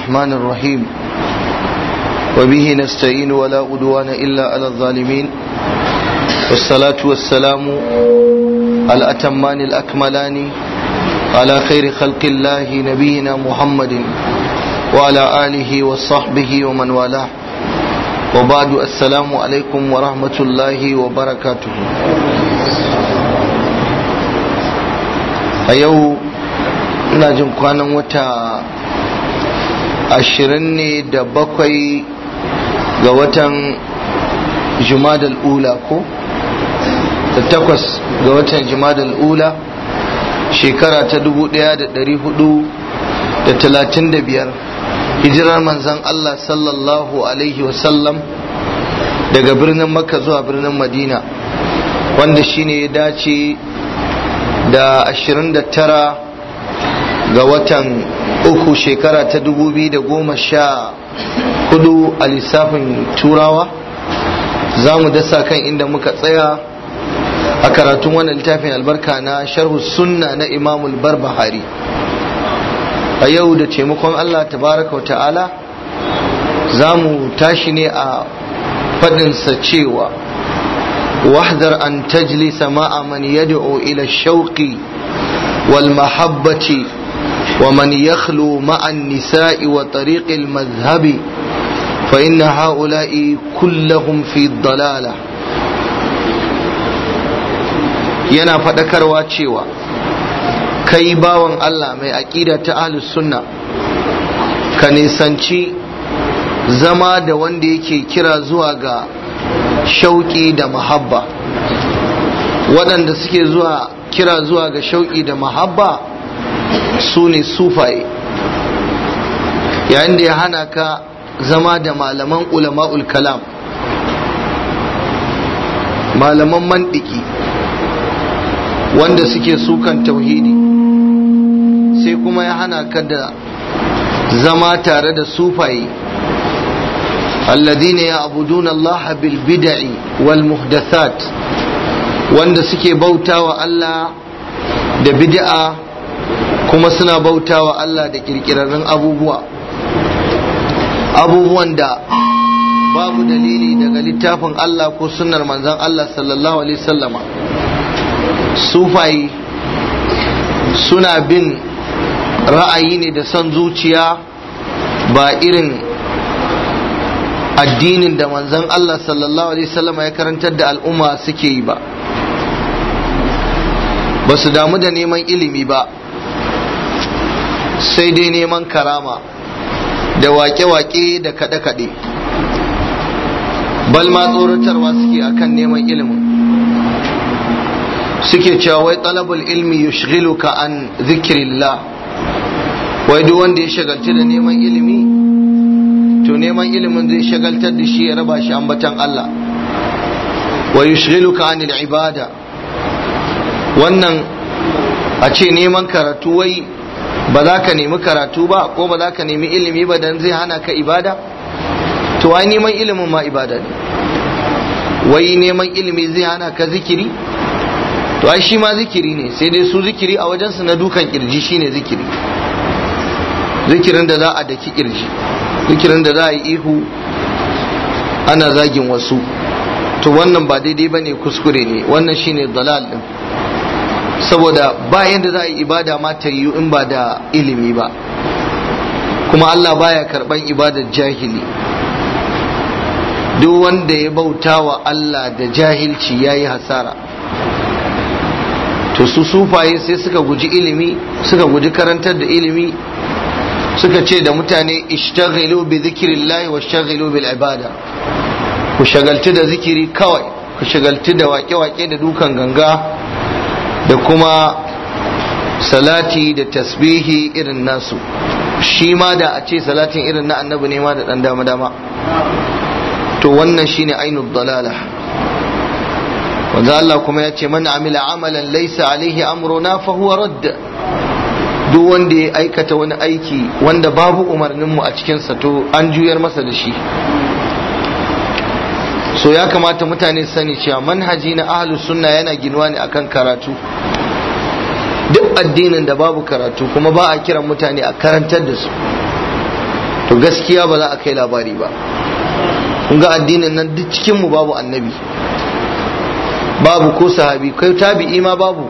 الرحمن الرحيم وبه نستعين ولا أدوان إلا على الظالمين والصلاة والسلام الأتمان الأكملان على خير خلق الله نبينا محمد وعلى آله وصحبه ومن والاه وبعد السلام عليكم ورحمة الله وبركاته أيوه ina jin kwanan wata ashirin ne da bakwai ga watan jumadal ula ko da takwas ga watan jumadal ula shekara ta dubu daya da dari hudu da talatin da biyar hijirar manzan Allah sallallahu alaihi wasallam daga birnin makka zuwa birnin madina wanda shine ya dace da ashirin da tara ga watan uku shekara ta dubu biyu da goma sha hudu a lissafin turawa za mu dasa kan inda muka tsaya a karatun wannan littafin albarka na sharhu sunna na imamul bar barbahari a yau da taimakon allah tabaraka wa ta'ala za mu tashi ne a faɗinsa cewa an أن تجلس مع من يدعو إلى wal mahabbaci ومن يخلو مع النساء وطريق المذهب فإن هؤلاء كلهم في الضلالة yana faɗakarwa cewa kai bawan Allah mai aƙida ta ahlus sunna ka nisanci zama da wanda yake kira zuwa ga shauƙi da Muhabba. waɗanda suke zuwa kira zuwa ga shauƙi da mahabba su ne sufaye yayin da ya hana ka zama da malaman ulama'ul kalam malaman mandiki wanda suke sukan tauhidi sai kuma ya hana ka da zama tare da sufaye ya abudun Allah bil bid'i wal muhdathat wanda suke bautawa Allah da bid'a kuma suna bautawa Allah da kirkirarren abubuwa abubuwan da babu dalili daga littafin Allah ko sunnar manzan Allah sallallahu alaihi sallama sufayi suna bin ra'ayi ne da son zuciya ba irin addinin da manzan Allah sallallahu alaihi sallama ya karantar da al'umma suke yi ba ba su damu da neman ilimi ba sai dai neman karama da wake-wake da kaɗe-kaɗe bal ma tsoratarwa suke akan neman ilimin suke cewa wai talabul ilmi yushghiluka an zikirillah wai duk wanda ya shagalci da neman ilimi to neman ilimin zai shagaltar da shi ya raba shi ambatan Allah wa yushghiluka anil ibada wannan a ce neman karatu wai ba za ka nemi karatu ba ko ba za ka nemi ilimi ba don zai hana ka ibada to ai neman ilimin ma ibada ne wai neman ilimi zai hana ka zikiri to ai shi ma zikiri ne sai dai su zikiri a wajensu na dukan kirji shine zikiri zikirin da za a daki kirji zikirin da za a yi ihu ana zagin wasu to wannan ba daidai ba ne kuskure ne wannan shine dalal din saboda ba yadda za a yi ibada ma ta yiwu in ba da ilimi ba kuma Allah baya karɓar ibadar jahili duk wanda ya bauta wa Allah da jahilci ya yi hasara to su sufaye sai suka guji ilimi suka guji karantar da ilimi suka ce da mutane ishtaghilu bi zikirillahi wa shagilu bil ibada ku shagaltu da zikiri kawai ku shagaltu da wake-wake da dukan ganga da kuma salati da tasbihi irin nasu shi ma da a ce salatin irin na annabi ne ma da dan dama dama to wannan shi ne ainu dalala wanda Allah kuma ya ce man amila amalan laisa alaihi amruna fa huwa radd duk wanda ya aikata wani aiki wanda babu umarninmu a cikinsa to an juyar masa da shi so ya kamata mutane sani cewa manhaji na ahlus sunna yana ginuwa ne akan karatu duk addinin da babu karatu kuma ba a kiran mutane a karantar da su to gaskiya ba za a kai labari ba kun ga addinin nan duk cikin mu babu annabi babu ko sahabi kai tabi'i ma babu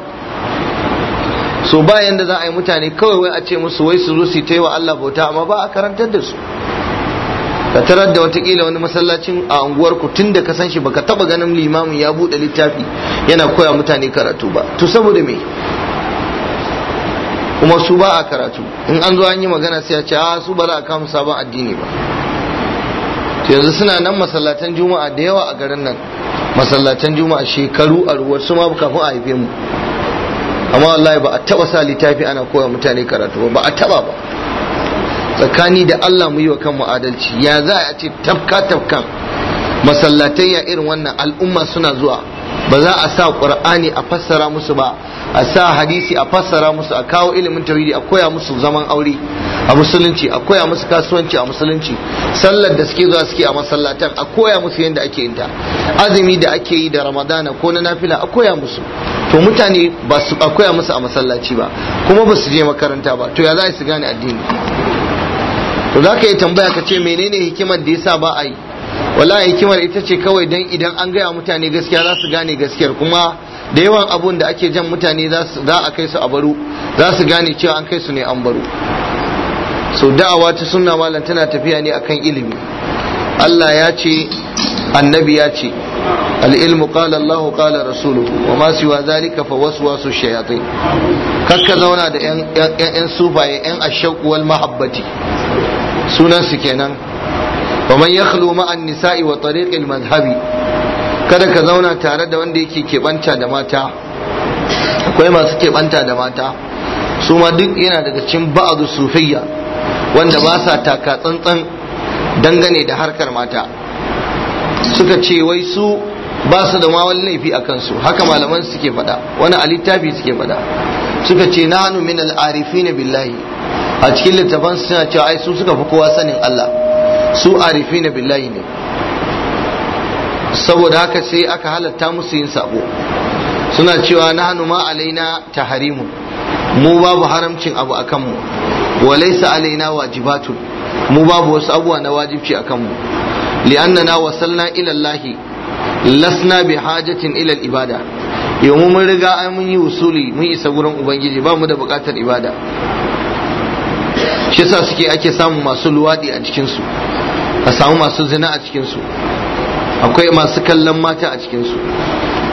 so bayan da za a yi mutane kawai wai a ce musu wai su zo su yi wa Allah bauta amma ba a karantar da su ka tarar da watakila wani masallacin a unguwarku tun da ka san shi baka taba ganin limamin ya buɗe littafi yana koya mutane karatu ba to saboda me kuma su ba a karatu in an zo an yi magana sai a ce a ah, su ba za a kama sabon addini ba yanzu suna nan masallatan juma'a da yawa a garin nan masallatan juma'a shekaru a ruwar su ma kafin a haife mu amma wallahi ba a taba sa littafi ana koya mutane karatu ba ba a taba ba tsakani da Allah mu yi wa kanmu adalci ya za a ce tafka tafkan masallatai ya irin wannan al'umma suna zuwa ba za a sa qur'ani a fassara musu ba a sa hadisi a fassara musu a kawo ilimin tauhidi a koya musu zaman aure a musulunci a koya musu kasuwanci a musulunci sallar da suke zuwa suke a masallatan a koya musu yadda ake yin azumi da ake yi da ramadana ko na nafila a koya musu to mutane ba su a koya musu a masallaci ba kuma ba su je makaranta ba to ya za su gane addini to za ka yi tambaya ka ce menene hikimar da yasa ba a yi wallahi hikimar ita ce kawai dan idan an gaya mutane gaskiya za su gane gaskiyar kuma da yawan abun da ake jan mutane za a kai su a baro za su gane cewa an kai su ne an baro so da'awa ta sunna malam tana tafiya ne akan ilimi Allah ya ce annabi ya ce al'ilmu qala Allah qala rasuluhu wa ma siwa zalika fa waswasu shayatin kakka zauna da yan yan sufaye yan ashaq wal mahabbati sunansu kenan wa man yakhlu ma'an nisa'i wa tariqil madhhabi kada ka zauna tare da wanda yake keɓanta da mata akwai masu keɓanta da mata su ma duk yana daga cikin ba'adu sufiyya wanda ba sa taka tsantsan dangane da harkar mata suka ce wai su ba su da ma wani laifi a kansu haka malaman suke faɗa wani a littafi suke faɗa suka ce nanu min al'arifi na billahi a cikin littafan suna cewa ai su suka fi kowa sanin Allah su arifi na billahi ne saboda haka sai aka halatta musu yin sabo suna cewa na hannu ma alaina harimu mu babu haramcin abu a kanmu wa alaina wajibatu mu babu wasu abuwa na wajibci a kanmu li'annana wasalna ila ilallahi lasna bi hajatin ilal ibada yau mun riga an mun yi usuli mun isa wurin ubangiji ba mu da bukatar ibada shi yasa suke ake samun masu luwaɗi a cikinsu a samu masu zina a cikinsu akwai masu kallon mata a cikinsu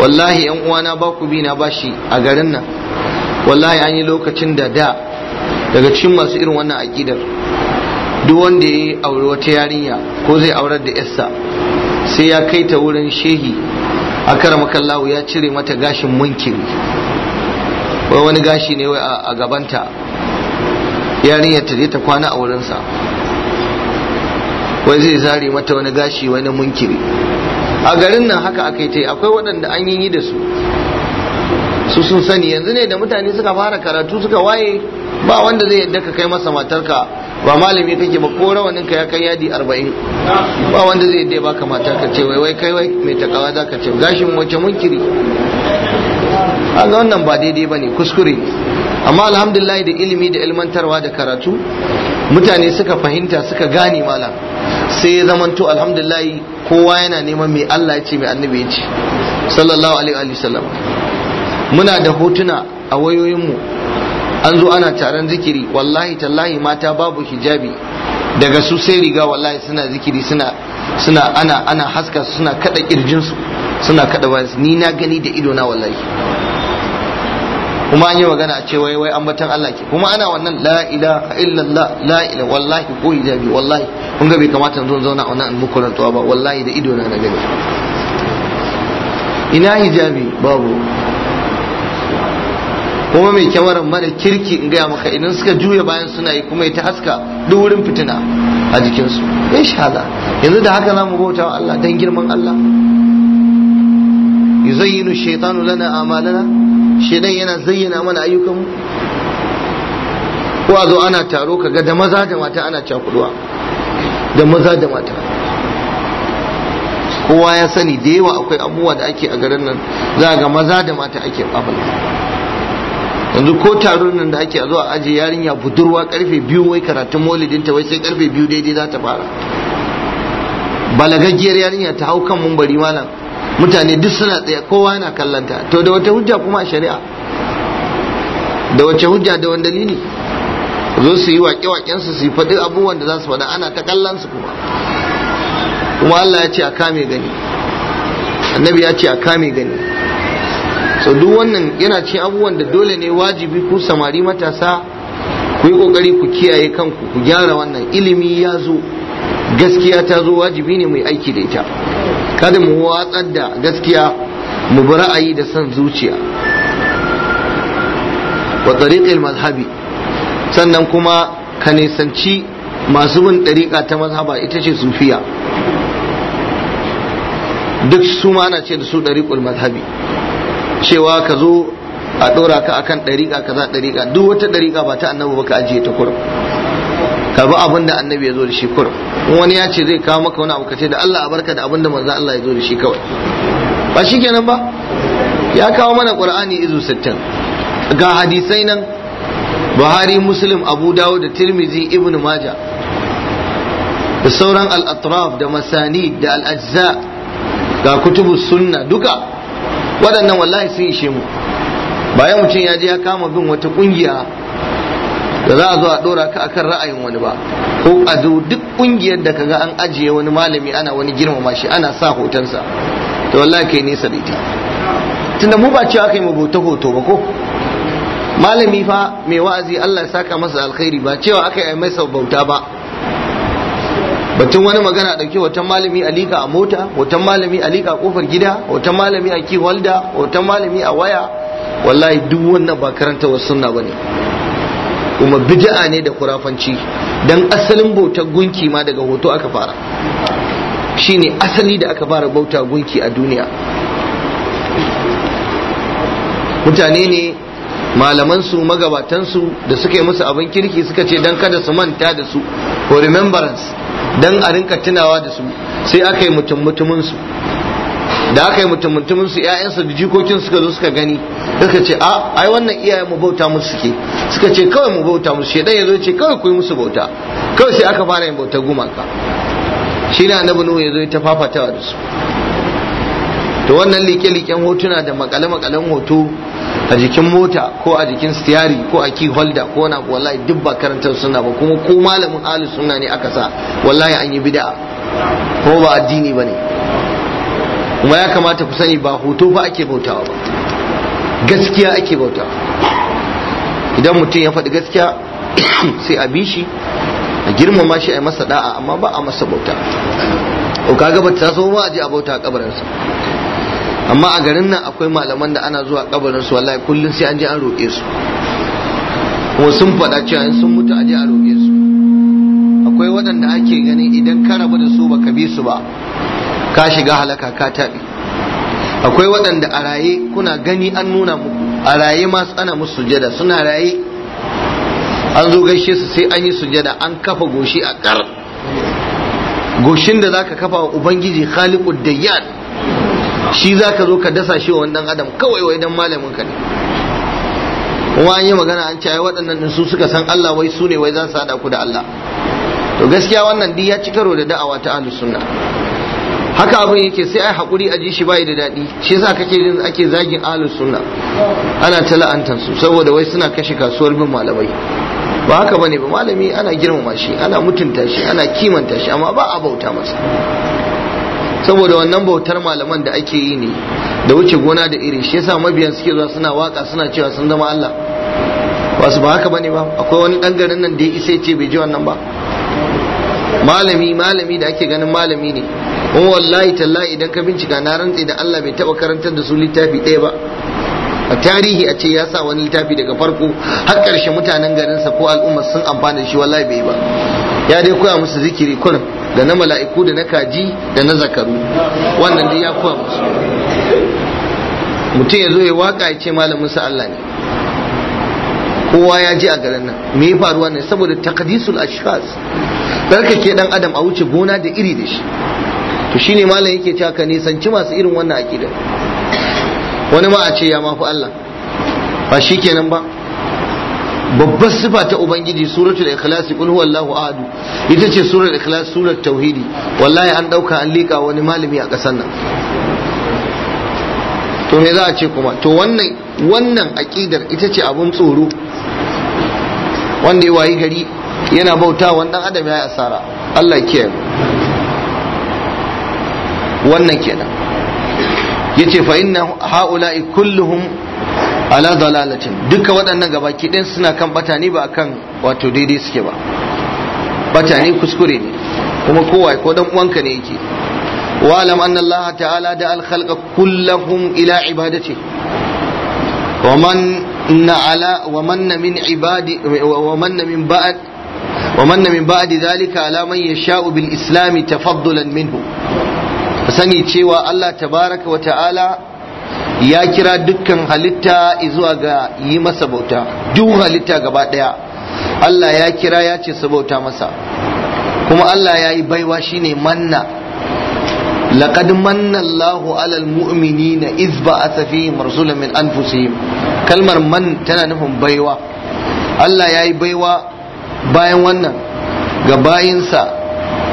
wallahi yan uwana ba ku bi na bashi a garin nan wallahi an yi lokacin da da daga cikin masu irin wannan aƙidar duk wanda ya yi aure wata yarinya ko zai aurar da yarsa sai ya kai ta wurin shehi a karamakallahu ya cire mata gashin munkiri wani gashi ne a a gabanta yarinyar ta je ta kwana a wurinsa wai zai zare mata wani gashi wani munkiri a garin nan haka aka yi ta akwai waɗanda an yi yi da su su sun sani yanzu ne da mutane suka fara karatu suka waye ba wanda zai yadda ka kai masa matarka ba malami kake ba ko rawanin ka ya kai yadi arba'in ba wanda zai yadda baka mata ka ce wai kai wai mai takawa za ka ce gashin wace munkiri a ga wannan ba daidai ba ne kuskure amma alhamdulillah da ilimi da ilmantarwa da karatu mutane suka fahimta suka gane malam sai ya zamanto alhamdulillah kowa yana neman mai Allah ya ce mai annabi ya ce sallallahu alaihi wa sallam muna da hotuna a wayoyinmu an zo ana taron zikiri wallahi tallahi mata babu hijabi daga su sai riga wallahi suna zikiri suna ana ana haska suna kada kirjinsu suna kada ni na gani da ido na wallahi kuma an yi magana a ce wai wai ambatan Allah ke kuma ana wannan la ilaha illallah la ilaha wallahi ko hijabi wallahi kun ga bai kamata zan zauna a wannan mukulan tuwa ba wallahi da ido na na gani ina hijabi babu kuma mai kyamarar mara kirki in gaya maka idan suka juya bayan suna yi kuma ita haska duk wurin fitina a jikinsu insha Allah yanzu da haka zamu bauta wa Allah dan girman Allah yuzayyinu shaytanu lana amalana shedan yana zayyana mana ayyukanmu ko a zo ana taro kaga da maza da mata ana cakuduwa da maza da mata kowa ya sani da yawa akwai abubuwa da ake a garin nan za ga maza da mata ake abin yanzu ko taron nan da ake zuwa aje yarinya budurwa karfe biyu wai karatun maulidinta wai sai karfe biyu daidai za ta fara balagaggiyar yarinya ta hau kan mumbari malam mutane duk suna tsaye kowa na kallanta to da wata hujja kuma a shari'a da wace hujja da wani dalili zo su yi waƙe-waƙen su yi faɗi abubuwan da za su faɗa ana ta kallon su kuma kuma Allah ya ce a kame gani annabi ya ce a kame gani so duk wannan yana cin abubuwan da dole ne wajibi ku samari matasa ku yi kokari ku kiyaye kanku ku gyara wannan ilimi ya zo gaskiya ta zo wajibi ne mai aiki da ita kada mu watsar da gaskiya mu bi ra'ayi da son zuciya wa tariqil mazhabi sannan kuma ka nisanci masu bin ɗariƙa ta mazhaba ita ce sufiya duk su ma ana ce da su ɗariƙul mazhabi cewa ka zo a ɗora ka akan ɗariƙa kaza ɗariƙa duk wata ɗariƙa ba ta annabi ba ka ajiye ta kurum ka bi abin da annabi ya zo da shi kur wani ya ce zai kawo maka wani abu kace da Allah a barka da abin da manzo Allah ya zo da shi kawai ba shi kenan ba ya kawo mana qur'ani izu 60 ga hadisai nan Buhari Muslim Abu Dawud da Tirmidhi Ibn Majah da sauran al-atraf da Masani da al-ajza ga kutubu sunna duka waɗannan wallahi sun ishe mu bayan mutum ya je ya kama bin wata ƙungiya. da za a zo a dora ka akan ra'ayin wani ba ko a zo duk kungiyar da kaga an ajiye wani malami ana wani girmama shi ana sa hotonsa to wallahi kai nesa da tunda mu ba cewa yi mu bauta hoto ba ko malami fa mai wa'azi Allah ya saka masa alkhairi ba cewa aka yi masa bauta ba batun wani magana dauke wata malami a lika a mota wata malami a lika a kofar gida wata malami a kiwalda wata malami a waya wallahi duk wannan ba karanta wasu ba ne. kuma bid'a ne da kurafanci dan asalin bautar gunki ma daga hoto aka fara shine asali da aka fara bauta gunki a duniya mutane ne malamansu magabatansu da suka yi musu abin kirki suka ce don kada su manta da su for remembrance don a rinka tunawa da su sai aka yi mutum mutuminsu da aka yi mutum mutumin su ƴaƴansa da jikokin suka zo suka gani suka ce a ah, ai wannan iyayen mu bauta musu suke suka ce kawai mu bauta musu shedan ya ce kawai ku yi musu bauta kawai sai aka fara yin bautar gumaka shine annabi nuhu ya zo ya tafafatawa da su to wannan liƙe-liƙen hotuna da makale-makalen hoto a jikin mota ko a jikin stiyari ko a key holder ko na wallahi duk ba karantar suna ba kuma ko malamin ahli sunna ne aka sa wallahi an yi bid'a ko ba addini bane kuma ya kamata ku sani ba hoto fa ake bautawa ba gaskiya ake bautawa idan mutum ya faɗi gaskiya sai a bi shi a girmama shi a yi masa da'a amma ba a masa bauta o kaga ba ta so ba a je a bauta a kabarinsa amma a garin nan akwai malaman da ana zuwa kabarinsu wallahi kullum sai an je an roƙe su kuma sun faɗa cewa in sun mutu a je a roƙe su akwai waɗanda ake ganin idan ka rabu da su ka bi su ba ka shiga halaka ka taɓi akwai waɗanda a raye kuna gani an nuna muku a raye masu ana musu sujada suna raye an zo gaishe su sai an yi sujada an kafa goshi a ƙar goshin da zaka kafa wa ubangiji khaliqud dayyan shi zaka zo ka dasa shi wa wannan adam kawai wai dan malamin ka ne kuma an yi magana an ce ai waɗannan su suka san Allah wai su ne wai za su hada ku da Allah to gaskiya wannan duk ya ci karo da da'awa ta ahlus sunna haka abin yake sai ai hakuri a ji shi bai da daɗi shi yasa kake jin ake zagin ahlus sunna ana ta la'antar su saboda wai suna kashe kasuwar bin malamai ba haka bane ba malami ana girmama shi ana mutunta shi ana kimanta shi amma ba a bauta masa saboda wannan bautar malaman da ake yi ne da wuce gona da iri shi yasa mabiyan suke zuwa suna waka suna cewa sun zama Allah wasu ba haka bane ba akwai wani dan garin nan da ya isa ce bai ji wannan ba malami malami da ake ganin malami ne ko wallahi tallahi idan ka bincika na rantse da Allah bai taba karantar da su littafi ɗaya ba a tarihi a ce ya sa wani littafi daga farko har ƙarshe mutanen garin sa ko al'umma sun amfana da shi wallahi bai ba ya dai koya musu zikiri kun da na mala'iku da na kaji da na zakaru wannan dai ya koya musu mutum ya zo ya waka ya ce malamin sa Allah ne kowa ya ji a garin nan me ya faruwa ne saboda takadisul ashkhas ke dan adam a wuce gona da iri da shi to shine malam yake cewa ka nisanci masu irin wannan aqida wani ma a ce ya mafi Allah ba shikenan ba babbar sifa ta ubangiji suratul ikhlas qul huwallahu ahad ita ce suratul ikhlas surat tauhidi wallahi an dauka an lika wani malami a kasar nan to me za a ce kuma to wannan wannan aqidar ita ce abun tsoro wanda ya wayi gari yana bauta wannan adam ya yi asara Allah ya kiyaye wannan kenan yace fa inna haula'i kulluhum ala dalalatin duka waɗannan gabaki ɗin suna kan batani ba akan wato daidai suke ba batani kuskure ne kuma kowa ko dan uwanka ne yake wa alam anna Allah ta'ala da al khalqa kullahum ila ibadati wa man ala wa man min ibadi wa man min ba'd min من بعد ala man yasha'u bil islam tafaddulan minhu sani cewa Allah tabaraka wa ta'ala ya kira dukkan halitta izuwa ga yi masa bauta duk halitta gaba daya Allah ya kira ya ce su bauta masa kuma Allah ya yi baiwa shine manna laqad manna Allahu alal na na izba fihim rasulan min anfusihim kalmar man tana nufin baiwa Allah ya yi baiwa bayan wannan ga bayinsa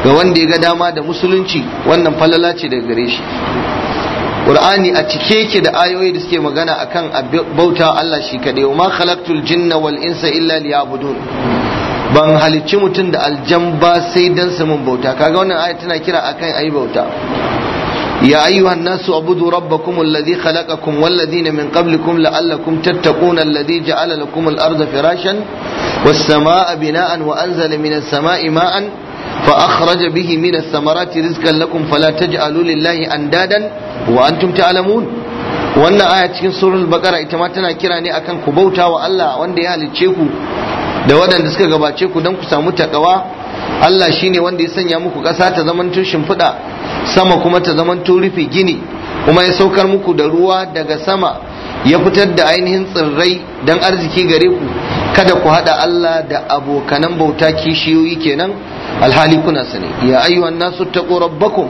ga wanda ya ga dama da musulunci wannan falala ce daga gare shi Qur'ani a cike yake da ayoyi da suke magana akan bauta Allah shi kade wa ma khalaqtul jinna wal insa illa liya'budun ban halicci mutum da aljan ba sai dan su mun bauta kaga wannan aya tana kira akan ayi bauta ya ayyuhan nasu abudu rabbakum alladhi khalaqakum wal ladina min qablikum la'allakum tattaquna alladhi ja'ala lakum al-ardha firashan was samaa bina'an wa anzala minas samaa'i ma'an فأخرج به من الثمرات رزقا لكم فلا تجعلوا لله أندادا وأنتم تعلمون wannan aya cikin surul bakara ita ma tana kira ne akan ku bauta wa Allah wanda ya halicce ku da waɗanda suka gabace ku don ku samu takawa Allah shine wanda ya sanya muku ƙasa ta zamanto shimfiɗa sama kuma ta zamanto rufe gini kuma ya saukar muku da ruwa daga sama ya fitar da ainihin tsirrai don arziki gare ku kada ku hada Allah da abokanan bauta kishiyoyi kenan alhali kuna sani ya ayyuhan nasu taqu rabbakum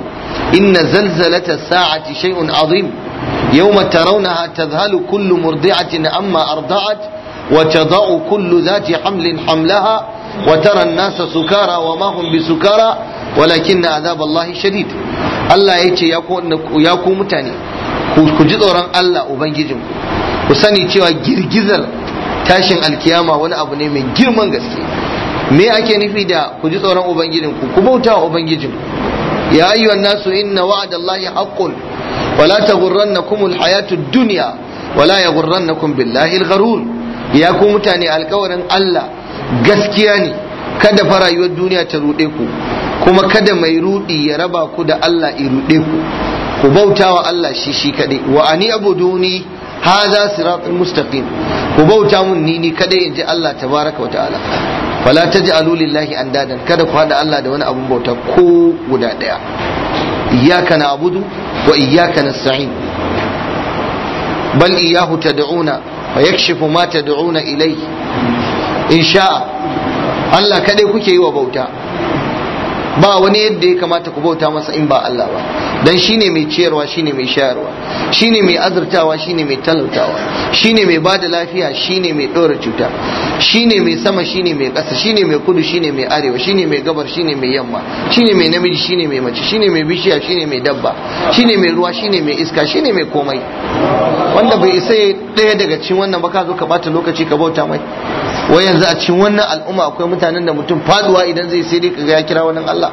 inna zalzalata sa'ati shay'un azim yawma tarawnaha tadhhalu kullu murdi'atin amma arda'at wa tada'u kullu dhati hamlin hamlaha wa tara an-nasa sukara wa ma hum bisukara walakin adhab Allah shadid Allah yace ya ku mutane ku ji tsoron Allah ubangijinku ku sani cewa girgizar tashin alkiyama wani abu ne mai girman gaske me ake nufi da ku ji tsoron ubangijinku ku bauta wa ubangijinku ya ayyuhan nasu inna wa'adallahi haqqun wala taghurrannakum alhayatud dunya wala yaghurrannakum billahi algharur ya ku mutane alkawarin Allah gaskiya ne kada fa rayuwar duniya ta rude ku kuma kada mai rudi ya raba ku da Allah i rude ku ku wa Allah shi shi kadai wa ani abuduni hadha siratul mustaqim ku bauta mun ni ni kadai ji Allah tabaraka wa ta'ala wala alulillahi lillahi andadan kada ku hada Allah da wani abun bauta ko guda daya iyyaka abudu wa iyyaka sa'in. bal iyyahu tad'una wa yakshifu ma da'una ilai. in sha'a Allah kadai kuke yi wa bauta ba wani yadda ya kamata ku bauta masa in ba Allah ba dan shine mai ciyarwa shine mai shayarwa shine mai azurtawa shine mai talautawa shine mai bada lafiya shine mai dora cuta shine mai sama shine mai ƙasa shine mai kudu shine mai arewa shine mai gabar shine mai yamma shine mai namiji shine mai mace shine mai bishiya shine mai dabba shine mai ruwa shine mai iska shine mai komai wanda bai isa ya ɗaya daga cikin wannan ba ka zo ka bata lokaci ka bauta mai wai yanzu a cikin wannan al'umma akwai mutanen da mutum faduwa idan zai sai dai kaga ya kira wannan Allah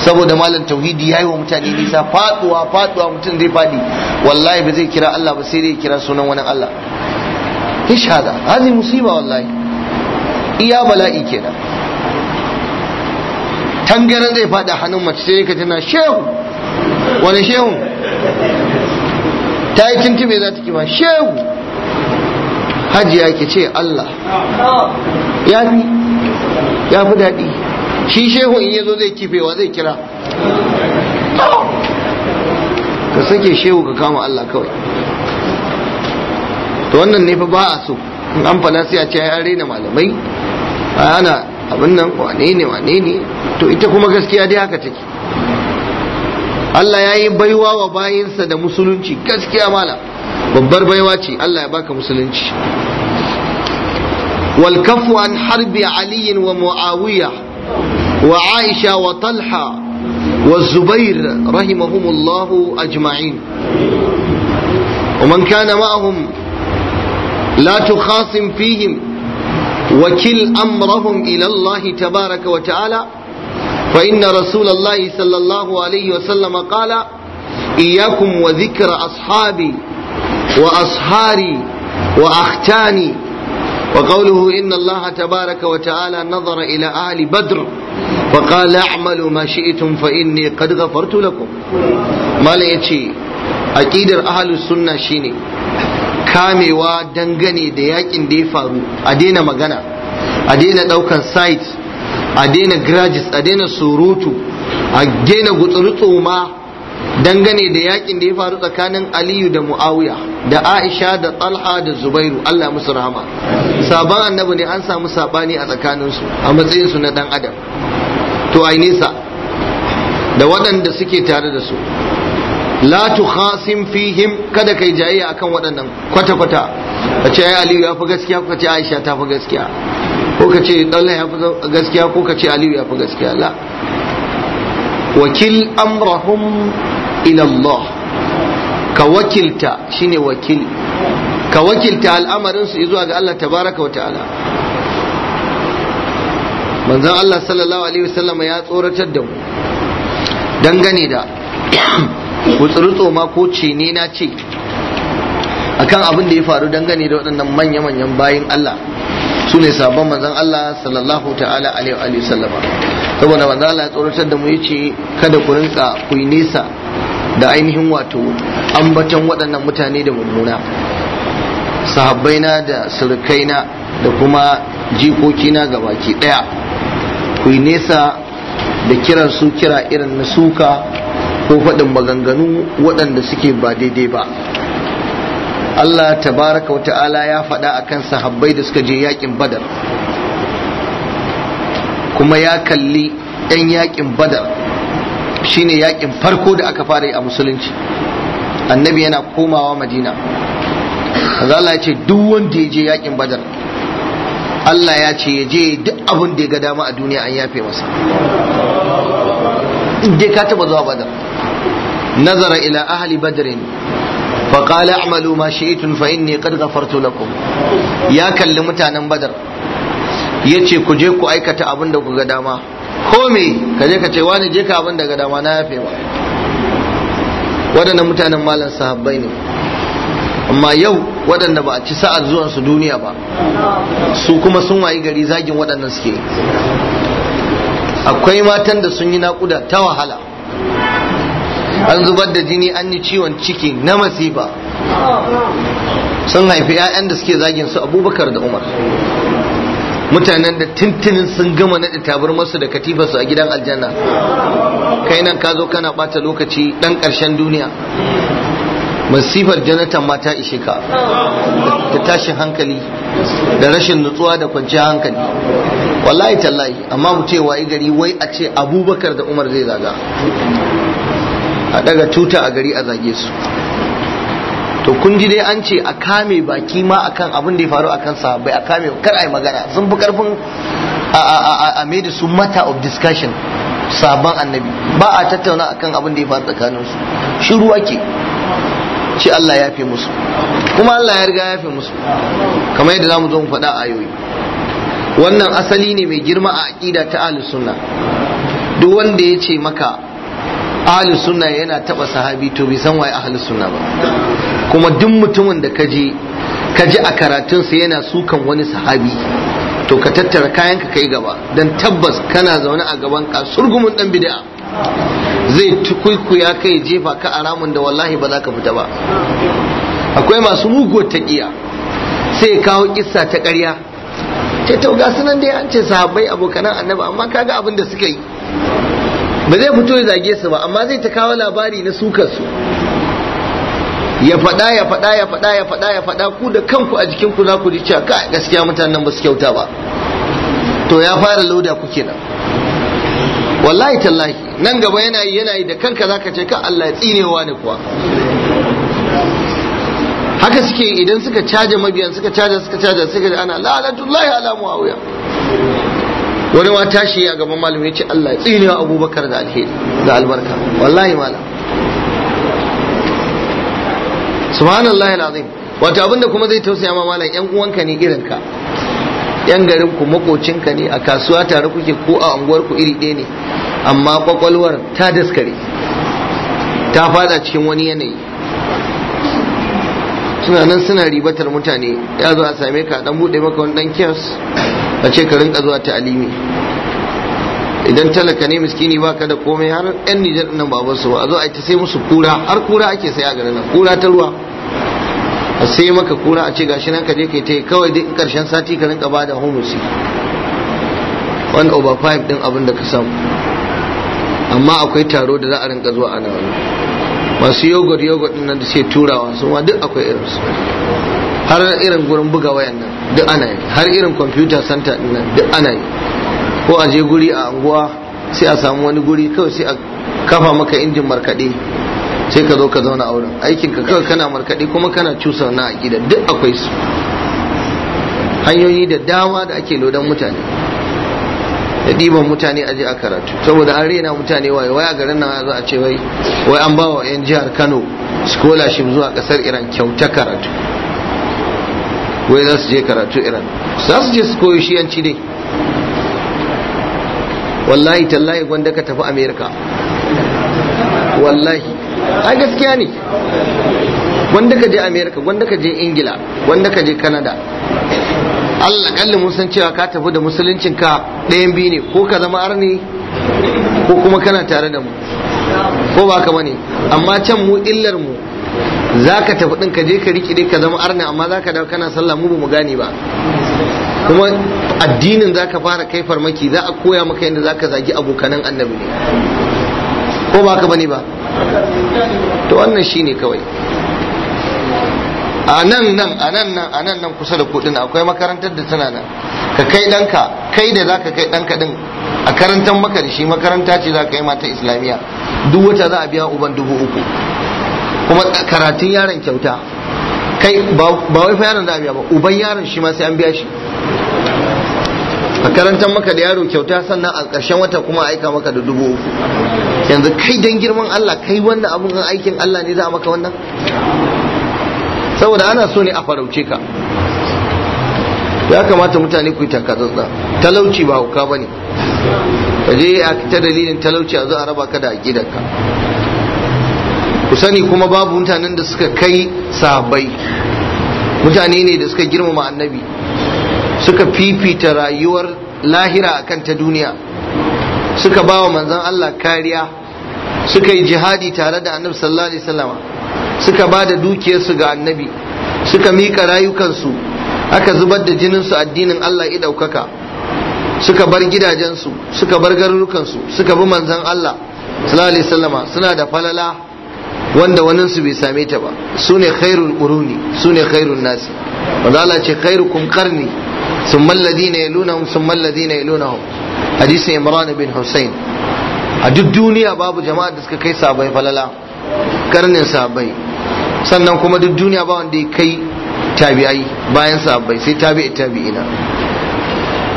saboda malam tauhidi yayi wa mutane nisa faduwa faduwa mutum zai fadi wallahi ba zai kira Allah ba sai dai kira sunan wannan Allah ish hada hazi musiba wallahi iya bala'i kenan tangaran zai fada hannun mace sai ka tana shehu wani shehu ta yi mai za ta kima shehu hajiya ke ce Allah ya fi ya fi daɗi shi shehu in yazo zai kifewa zai kira ka sake shehu ka kama Allah kawai to wannan ne fa ba a so in an fana sai a ce an rena malamai ana abin nan wane ne wane ne to ita kuma gaskiya dai haka take Allah ya yi baiwa wa bayinsa da musulunci gaskiya mala babbar baiwa ce Allah ya baka musulunci Walkafu an harbi aliyin wa muawiya wa aisha wa talha wa zubair rahimahumullahu ajma'in ومن كان معهم لا تخاصم فيهم وكل أمرهم إلى الله تبارك وتعالى فإن رسول الله صلى الله عليه وسلم قال إياكم وذكر أصحابي وأصهاري وأختاني وقوله إن الله تبارك وتعالى نظر إلى آل بدر وقال اعملوا ما شئتم فإني قد غفرت لكم ما ليتشي أكيد أهل السنة شيني kamewa dangane da yakin da ya faru a daina magana a daina daukan site a daina grajis a daina surutu a daina ma dangane da yakin da ya faru tsakanin aliyu da muawiya da aisha da talha da zubairu allah musu rahama sabon annabi ne an samu sabani a tsakaninsu a matsayinsu na dan adam to ai nesa da waɗanda suke tare da su la khasim fihim kada kai jayayya akan waɗannan kwata-kwata a ce ai aliyu ya fi gaskiya kuka ce aisha ta fi gaskiya ko ka ce Talha ya fi gaskiya ko ka ce Aliyu ya fi gaskiya la wakil amrahum ila Allah ka wakilta shine wakil ka wakilta al'amarin su zuwa ga Allah tabaraka wa ta'ala manzon Allah sallallahu alaihi wasallam ya tsoratar da mu dangane da kutsuru ma ko ce ne na ce akan abin da ya faru dangane da waɗannan manya-manyan bayin Allah su ne sabon manzon Allah sallallahu ta'ala alaihi wa sallama saboda manzon Allah ya tsoratar da mu yace kada ku rinka ku yi nisa da ainihin wato ambaton waɗannan mutane da mummuna sahabbaina da surukaina da kuma jikokina ga baki ɗaya ku yi nesa da kiran su kira irin na suka ko faɗin maganganu waɗanda suke ba daidai ba Allah tabaraka wata'ala ya faɗa akan sahabbai da suka je yakin badar kuma ya kalli 'yan yakin badar shine yakin farko da aka fara yi a musulunci annabi yana komawa madina Allah ya ce duk wanda ya je yakin badar Allah ya ce ya je duk abin da ya ga dama a duniya an yafe masa in dai ka taba zuwa badar nazara ila ahli badrin فقال اعملوا a'malu ma فاني قد غفرت لكم يا كل ya kalli mutanen badar yace ku je ku aikata abin da ku ga dama ko me kaje ka ce wani je ka abin da ga dama na yafe ba waɗannan mutanen malam sahabbai ne amma yau waɗanda ba a ci sa'ar zuwansu duniya ba su kuma sun wayi gari zagin waɗannan suke akwai matan da sun yi naƙuda ta wahala an zubar da jini an yi ciwon ciki na masifa sun haifi 'ya'yan da suke zagin su abubakar da umar mutanen da tuntunin sun gama naɗa tabarmarsu da katifarsu a gidan aljanna kai nan ka zo kana bata lokaci ɗan ƙarshen duniya masifar janatan mata ta ishe ka da tashin hankali da rashin nutsuwa da kwanciyar hankali wallahi tallahi amma mu ce wa gari wai a ce abubakar da umar zai zaga a daga tuta a gari a zage su to kun ji dai an ce a kame baki ma akan abin da ya faru akan sa. Bai a kame kar a yi magana sun fi karfin a made su matter of discussion sabon annabi ba a tattauna akan abin da ya faru tsakanin su shiru ake ce Allah ya fi musu kuma Allah ya riga ya fi musu kamar yadda zamu zo mu faɗa ayoyi wannan asali ne mai girma a aqida ta ahlus sunna duk wanda ya ce maka ahli sunna yana taba sahabi to bai san waye ahli sunna ba kuma duk mutumin da kaje kaji a karatun sa yana sukan wani sahabi to ka tattara kayan ka kai gaba dan tabbas kana zaune a gaban ka surgumin dan bid'a zai tukuikuya kai jefa ka a ramun da wallahi ba za ka fita ba akwai masu muguwar kiya sai kawo kissa ta ƙarya ta tauga sunan dai an ce sahabbai abokanan annaba, amma kaga abin da suka yi ba zai fito ya zage su ba amma zai ta kawo labari na sukar su ya faɗa ya faɗa ya faɗa ya faɗa ya faɗa ku da kanku a jikin ku na ku ji ka gaskiya mutanen ba su kyauta ba to ya fara lauda ku kenan wallahi tallahi nan gaba yana yi yana yi da kanka zaka ce ka Allah ya tsinewa ne kuwa haka suke idan suka caje mabiyan suka caje suka caje suka la ana tullahi ala muawiya wani wa tashi a gaban malami ya ce Allah ya tsine wa abubakar da alheri da albarka wallahi malam subhanallahi alazim wato abinda kuma zai tausaya ma malam yan uwanka ne irin ka yan garin ku ka ne a kasuwa tare kuke ko a unguwar ku iri ɗaya ne amma kwakwalwar ta daskare ta fada cikin wani yanayi suna nan suna ribatar mutane ya zo a same ka dan bude maka wani dan kiyas. a ce ka rinka zuwa ta'alimi idan talaka ne miskini baka da komai har yan nijar nan babu su a zo a ta sai musu kura har kura ake sai a garin nan kura ta ruwa a sai maka kura a ce gashi nan ka je kai ta kawai dai karshen sati ka rinka bada homosi Wani over 5 din abin da ka samu amma akwai taro da za a rinka zuwa ana wani masu yogur yogurt nan da suke turawa su ma duk akwai irin su har irin gurin buga wayan nan duk ana yi har irin computer santa din nan duk ana yi ko a je guri a anguwa sai a samu wani guri kawai sai a kafa maka injin markaɗe sai ka zo ka zauna a wurin aikin ka kawai kana markaɗe kuma kana cusa na gida duk akwai su hanyoyi da dama da ake lodan mutane da ɗiban mutane aje a karatu saboda an rena mutane waye waya garin nan za a ce wai wai an ba wa 'yan jihar kano scholarship zuwa ƙasar iran kyauta karatu wai za su je karatu iran za su je su koyi shiyanci dai wallahi tallahi gwanda ka tafi amerika wallahi ai gaskiya ne gwanda ka je amerika gwanda ka je ingila gwanda ka je canada Allah kallin mun san cewa ka tafi da musuluncin ka ɗayan biyu ne ko ka zama arni ko kuma kana tare da mu ko ba ka amma can mu illar mu za ka tafi ɗin ka je ka dai ka zama arni amma za ka dawo kana sallah mu bamu gane ba kuma addinin za ka fara kai farmaki za a koya maka yadda za ka zagi abokanan annabi ko ba ka bane ba to wannan shine kawai a nan nan a nan nan a nan nan kusa da kudin akwai makarantar da tana nan ka kai ɗanka kai da zaka kai ɗanka din a karantar maka da shi makaranta ce za ka yi mata islamiyya duk wata za a biya uban dubu uku kuma karatun yaron kyauta kai ba wai fa yaron za a biya ba uban yaron shi ma sai an biya shi a karantar maka da yaro kyauta sannan a ƙarshen wata kuma aika maka da dubu uku yanzu kai dan girman Allah kai wannan abun aikin Allah ne za a maka wannan saboda ana so ne a farauce ka ya kamata mutane ku yi takatsatsa talauci ba hauka ba ne ka je a ta dalilin talauci a zo a raba ka da aƙidarka ku sani kuma babu mutanen da suka kai sabai mutane ne da suka girmama annabi suka fifita rayuwar lahira a kan ta duniya suka ba wa manzon Allah kariya suka yi jihadi tare da annabi sallallahu alaihi wasallama suka ba da dukiyarsu ga annabi suka miƙa rayukansu aka zubar da jininsu addinin Allah ya ɗaukaka suka bar gidajensu suka bar garurukansu suka bi manzon Allah sallallahu sallama suna da falala wanda su bai same ta ba su ne khairul quruni su ne khairun nasi wanda Allah ce khairukum qarni thumma alladhina yalunahum thumma alladhina yalunahum hadisin Imran bin Hussein a duk duniya babu jama'a da suka kai sabai falala karnin sabai sannan kuma duk duniya ba wanda ya kai tabi'ai bayan sahabbai sai tabi'i tabi'ina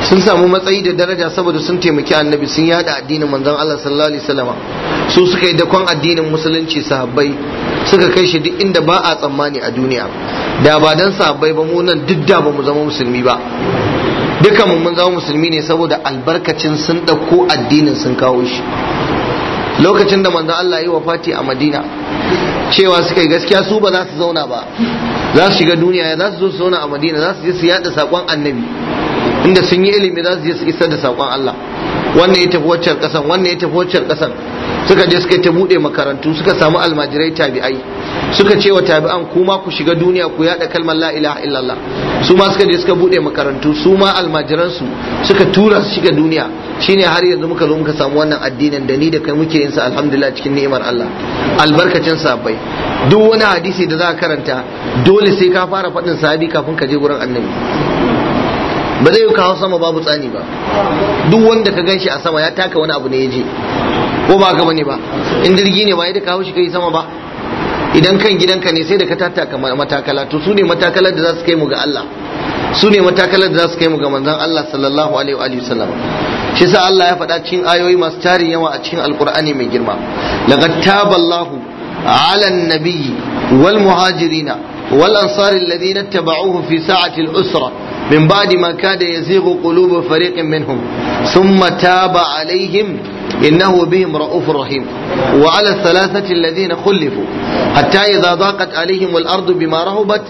sun samu matsayi da daraja saboda sun taimaki annabi sun yada addinin manzon Allah sallallahu alaihi wasallama su suka yi dakon addinin musulunci sahabbai suka kai shi duk inda ba a tsammani a duniya da ba dan sahabbai ba mu nan duk da ba mu zama musulmi ba Dukkan mu mun zama musulmi ne saboda albarkacin sun dauko addinin sun kawo shi lokacin da manzon Allah ya yi wafati a Madina cewa suka yi gaskiya su ba za su zauna ba za su shiga duniya za su zo su zauna a madina za su je su yada sakon annabi inda sun yi ilimi za su je su isar da sakon Allah wannan ya tafi waccan kasan wannan ya tafi waccan kasan suka je suka ta bude makarantu suka samu almajirai tabi'ai suka ce wa tabi'an kuma ku shiga duniya ku yada kalmar la ilaha illallah su ma suka je suka bude makarantu su ma almajiran su suka tura su shiga duniya shine har yanzu muka zo muka samu wannan addinin da ni da kai muke yin sa alhamdulillah cikin ni'imar Allah albarkacin sahabbai duk wani hadisi da za ka karanta dole sai ka fara faɗin sahabi kafin ka je gurin annabi ba zai kawo sama babu tsani ba duk wanda ka ganshi a sama ya taka wani abu ne ya je ko ba gaba ne ba in jirgi ne ba ya da kawo shi kai sama ba idan kan gidanka ne sai da ka tattaka matakala to su ne matakalar da za su kai mu ga Allah su ne matakalar da za su kai mu ga manzon Allah sallallahu alaihi wa sallam shi sa Allah ya faɗa cikin ayoyi masu tarin yawa a cikin alkur'ani mai girma laqad taballahu ala nabiyyi wal muhajirina wal ansari alladhina tabauhu fi sa'ati al usra min ba'di ma kada yazighu qulubu fariqin minhum thumma taba alaihim إنه بهم رؤوف رحيم وعلى الثلاثة الذين خلفوا حتى إذا ضاقت عليهم الأرض بما رهبت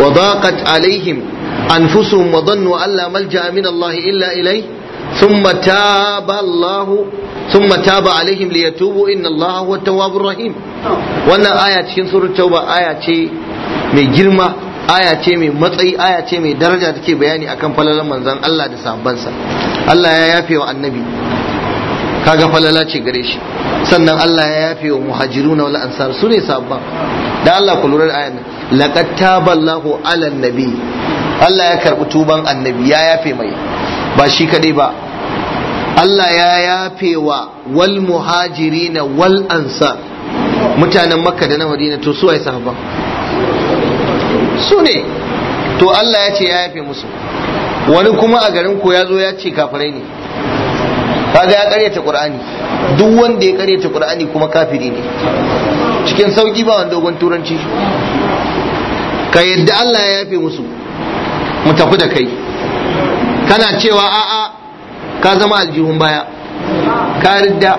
وضاقت عليهم أنفسهم وظنوا أن لا ملجأ من الله إلا إليه thumma taba Allahu thumma taba alaihim liyatubu inna Allaha huwa tawwabur rahim wannan aya cikin surar tauba aya ce mai girma aya ce mai matsayi aya ce mai daraja take bayani akan falalar manzon Allah da sahabbansa Allah ya yafe wa annabi kaga falala ce gare shi sannan Allah ya yafe wa muhajiruna wal ansar su ne sabban da Allah ku lura da ayan laqad taballahu ala nabi Allah ya karbi tuban annabi ya yafe mai ba shi kaɗai ba Allah ya yafe wa wal muhajirina wal ansar mutanen makka da na madina to su ai sahaba? su ne to Allah ya ce ya yafe musu wani kuma a garin ko ya zo ya ce kafirai ne kaga ya karyata qur'ani duk wanda ya karyata qur'ani kuma kafiri ne cikin sauki ba wani dogon turanci ka yadda Allah ya yafe musu mu tafi da kai kana cewa a'a ka zama aljihun baya ka ridda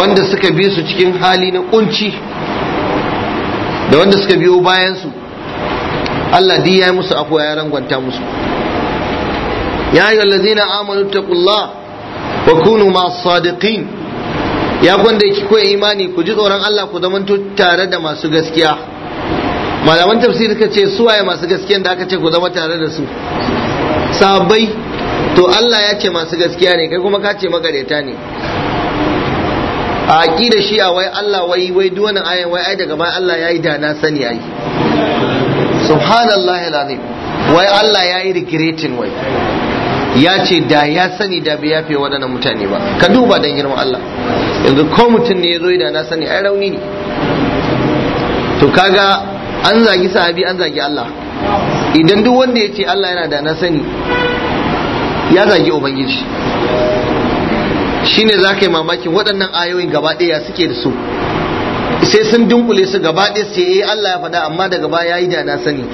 wanda suka bi su cikin hali na kunci da wanda suka biyo bayansu Allah di ya yi musu afuwa ya rangwanta musu ya yi allazina amanu kula wa kunu masu sadiqin ya gwanda ki koyi imani ku ji tsoron Allah ku zamanto tare da masu gaskiya malaman tafsir ka ce suwaye masu gaskiya da aka ce ku zama tare da su Sabai. to Allah ya ce masu gaskiya ne kai kuma ka ce magareta ne a aƙida shi a wai Allah wai wai duk wannan ayan wai ai daga baya Allah ya yi da na sani ai subhanallahi alazim wai Allah ya yi recreating wai ya ce da ya sani da bai yafe waɗannan mutane ba ka duba dan girman Allah yanzu ko mutum ne ya zo da na sani ai rauni ne to kaga an zagi sahabi an zagi Allah idan duk wanda ya ce Allah yana da na sani ya zagi ubangiji shine za ka yi mamakin waɗannan ayoyin gaba ɗaya suke da su sai sun dunkule su gaba ɗaya su yi eh, Allah ya faɗa amma daga baya ya yi da na sani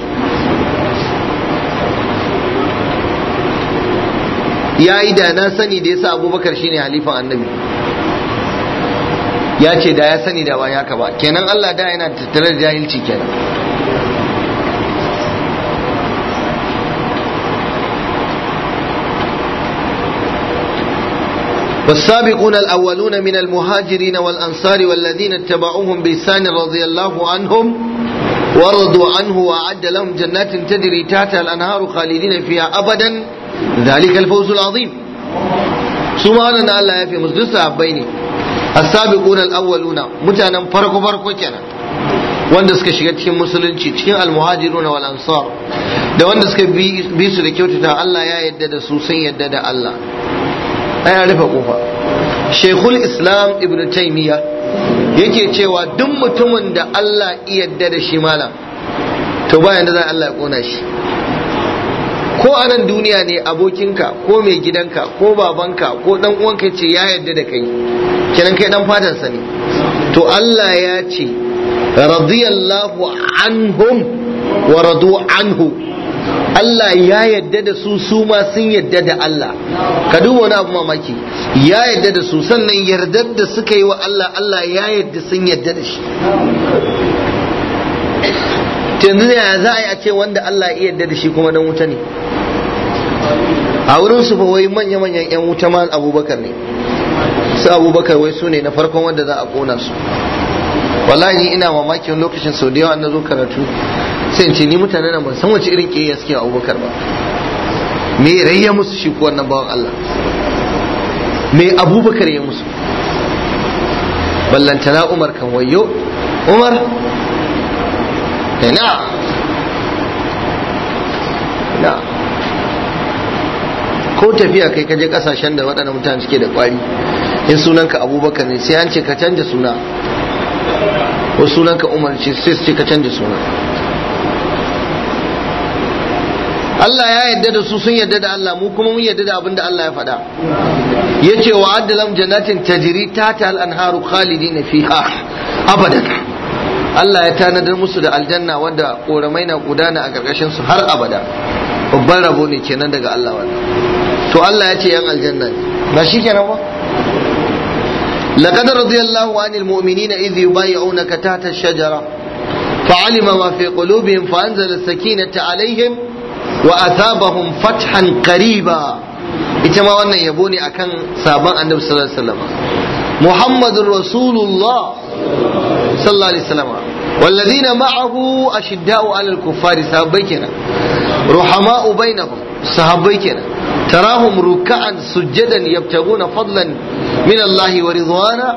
ya yi da na sani da ya sa abubakar shine halifan annabi ya ce da ya sani da ba ya ka ba kenan Allah da yana tattare da jahilci kenan والسابقون الأولون من المهاجرين والأنصار والذين اتبعوهم بإحسان رضي الله عنهم ورضوا عنه وأعد لهم جنات تجري تحتها الأنهار خالدين فيها أبدا ذلك الفوز العظيم سبحان الله في مسجد صحابين السابقون الأولون متانا فرق فرق وكنا wanda suka shiga cikin musulunci cikin almuhajiruna wal ansar da wanda suka bi su da kyautata Allah ya yadda da su sun yadda da Allah an rufe kofa shekul islam ibn taimiyya yake cewa duk mutumin da allah yadda da shi malam to bayan da za allah ya kona shi ko a nan duniya ne abokinka ko mai gidanka ko babanka ko dan uwanka ce ya yadda da kai kenan kai dan fatansa ne to allah ya ce radiyallahu anhum wa radu anhu Allah ya yadda da su su ma sun yadda da Allah ka duba wani abu mamaki ya yadda da su sannan yardar da suka yi wa Allah Allah ya yadda sun yadda da shi yanzu ne za a yi a ce wanda Allah ya yadda da shi kuma dan wuta ne a wurin su fa wai manya-manyan 'yan wuta ma abubakar ne su abubakar wai su ne na farkon wanda za a kona su wallahi ina mamakin lokacin sau da yawa na zo karatu sai ce ni mutane na ban san wace irin kiyayya suke abubakar ba me rai ya musu shi ko wannan bawan Allah me abubakar ya musu ballantana umar kan wayo umar ina ina ko tafiya kai kaje kasashen da waɗannan mutane suke da kwari in sunanka abubakar ne sai an ce ka canja suna ko sunanka umar ce sai su ce ka canja suna Allah ya yarda da su sun yarda da Allah mu kuma mun yarda da abin da Allah ya faɗa yace wa addalam jannatin tajri ta al-anharu khalidina fiha abadan Allah ya tanadar musu da aljanna wanda koramai na gudana a karkashin su har abada babban rabo ne kenan daga Allah wannan to Allah ya ce yan aljanna ne ba shikenan ba لقد رضي الله عن المؤمنين إذ يبايعونك تحت الشجرة فعلم ما في قلوبهم فأنزل السكينة عليهم wa atabahum fathan qariba ita ma wannan yabo ne akan sabon annabi sallallahu alaihi wasallam muhammadur rasulullah sallallahu alaihi wasallam والذين معه أشداء على الكفار صحابي كنا رحماء بينهم صحابي كنا تراهم ركعا سجدا يبتغون فضلا من الله ورضوانا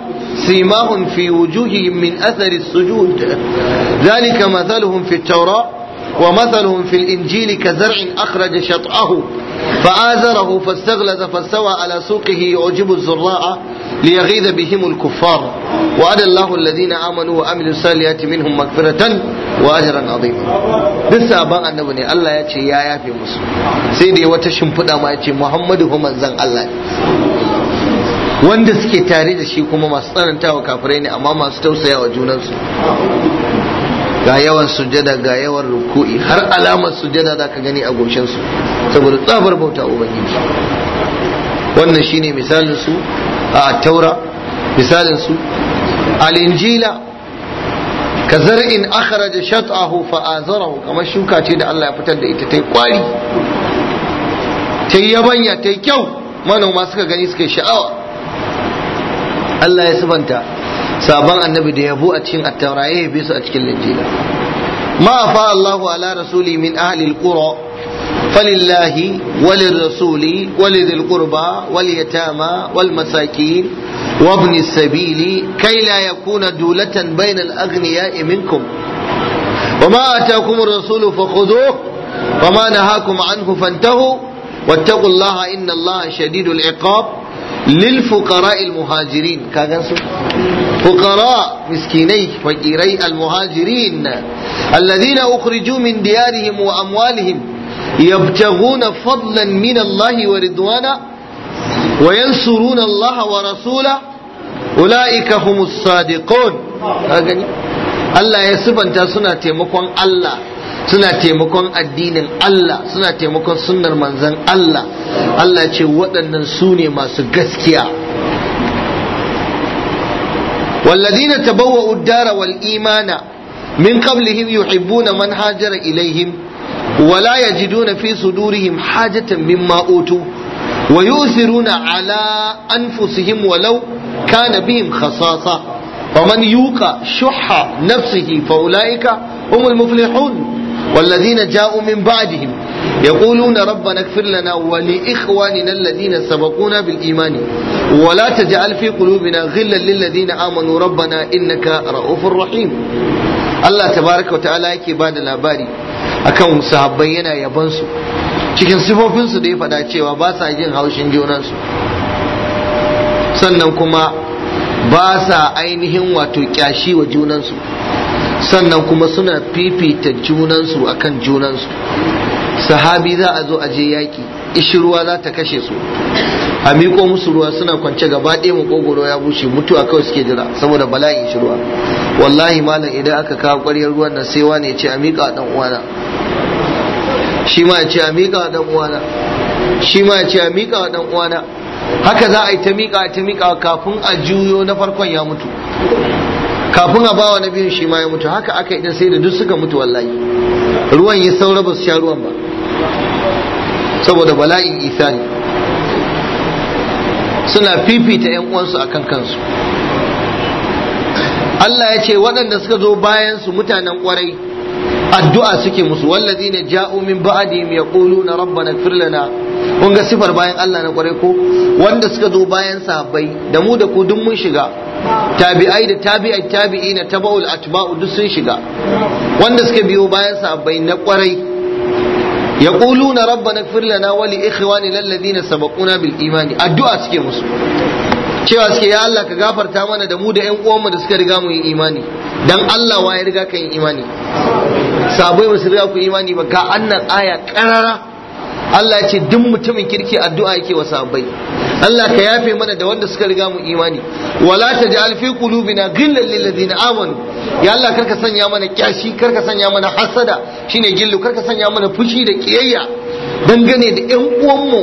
سيماهم في وجوههم من أثر السجود ذلك مثلهم في التوراة ومثلهم في الإنجيل كزرع أخرج شطأه فآزره فاستغلز فاستوى على سوقه يعجب الزراع ليغيظ بهم الكفار وعد الله الذين آمنوا وعملوا الصالحات منهم مغفرة وأجرا عظيما duk sabon annabi ne Allah ya ce ya yafe musu sai da wata shimfiɗa ma ce Muhammadu kuma manzon Allah wanda suke tare da shi kuma masu tsanantawa kafirai ne amma masu tausayawa junansu ga yawan sujada ga yawan ruku'i har alamar sujada za ka gani a goshinsu saboda tsabar bauta ubangiji wannan shine misalin su a taura misalin su al ka zar'in akhraja shat'ahu fa kamar shuka ce da Allah ya fitar da ita ta yi kwari ta yi yabanya ta yi kyau manoma suka gani suka sha'awa Allah ya sibanta sabon annabi da yabo a cikin attaura eh, ya bisu su a cikin linjila ma fa Allahu ala rasuli min ahli alqura falillahi walirrasuli walidhil qurba walyatama walmasakin وابن السبيل كي لا يكون دولة بين الأغنياء منكم وما أتاكم الرسول فخذوه وما نهاكم عنه فانتهوا واتقوا الله إن الله شديد العقاب للفقراء المهاجرين كاغنسو فقراء مسكيني فقيري المهاجرين الذين أخرجوا من ديارهم وأموالهم يبتغون فضلا من الله ورضوانا وينصرون الله ورسوله أولئك هم الصادقون Allah ya sifanta suna taimakon Allah suna taimakon addinin Allah suna taimakon sunnar manzan Allah Allah ce waɗannan sune masu gaskiya والذين تبوؤوا الدار والإيمان من قبلهم يحبون من هاجر إليهم ولا يجدون في صدورهم حاجة مما أوتوا ويؤثرون على أنفسهم ولو كان بهم خصاصة ومن يوق شح نفسه فأولئك هم المفلحون والذين جاءوا من بعدهم يقولون ربنا اغفر لنا ولإخواننا الذين سبقونا بالإيمان ولا تجعل في قلوبنا غلا للذين آمنوا ربنا إنك رؤوف رحيم الله تبارك وتعالى yake bada labari akan sahabbai yana yaban su cikin sifofinsu da ya faɗa cewa ba sa jin haushin junansu sannan kuma ba sa ainihin wato kyashi wa junansu sannan kuma suna fifita junansu akan junansu sahabi za a zo a je ishi ruwa za ta kashe su a miƙo musu ruwa suna kwance gaba ɗaya makogoro ya bushe mutuwa kawai suke jira saboda bala'in ruwa wallahi malam idan aka kawo ƙwaryar ruwan nan sai wani ya ce a miƙa dan uwana shi ma ya ce a miƙa dan uwana shi ma ya ce a miƙa dan uwana haka za a yi ta miƙa ta miƙa kafin a juyo na farkon ya mutu kafin a bawa na biyun shi ma ya mutu haka aka yi sai da duk suka mutu wallahi ruwan ya saura ba su sha ruwan ba saboda bala'in ne suna fifita 'yan uwansu a kan kansu Allah ya ce waɗanda suka zo bayan su mutanen ƙwarai addu'a suke musu wallazi ne ja'u min ba'dihim yaquluna rabbana ighfir lana kun ga sifar bayan Allah na ƙwarai ko wanda suka zo bayan sahabbai da mu da ku duk mun shiga tabi'ai da tabi'ai tabi'ina tabaul atba'u duk sun shiga wanda suka biyo bayan sahabbai na ƙwarai yaquluna rabbana ighfir lana wa li ikhwanina na sabaquna bil imani addu'a suke musu cewa suke ya Allah ka gafarta mana da mu da ƴan uwanmu da suka riga mu yin imani dan Allah wa ya riga ka yin imani sabai ba su riga ku imani ba ga annan aya karara Allah ya ce duk mutumin kirki addu'a yake wa sabai Allah ka yafe mana da wanda suka riga mu imani wala ji fi qulubina ghillan lil ladina amanu ya Allah karka sanya mana kyashi karka sanya mana hasada shine gillu karka sanya mana fushi da kiyayya dangane da yan uwanmu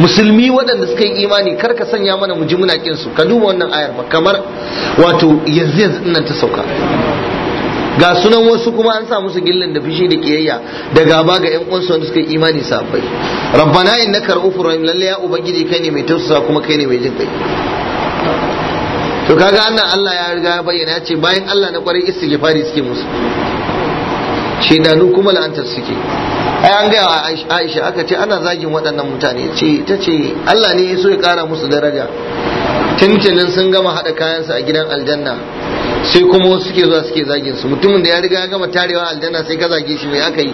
musulmi waɗanda suka yi imani karka sanya mana mu ji muna su ka duba wannan ayar ba kamar wato yanzu yanzu nan ta sauka ga sunan wasu kuma an sa musu gillan da fishi da kiyayya da gaba ga yan uwansu wanda suka yi imani sabai rabbana innaka ra'ufur rahim lalle ya ubangiji kai ne mai tausasa kuma kai ne mai jin kai to kaga annan Allah ya riga ya bayyana ce bayan Allah na kwarai istighfari suke musu nu kuma la'antar suke ai an gaya wa Aisha aka ce ana zagin waɗannan mutane ce ta ce Allah ne ya so ya kara musu daraja tuntunin sun gama haɗa kayansa a gidan aljanna sai kuma wasu suke zuwa suke zagin su mutumin da ya riga ya gama tarewa aljanna sai ka zage shi mai aka yi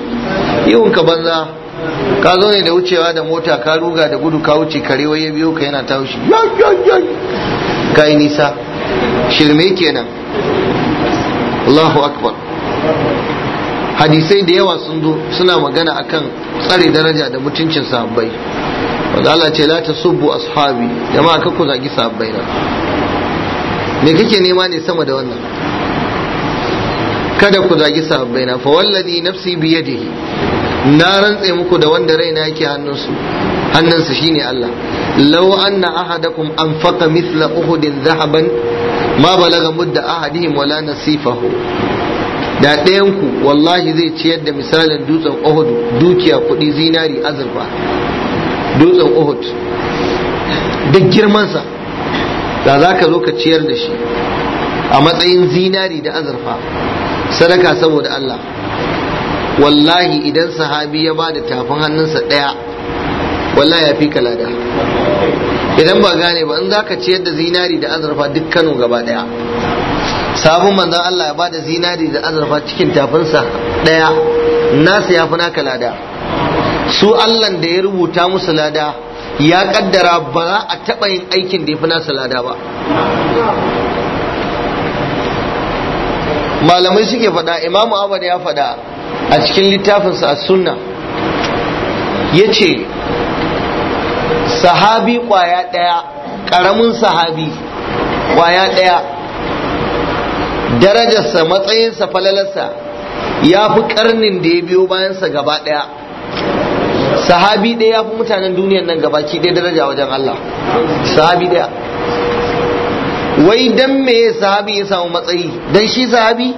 yawan ka banza ka zo ne da wucewa da mota ka ruga da gudu ka wuce kare ya biyo ka yana tawo shi ka yi nisa shirme kenan Allahu akbar hadisai da yawa sun zo suna magana akan tsare daraja da mutuncin sahabbai wanda Allah ce la tasubbu ashabi jama'a kakku zagi sahabbai na me kake nema ne sama da wannan kada ku zagi sahabbai na fa wallazi nafsi bi yadihi na rantse muku da wanda raina yake hannunsu hannunsa shine Allah law anna ahadakum anfaqa mithla uhudin dhahaban ma balaga mudda ahadihim wala nasifahu da ɗayanku wallahi zai ciyar da misalin dutsen Uhud dukiya kuɗi zinari azurfa dutsen Uhud duk girmansa da za ka zo ka ciyar da shi a matsayin zinari da azurfa sadaka saboda Allah wallahi idan sahabi ya ba da tafin hannunsa ɗaya wallahi ya fi kalada idan ba gane ba in za ka ciyar da zinari da azurfa duk kano gaba ɗaya sabon manzan Allah ya ba da zinari da azurfa cikin tafinsa ɗaya Nasu ya fi na kalada. su Allah da ya rubuta musu lada ya kaddara ba za a taɓa yin aikin da ya fi nasa lada ba malamai suke faɗa imamu ahmad ya faɗa a cikin littafinsa a sunna ya ce sahabi ƙwaya ɗaya ƙaramin sahabi kwaya ɗaya darajarsa matsayinsa falalarsa ya fi ƙarnin da ya biyo bayansa gaba ɗaya sahabi ɗaya ya fi mutanen duniyan nan gabaki ɗaya daraja wajen Allah sahabi ɗaya wai dan me sahabi ya samu matsayi dan shi sahabi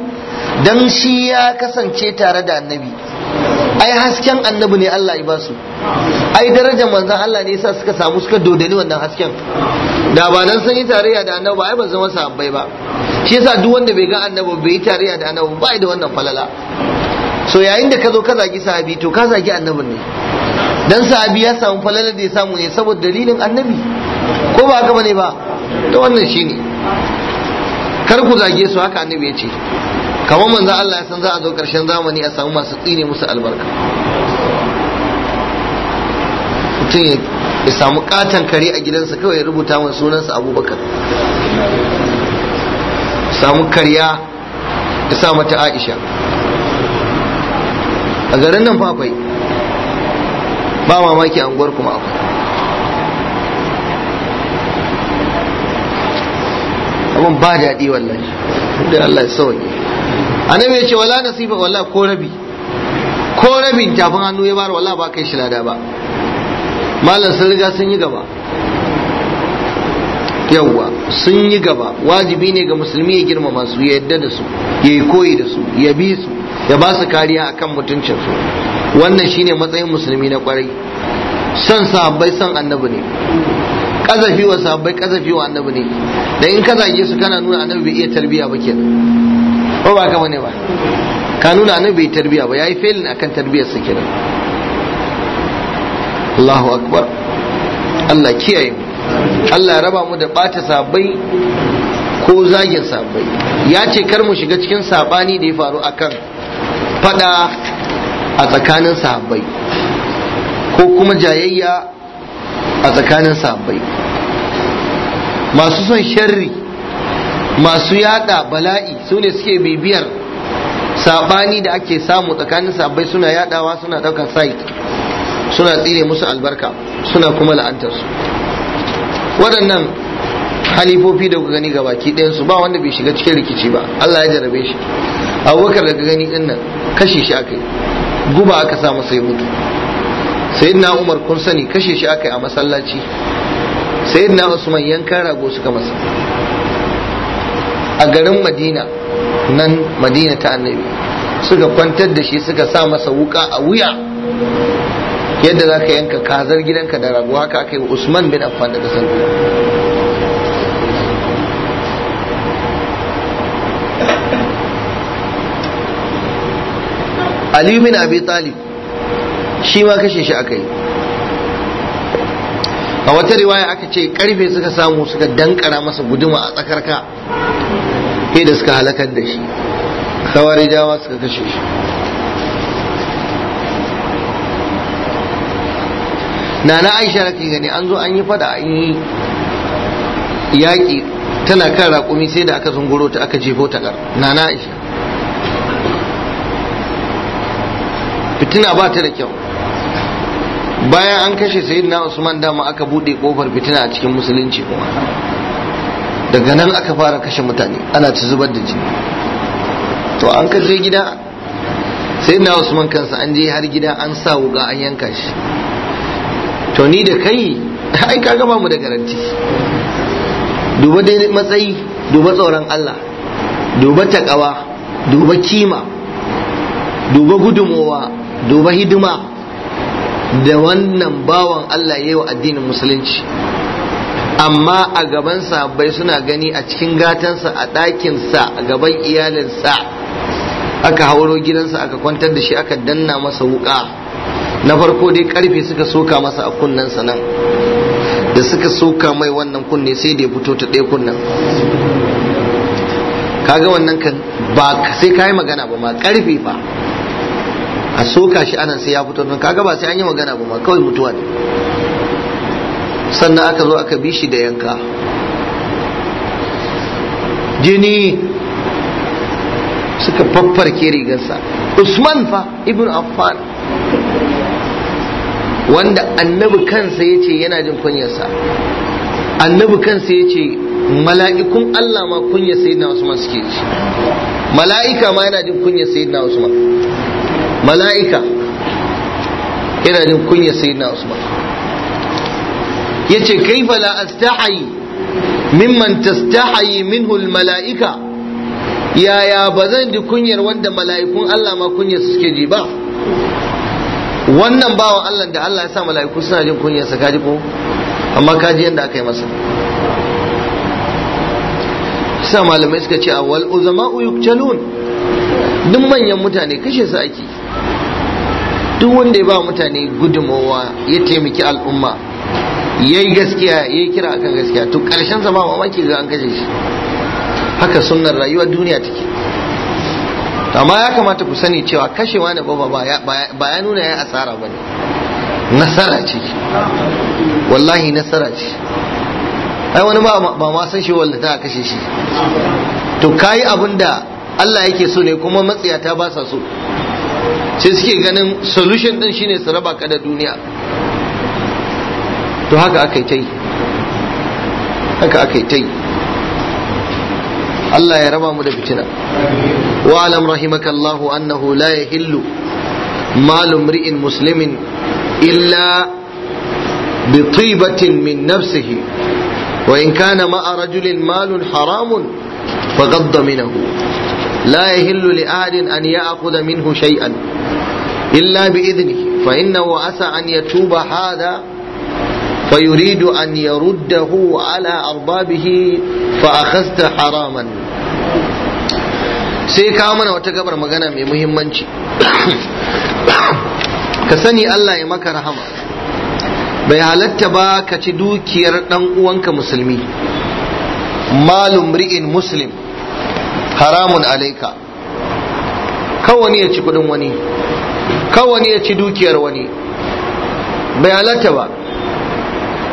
dan shi ya kasance tare da annabi ai hasken annabi ne Allah ya basu ai darajar manzon Allah ne yasa suka samu suka dodani wannan hasken da ba nan sun yi tarayya da annabi ai ba zama sahabbai ba shi yasa duk wanda bai ga annabi bai yi tarayya da annabi ba da wannan falala so yayin da ka zo ka zagi sahabi to ka zagi annabin ne dan sahabi ya samu falalar da ya samu ne saboda dalilin annabi ko ba haka bane ba to wannan shine kar ku zage su haka annabi ya ce kamar manzo Allah ya san za a zo karshen zamani a samu masu tsine musu albarka mutum ya samu katon kare a gidansa kawai ya rubuta wa sunansa abubakar samu karya ya sa mata aisha a garin nan fafai ba mamaki anguwar kuma akwai abin ba daɗi wallahi da Allah ya sauke annabi ya ce wala nasiba wala ko rabi ko rabin tafin hannu ya bar wala ba kai shi lada ba malam sun riga sun yi gaba yawwa sun yi gaba wajibi ne ga musulmi ya girmama su ya yadda da su ya yi koyi da su ya bi su ya ba su kariya akan mutuncinsu wannan shine matsayin musulmi na kwarai San sahabbai san annabi ne kazafi wa sahabbai kazafi wa annabi ne da in ka zage su kana nuna annabi bai iya tarbiya ba kenan Ko ba ka bane ba ka nuna annabi bai tarbiya ba yayi failin akan tarbiyar sa kenan Allahu akbar Allah kiyaye mu Allah ya raba mu da bata sahabbai ko zagin sahabbai ya ce kar mu shiga cikin sabani da ya faru akan fada a tsakanin sahabbai ko kuma jayayya a tsakanin sahabbai masu son sharri masu yada bala'i su ne suke bibiyar sabani da ake samu tsakanin sahabbai suna yadawa suna ɗaukar site suna tsire musu albarka suna kuma la'antarsu waɗannan halifofi da gani ga baki ɗayansu ba wanda bai shiga cikin rikici ba Allah ya jarabe shi abubakar da gani ɗin nan kashe shi aka yi guba aka sa masa ya mutu na umar kun sani kashe shi aka yi a masallaci na usman yanka rago suka masa a garin madina nan madina ta annabi suka kwantar da shi suka sa masa wuka a wuya yadda za ka yanka kazar gidanka da rago haka aka yi usman bin affan da kasar aliyu bin abi talib shi ma kashe shi aka yi a wata riwaya aka ce karfe suka samu suka dankara masa guduma a tsakar ka sai da suka halakar da shi kawari jawa suka kashe shi na na aisha rake gani an zo an yi fada an yi yaƙi tana kan raƙumi sai da aka zunguro ta aka jefo ta na na aisha fitina ba ta da kyau bayan an kashe sayyidina usman dama aka bude kofar fitina a cikin musulunci kuma daga nan aka fara kashe mutane ana ci zubar da jini to an kashe gida sayyidina usman kansa an je har gida an sa wuga an yanka shi to ni da kai ai ka gama mu da garanti duba dai matsayi duba tsoron Allah duba takawa duba kima duba gudunmowa duba hidima da wannan bawan Allah ya yi wa addinin musulunci amma a gabansa bai suna gani a cikin gatansa a ɗakinsa a gaban iyalinsa aka hauro gidansa aka kwantar da shi aka danna masa wuka na farko dai karfe suka soka masa a kunnensa nan da suka soka mai wannan kunne sai da ya fito ta ɗaya kunnen kaga wannan kan ba sai ka yi magana ba ma karfe ba. a soka shi anan sai ya fito nan kaga ba sai an yi magana ba ma kawai mutuwa ne sannan aka zo aka bi shi da yanka jini suka faffarke rigarsa usman fa ibn affan wanda annabi kansa ya ce yana jin kunyarsa annabi kansa ya ce mala'ikun allah ma kunyar sayyidina usman suke ci mala'ika ma yana jin kunyar sayyidina usman mala'ika ina jin kunya sayyidina usman yace kaifa la astahi mimman tastahi minhu al mala'ika yaya ba zan ji kunyar wanda mala'ikun Allah ma kunya suke ji ba wannan bawan Allah da Allah ya sa mala'iku suna jin kunyarsa kaji ko amma kaji yadda aka yi masa sa malamai suka ce awal uzama yuktalun duk manyan mutane kashe su ake duk wanda ya ba mutane gudunmawa ya taimaki al'umma ya yi gaskiya ya yi kira akan gaskiya to karshen zama mamaki ga an kashe shi haka sunan rayuwar duniya take amma ya kamata ku sani cewa kashewa na baba ba ya nuna ya asara ba ne nasara ce wallahi nasara ce ai wani ba ma san shi wanda a kashe shi to kayi abin da Allah yake so ne kuma matsiyata ba sa so sai suke ganin solution din shine su raba ka da duniya to haka aka yi ta yi haka aka yi ta yi Allah ya raba mu da fitina wa alam rahimakallahu annahu la yahillu malu mri'in muslimin illa bi tibatin min nafsihi wa in kana ma'a rajulin malun haramun faqadda minhu لا يهل لأحد أن يأخذ منه شيئا إلا بإذنه فإنه أسى أن يتوب هذا فيريد أن يرده على أربابه فأخذت حراما sai kawo mana wata gabar magana mai muhimmanci ka sani Allah ya maka rahama bai halatta ba ka ci dukiyar ɗan uwanka musulmi malum ri'in muslim haramun alaika kawani ya ci kudin wani kawani ya ci dukiyar wani bai halatta ba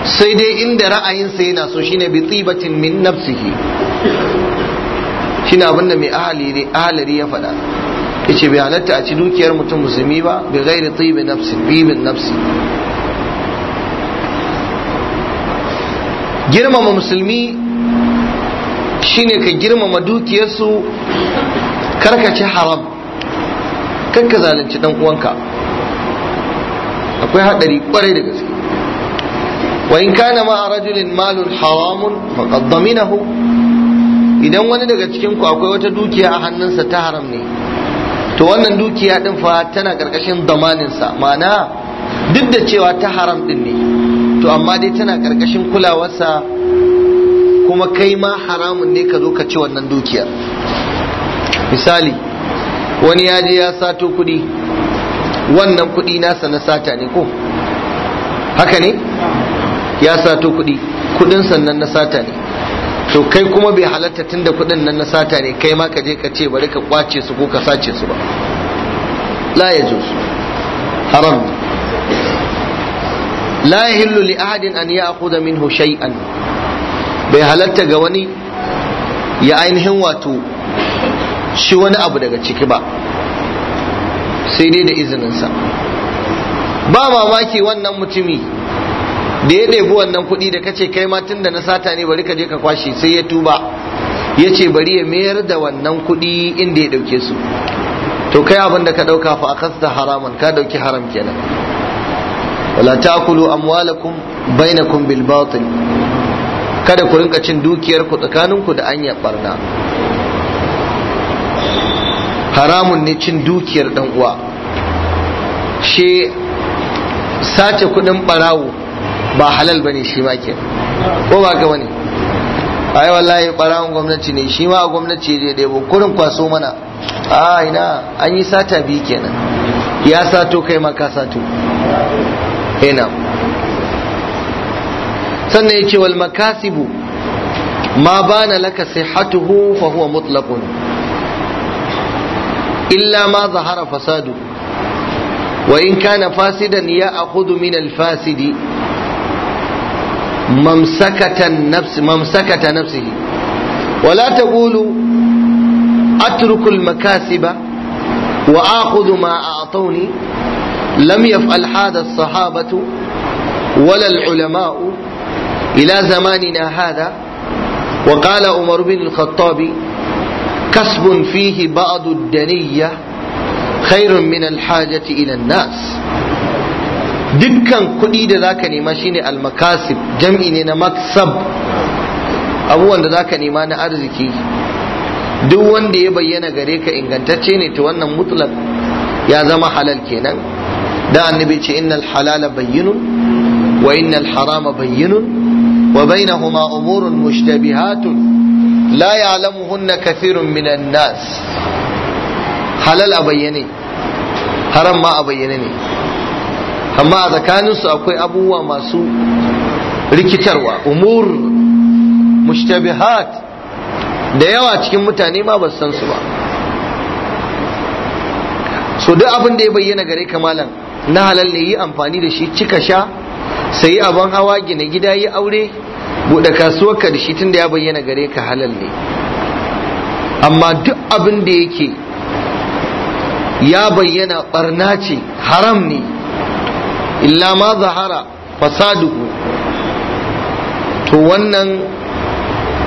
sai dai inda ra'ayinsa yana so shine bi tsibatin min nafsihi shine abinda mai ahalari ya faɗa yace bai halatta a ci dukiyar mutum musulmi ba bi ghairi tibi nafsi bibin nafsi girmama musulmi shine ka girmama dukiyarsu ci haram karka zalunci dan uwanka akwai hadari kwarai da gaske wa in kana ma rajulin malun haramun faqad daminahu idan wani daga cikin ku akwai wata dukiya a hannunsa ta haram ne to wannan dukiya din fa tana karkashin damaninsa ma'ana duk da cewa ta haram din ne to amma dai tana karkashin kulawarsa kuma kai ma haramun ne ka zo ka ci wannan dukiyar misali wani ya je ya sato kuɗi wannan kuɗi nasa na sata ne ko haka ne ya sato kuɗi kudin sannan na sata ne to kai kuma bai halatta tun da kuɗin nan na sata ne kai ma ka je ka ce bari ka kwace su ko ka sace su ba la ya haram la yahillu li ahadin an ya'khudha minhu shay'an bai halatta ga wani ya ainihin wato shi wani abu daga ciki ba sai dai da izininsa ba mamaki wannan mutumi da ya ɗebi wannan kuɗi da kace kai ma tun da na sata ne bari ka je ka kwashe sai ya tuba ya ce bari ya mayar da wannan kuɗi inda ya ɗauke su to kai abin da ka ɗauka fa a kasta haraman ka ɗauki haram kenan wala ta'kulu amwalakum bainakum bil batil kada ku rinka cin dukiyar ku tsakaninku da anya barna haramun ne cin dukiyar dan uwa shi sace kudin barawo ba halal bane shi ma ke ko ba ga wani ai wallahi barawon gwamnati ne shi ma a gwamnati je Ba kurin kwaso mana a ina an yi sata biyu kenan ya sato kai ma ka sato ina eh, sannan ya ce wal makasibu ma bana laka sihhatuhu fa huwa mutlaqun illa ma zahara fasadu wa in kana fasidan ya akhudhu min al fasidi mamsakatan nafsi mamsakata nafsihi ولا تقولوا أترك المكاسب وآخذ ما أعطوني لم يفعل هذا الصحابة ولا العلماء إلى زماننا هذا وقال عمر بن الخطاب كسب فيه بعض الدنية خير من الحاجة إلى الناس dukkan kuɗi da zaka nema shine almakasib jam'i ne na maksab abubuwan da zaka nema na arziki duk wanda ya bayyana gare ka ingantacce ne ta wannan mutlak ya zama halal kenan da annabi ce innal halala bayyinun wa innal harama bayyinun وبينهما أمور مشتبهات لا يعلمهن كثير من الناس halal a bayyane haram ma a bayyane ne amma a tsakaninsu akwai abubuwa masu rikitarwa umur mushtabihat da yawa cikin mutane ma ba san su ba so duk abin da ya bayyana gare kamalan na halal ne yi amfani da shi cika sha sayi abin hawa gina gida yi aure buɗe kasuwar ka da shi tunda ya bayyana gare ka halal ne amma duk abin da yake ya bayyana barna ce haram ne illa ma zahara fasaduhu to wannan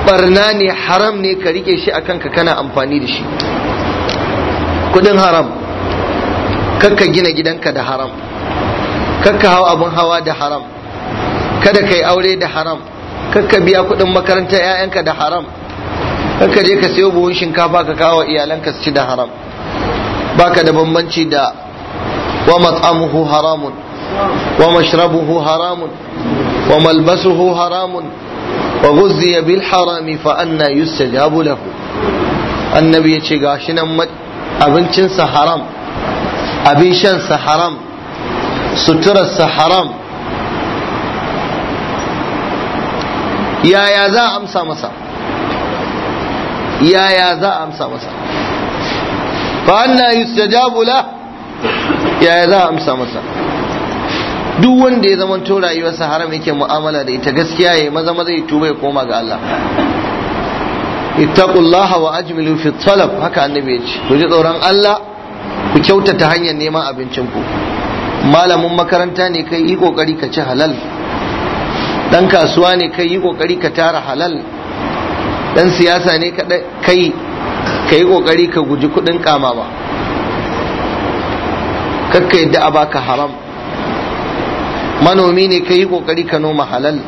barna ne haram ne ka rike shi akan ka kana amfani da shi kudin haram kakka gina gidanka da haram kakka hau abin hawa da haram kada ka yi aure da haram kakka biya kuɗin makaranta 'ya'yanka da haram kakka je ka sayo buhun shinkafa ka kawo iyalanka su ci da haram baka da bambanci da wa mat'amuhu haramun wa mashrabuhu haramun wa malbasuhu haramun wa guzziya bil harami fa anna yustajabu lahu annabi ya ce gashi nan abincinsa haram abin shansa haram suturarsa haram yaya za a amsa masa yaya za a amsa masa fa anna yustajabu la yaya za a amsa masa duk wanda ya zama to rayuwarsa haram yake mu'amala da ita gaskiya ya maza maza ya tuba ya koma ga Allah ittaqullaha wa ajmilu fi talab haka annabi ya ce ku ji tsoron Allah ku kyautata hanyar neman abincin ku malamin makaranta ne kai yi kokari ka ci halal dan kasuwa ne kai yi kokari ka tara halal dan siyasa ne kai ka yi kokari ka guji kudin kama ba kakka yadda a baka haram manomi ne ka yi kokari ka noma halal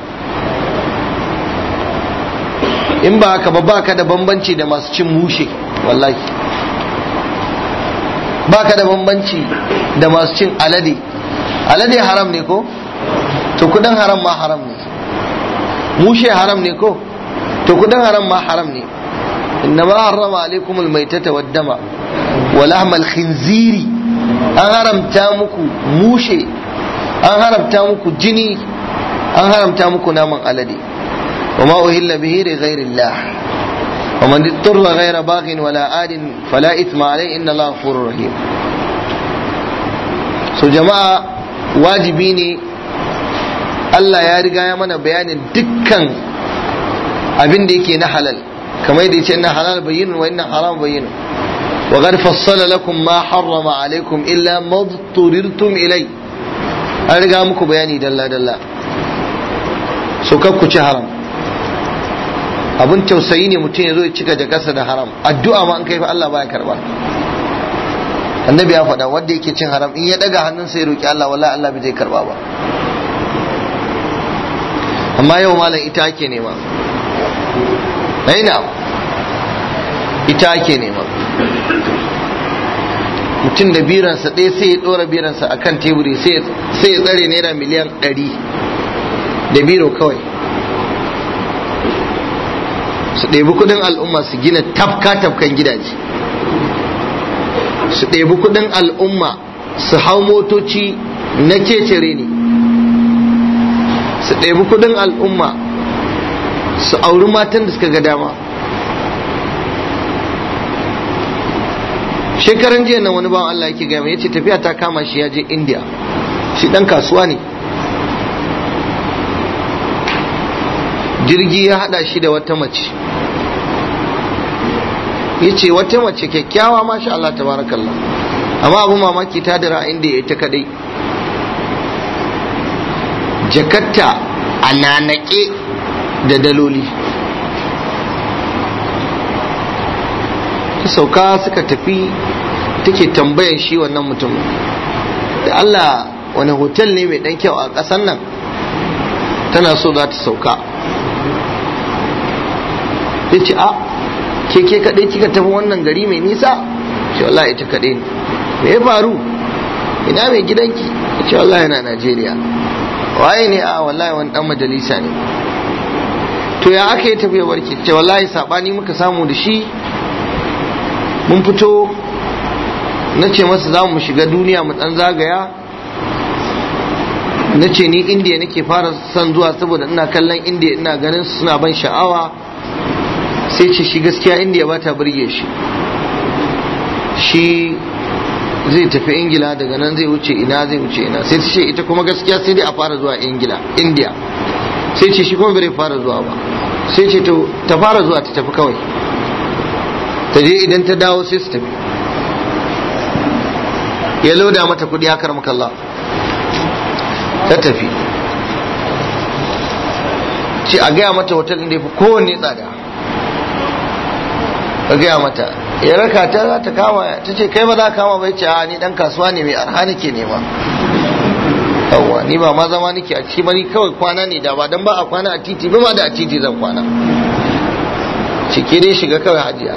in ba haka ba baka da bambanci da masu cin mushe wallahi baka da bambanci da masu cin alade alade haram ne ko to kudin haram ma haram ne mushe haram ne ko to kudin haram ma haram ne inna ma harrama alaikum almaitata wad dama wa lahmal khinziri an haramta muku mushe an haramta muku jini an haramta muku naman alade wa ma uhilla bihi li ghairillah wa man ittarra ghaira baghin wala adin fala ithma alai inna allaha ghafurur rahim so jama'a wajibi ne Allah ya riga ya mana bayanin dukkan abin da yake na halal kamar da yace na halal bayyin wa inna haram bayyin wa qad fassala lakum ma harrama alaykum illa ma turirtum ilai an riga muku bayani dalla dalla so kar ku ci haram abun tausayi ne mutum ya zo ya cika jakarsa da haram addu'a ma an kai fa Allah baya karba annabi ya faɗa wanda yake cin haram in ya daga hannunsa ya roki Allah wallahi Allah bai zai karba ba amma yau malam ita ake nema aina ita ake nema mutum da biransa ɗaya sai ya ɗora biransa a kan teburi sai ya tsare naira miliyan ɗari da biro kawai su ɗebi kuɗin al'umma su gina tafka-tafkan gidaje su ɗebi kuɗin al'umma su hau motoci na kecere ne su ɗebi kudin al'umma su auri matan da suka ga dama shekaran jiya nan wani bawan Allah yake gama ya ce tafiya ta kama shi ya je india shi ɗan kasuwa ne jirgi ya hada shi da wata mace ya wata mace kyakkyawa masha Allah tabarakallah amma abu mamaki ta dira inda ya ita kadai jakarta a nanake da daloli ta sauka suka tafi take tambayan shi wannan mutum da Allah wani hotel ne mai dan kyau a ƙasan nan tana so za ta sauka ya ce a ah, keke kaɗai kika tafi wannan gari mai nisa shi wallahi ita kaɗai ne me ya faru ina mai gidanki ce wallahi yana Najeriya waye ne a ah, wallahi wani dan majalisa ne to ya aka yi tafiya barki ce wallahi sabani muka samu da shi mun fito na ce masa za mu shiga duniya mu dan zagaya na ce ni indiya nake fara son zuwa saboda ina kallon indiya ina ganin su suna ban sha'awa sai ce shi gaskiya indiya ba ta burge shi shi zai tafi ingila daga nan zai wuce ina zai wuce ina sai ta ce ita kuma gaskiya sai dai a fara zuwa ingila india sai ce shi kuma bai fara zuwa ba sai ce ta fara zuwa ta tafi kawai ta je idan ta dawo sai su tafi ya lauda mata kudi karmaka makalla ta tafi ce a gaya mata hotel ɗin da ya fi kowanne tsada a gaya mata ya raka ta za ta kama ta ce kai ba za ka kama bai ce a ni dan kasuwa ne mai arha nake nema yawwa ni ba ma zama nake a ciki ba ni kawai kwana ne da ba dan ba a kwana a titi ba ma da a titi zan kwana cike dai shiga kawai hajiya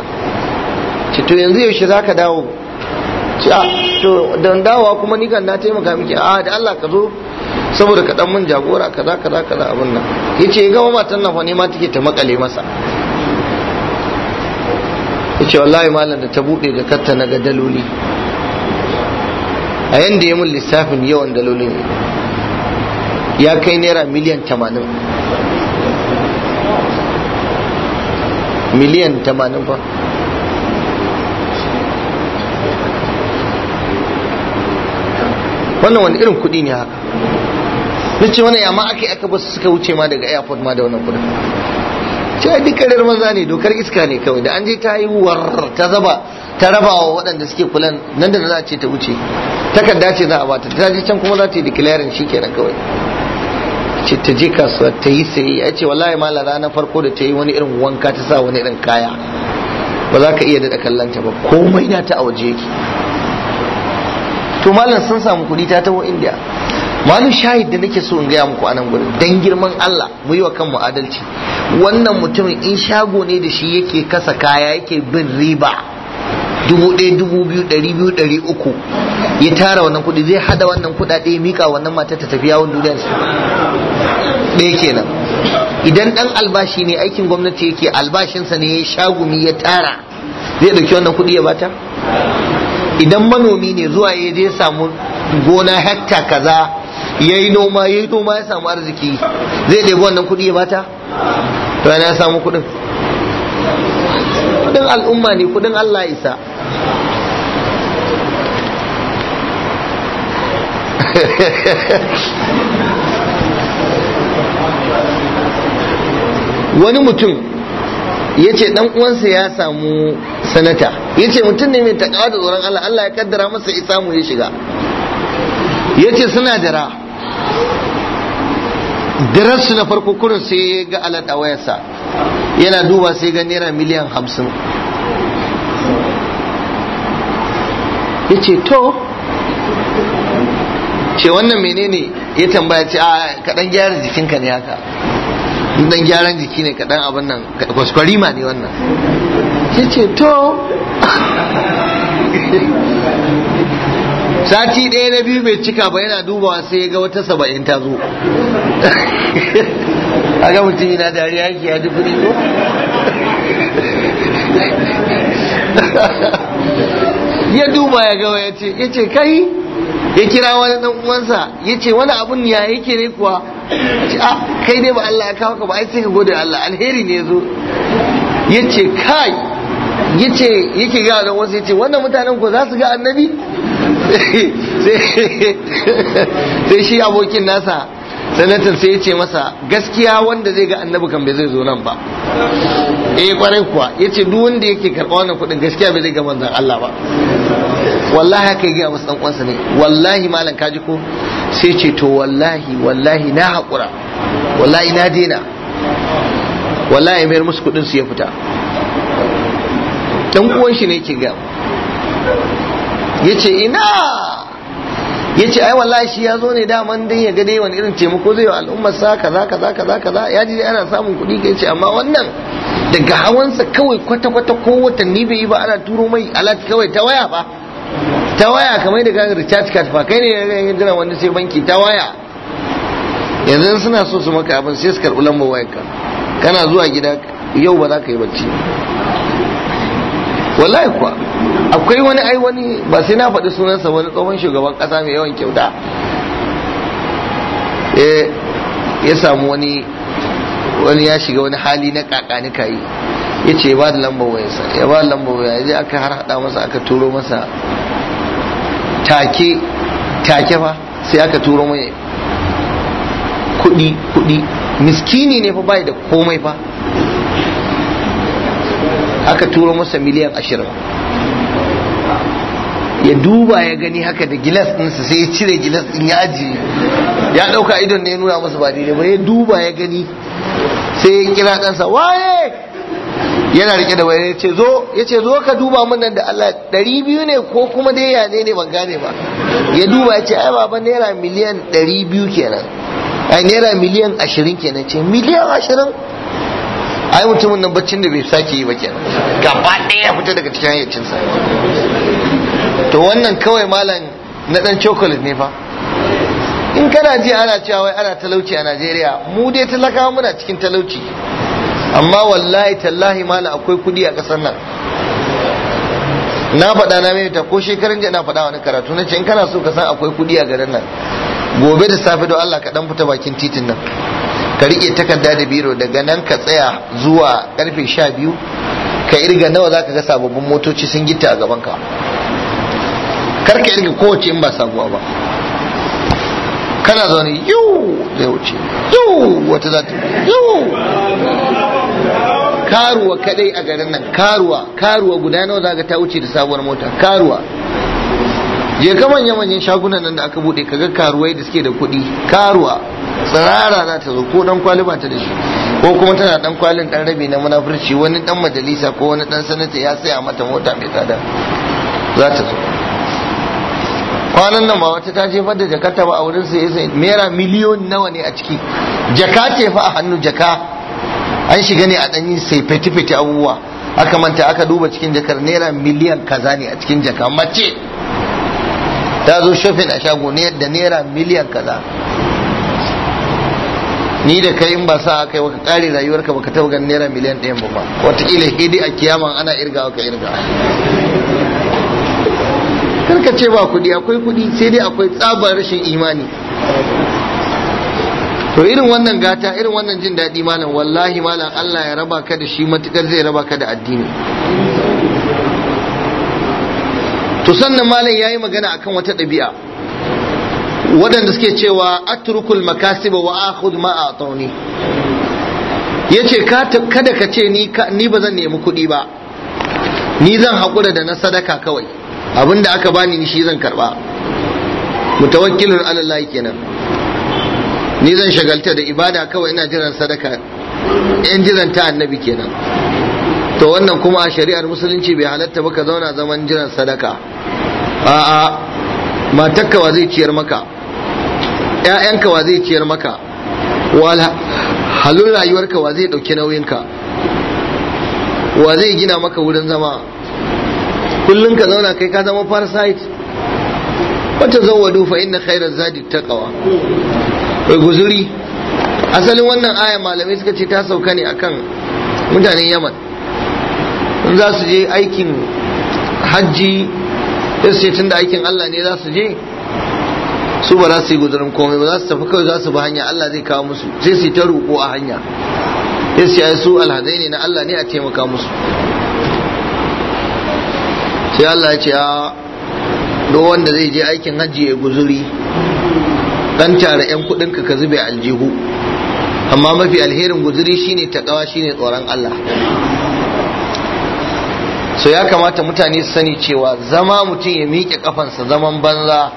ci to yanzu yaushe za ka dawo ci a to don dawowa kuma ni kan na taimaka miki a da Allah ka zo saboda ka dan mun jagora kaza kaza kaza abin nan yace ga gama matan nan fa ne ma take ta makale masa ce wallahi malam da ta buɗe jakarta na ga daloli a yanda ya mun lissafin yawan dalolin ya kai naira miliyan tamanin miliyan tamanin fa wannan wani irin kudi ne haka na ce wani yamma aka yi aka basu suka wuce ma daga airport ma da wannan kudin cewa dukkanin maza ne dokar iska ne kawai da an je ta yi war ta zaba ta raba wa waɗanda suke kulan nan da za a ce ta wuce takarda ce za a bata ta je can kuma za ta yi declaring shi kenan kawai ce ta je kasuwa ta yi sayi ya ce wallahi mala ranar farko da ta yi wani irin wanka ta sa wani irin kaya ba za ka iya daɗa kallanta ba komai na ta a waje yake to malam sun samu kuɗi ta taho indiya malu shahid da nake so in gaya muku anan gurin dan girman Allah mu yi wa kanmu adalci wannan mutumin in shago ne da shi yake kasa kaya yake bin riba dubu ɗaya dubu biyu ɗari biyu ɗari uku ya tara wannan kuɗi zai hada wannan kuɗaɗe ya mika wannan matar ta tafi yawon duniya su ɗaya kenan idan ɗan albashi ne aikin gwamnati yake albashinsa ne ya shagumi ya tara zai ɗauki wannan kuɗi ya bata idan manomi ne zuwa ya je samu gona hekta kaza yayi noma yayi noma ya samu arziki zai ɗebi wannan kuɗi ya bata to yana samu kuɗin kuɗin al'umma ne kuɗin Allah isa wani mutum ya ce dan uwansa ya samu sanata ya ce mutum ne mai takawa da tsoron Allah Allah ya kaddara masa ya samu ya shiga ya ce suna dara Dirarsu na farko kurin sai ya ga alat a wayarsa yana duba sai ga naira miliyan hamsin ya ce to ce wannan menene ya tambaya ce a kaɗan gyara jikinka ne haka dan gyaran jiki ne kaɗan abin nan kwaskwarima ne wannan ya ce to sati ɗaya na biyu bai cika ba yana dubawa sai ya ga wata saba'in ta zo a ga mutum yana dariya yake ya dubu ko ya duba ya gawa ya ce ya ce kai ya kira wani dan uwansa ya ce wani abun ya yake ne kuwa ce a ah, kai ne ba Allah ya kawo ka ba ai sai ka gode Allah alheri ne zo ya ce kai ya ce yake ga dan wasu ya ce wannan mutanen ko za su ga annabi sai shi abokin nasa sanatan sai ya ce masa gaskiya wanda zai ga annabi kan bai zai zo nan ba eh kwarai kuwa ya ce duk wanda yake karɓa wannan kuɗin gaskiya bai zai ga manzan Allah ba wallahi haka yi a wasu ɗan ne wallahi malam kaji ko sai ce to wallahi wallahi na haƙura wallahi na dena wallahi mayar musu kuɗin su ya fita dan uwan shi ne ke ga yace ina yace ai wallahi shi ya zo ne daman dai ya ga dai wani irin taimako zai wa al'ummar sa kaza kaza kaza kaza ya ji ana samun kuɗi ka ce. amma wannan daga hawansa kawai kwata kwata ko watanni bai yi ba ana turo mai alat kawai ta waya ba, ta waya kamar da kan recharge card fa kai ne jira wanda sai banki ta waya yanzu suna so su maka abin sai su karɓi lambar wayarka kana zuwa gida yau ba za ka yi bacci wallahi kuwa akwai wani ai wani ba sai na faɗi sunansa wani tsohon shugaban ƙasa mai yawan kyauta eh, ya samu wani wani ya shiga wani hali na kakani kayi ya ce ba da lambar wayansa ya ba da lambar wayansa ya aka har hada masa aka turo masa take take fa sai aka turo mai kudi kudi miskini ne fa bai da komai fa aka turo masa miliyan ashirin ya duba ya gani haka da gilas ɗinsa sai ya cire gilas ɗin ya ajiye ya ɗauka idon ne ya nuna masa ba daidai ba ya duba ya gani sai ya kira ɗansa waye yana rike da waya ya ce zo ya ce zo ka duba min nan da Allah ɗari biyu ne ko kuma dai ya ne ne ban gane ba ya duba ya ce ai baba naira miliyan ɗari biyu kenan ai naira miliyan ashirin kenan ce miliyan ashirin ai mutumin nan baccin da bai sake yi ba kenan gaba ɗaya fita daga cikin hayyacinsa to wannan kawai malam na dan chocolate ne fa in kana ji ana cewa wai ana talauci a Najeriya mu dai talakawa muna cikin talauci amma wallahi tallahi malam akwai kudi a ƙasar nan na faɗa na mai ko shekarun jiya na faɗa wani karatu na ce in kana so ka san akwai kudi a garin nan gobe da safe don Allah ka dan fita bakin titin nan ka riƙe takarda da biro daga nan ka tsaya zuwa karfe sha biyu ka irga nawa za ka ga sababbin motoci sun gita a gabanka kar ka irga kowace in ba sabuwa ba kana zaune yau zai wuce yau wata za ta yau karuwa kadai a garin nan karuwa karuwa guda nawa za ka ta wuce da sabuwar mota karuwa je ka manya manyan shagunan nan da aka bude kaga karuwai da suke da kuɗi karuwa tsirara za ta zo ko dan kwali ba ta da shi ko kuma tana dan kwalin dan rabi na munafurci wani dan majalisa ko wani dan sanata ya saya mata mota mai tsada za ta zo kwanan nan ba wata ta jefar da jakarta ba a wurin sai sai naira miliyon nawa ne a ciki jaka ce fa a hannu jaka an shiga ne a danyi sai fete-fete abubuwa aka manta aka duba cikin jakar naira miliyan kaza ne a cikin jaka mace ta zo shopping a shago ne da naira miliyan kaza ni da kai in ba sa kai baka kare rayuwarka baka taba ganin naira miliyan ɗayan ba wataƙila hidi a kiyaman ana irga ka irga karka ce ba kuɗi akwai kuɗi sai dai akwai tsabar rashin imani to irin wannan gata irin wannan jin daɗi malam wallahi malam Allah ya raba ka da shi matukar zai raba ka da addini to sannan ya yi magana akan wata ɗabi'a waɗanda suke cewa atrukul makasiba wa akhud ma atawni yace kada ka ce ni ni ba zan nemi kuɗi ba ni zan haƙura da na sadaka kawai abinda aka bani ni shi zan karba mutawakkilun ala Allah kenan ni zan shagalta da ibada kawai ina jiran sadaka yan jiran ta annabi kenan to wannan kuma a shari'ar musulunci bai halatta ba ka zauna zaman jiran sadaka a'a matakka wa zai ciyar maka ƴaƴanka wa zai ciyar maka wala halin rayuwarka wa zai ɗauki nauyinka wa zai gina maka wurin zama kullum ka zauna kai ka zama parasite wata zawadu fa inna khairar zadi ta taqwa guzuri asalin wannan aya malamai suka ce ta sauka ne akan mutanen yaman in za su je aikin hajji in su tun da aikin Allah ne za su je su ba za su yi gudunar komai ba za su tafi kawai za su bi hanya Allah zai kawo musu sai su ta roƙo a hanya sai su yi su alhazai ne na Allah ne a taimaka musu sai Allah ya ce a do wanda zai je aikin hajji ya guzuri dan tara yan kudin ka ka zube aljihu amma mafi alherin guzuri shine takawa shine tsoron Allah so ya kamata mutane su sani cewa zama mutum ya miƙe kafansa zaman banza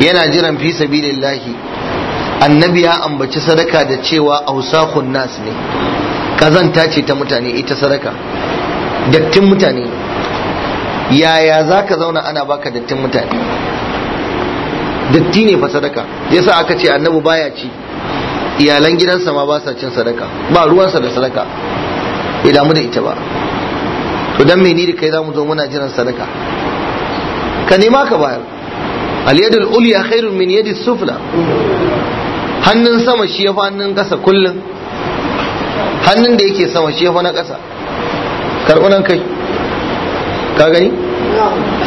yana jiran fi sabilillahi annabi ya ambaci sadaka da cewa ausakun nas ne kazanta ce ta mutane ita sadaka dattin mutane yaya za ka zauna ana baka dattin mutane datti ne fa sadaka yasa aka ce annabi baya ci iyalan gidansa ma ba sa cin sadaka ba ruwansa da sadaka idan damu da ita ba to dan me ni da kai zamu zo muna jiran sadaka ka nema ka bayar al yadul ulya khairun min yadis sufla hannun sama shi yafi hannun kasa kullun hannun da yake sama shi yafi na kasa nan kai ka gani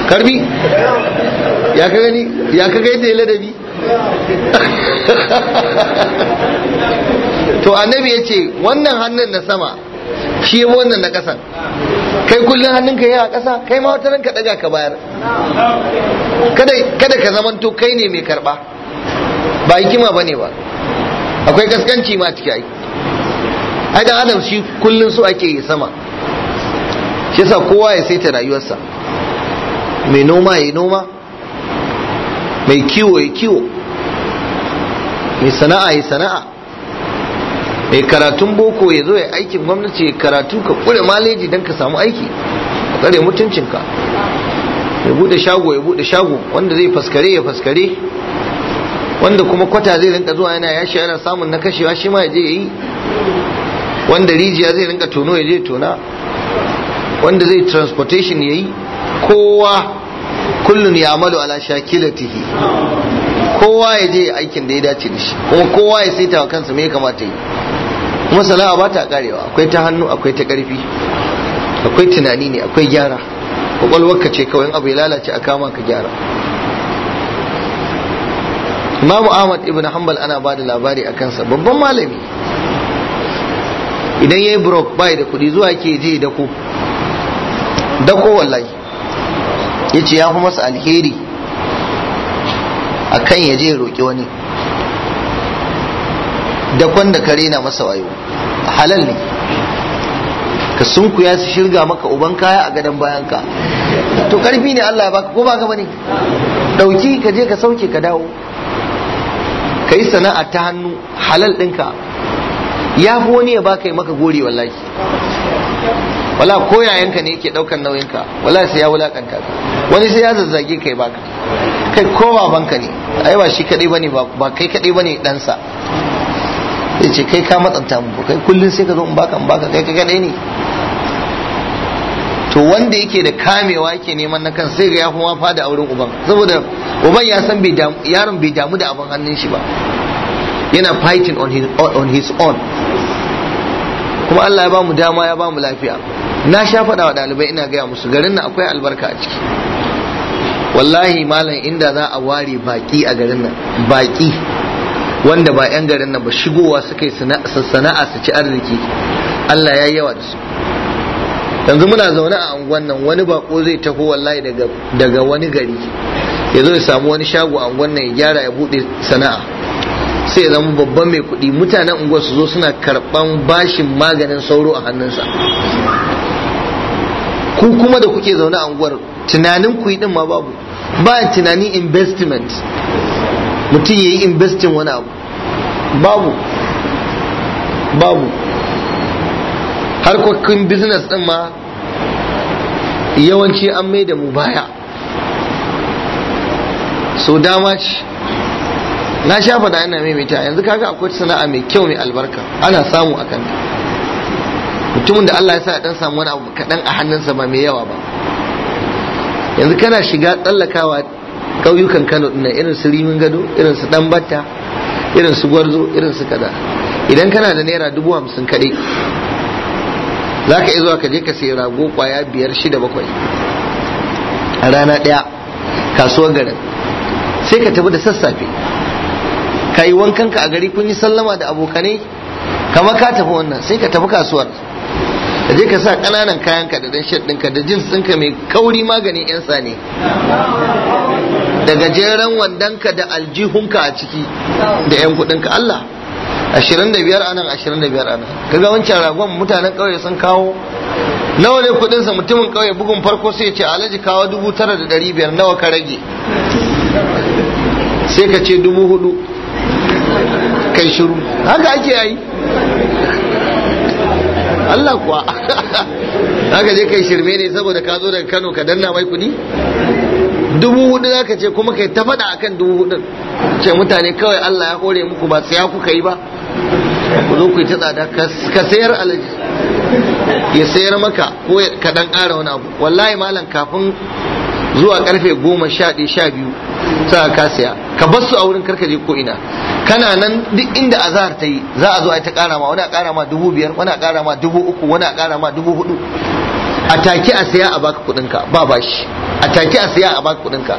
karbi ya ka gani ya ka ga yadda ya ladabi to annabi ya ce wannan hannun na sama shi wannan na kasan kai kullum hannunka a ƙasa kai ma wata ranka daga ka bayar kada ka zamanto kai ne mai karɓa. ba hikima ne ba akwai gaskanci ma ciki ai ai dan adam shi kullum su ake yi sama shi yasa kowa ya saita rayuwarsa mai noma ya noma mai kiwo ya kiwo mai sana'a ya sana'a mai eh, karatun boko ya zo ya aikin gwamnati ya karatu ka kure maleji don ka samu aiki a tsare mutuncinka ya bude shago ya bude shago wanda zai faskare ya faskare wanda kuma kwata zai rinka zuwa yana yashi yana samun na kashewa shi ma ya je yi wanda rijiya zai rinka tono ya je tona wanda zai transportation ya yi kowa kullun ya malu ala shakilatihi kowa ya je aikin da ya dace da shi kuma kowa ya saita wa kansa me ya kamata yi kuma sana'a ba ta karewa akwai ta hannu akwai ta karfi akwai tunani ne akwai gyara kwakwalwarka ce kawai abu ya lalace a kama ka gyara imamu ahmad ibn hanbal ana ba da labari a kansa babban malami idan ya yi brok bai da kudi zuwa ke je dako dako wallahi ya ce ya fi masa alheri a kan ya je roƙi wani Da kwanda kare na masa wayo halal ne ka sunkuya su shirga maka uban kaya a gadon bayan ka. to karfi ne Allah ya baka ko baka bane dauki ka je ka sauke ka dawo ka yi sana'a ta hannu halal ɗinka ya fi wani ya baka yi maka gori wallahi wala ko ka ne yake nauyin ka. wala sai ya wulakanta ka wani sai ya zazzage kai baka kai ko banka ne ai ba shi kadai bane ba kai kadai bane sa ya ce kai ka matsanta mu kai kullun sai ka zo in baka in baka kai ka kadai ne to wanda yake da kamewa yake neman na kan sai ga ya kuma fada a wurin uban saboda uban ya san yaron bai damu da abin hannun shi ba yana fighting on his, on his own kuma Allah ya ba mu dama ya ba mu lafiya na sha faɗa wa ɗalibai ina gaya musu garin nan akwai albarka a ciki wallahi malam inda za a ware baki a garin nan baki wanda ba 'yan garin nan ba shigowa suka yi sana'a su ci arziki Allah ya yawa da su yanzu muna zaune a anguwan nan wani bako zai taho wallahi daga wani gari ya zo ya samu wani shago anguwan nan ya gyara ya buɗe sana'a sai ya zama babban mai kuɗi mutanen unguwar su zo suna karɓan bashin maganin sauro a hannunsa ku kuma da kuke zaune a unguwar tunanin ku yi din ma babu ba tunanin investment mutum ya yi investin wani abu babu babu harkokin business din ma yawanci an mai da mu baya so dama ce na sha fada ina maimaita yanzu kaga akwai sana'a mai kyau mai albarka ana samu a kanta mutumin da Allah ya sa dan samu wani abu kaɗan a hannunsa ba mai yawa ba yanzu kana shiga tsallakawa ƙauyukan kano ɗin irin su rimin gado irin su ɗan batta irin su gwarzo irin su kaza idan kana da naira dubu hamsin kaɗai za ka iya zuwa ka je ka sayi rago kwaya biyar shida bakwai a rana ɗaya kasuwar garin sai ka tafi da sassafe ka yi wankanka a gari kun yi sallama da abokanai kama ka tafi wannan sai ka tafi kasuwar ka je ka sa ƙananan kayanka da ɗan shirt ɗinka da jinsinka mai kauri maganin 'yan sane da gajeren wandonka da aljihunka a ciki da 'yan kudinka Allah 25 anan 25 anan kaga wancan ragon mutanen ƙauye sun kawo nawa ne sa mutumin ƙauye bugun farko sai ce alaji kawo 9,500 nawa ka rage sai ka ce 4,000 kai shiru haka ake yi Allah kuwa haka je kai shirme ne saboda ka zo daga Kano ka danna mai kudi dubu hudu za ka ce kuma kai ta faɗa akan dubu hudun ce mutane kawai Allah ya hore muku ba ya kuka yi ba ku zo ku yi ta tsada ka sayar alaji ya sayar maka ko ka dan ƙara wani abu wallahi malam kafin zuwa karfe goma sha ɗaya sha biyu sa ka siya ka bar su a wurin je ko ina kana nan duk inda azahar ta yi za a zo a ta ƙara ma wani a ƙara ma dubu biyar wani a ƙara ma dubu uku wani a ƙara ma dubu hudu a take a saya a baka kudinka ba bashi a take a saya a baka kudinka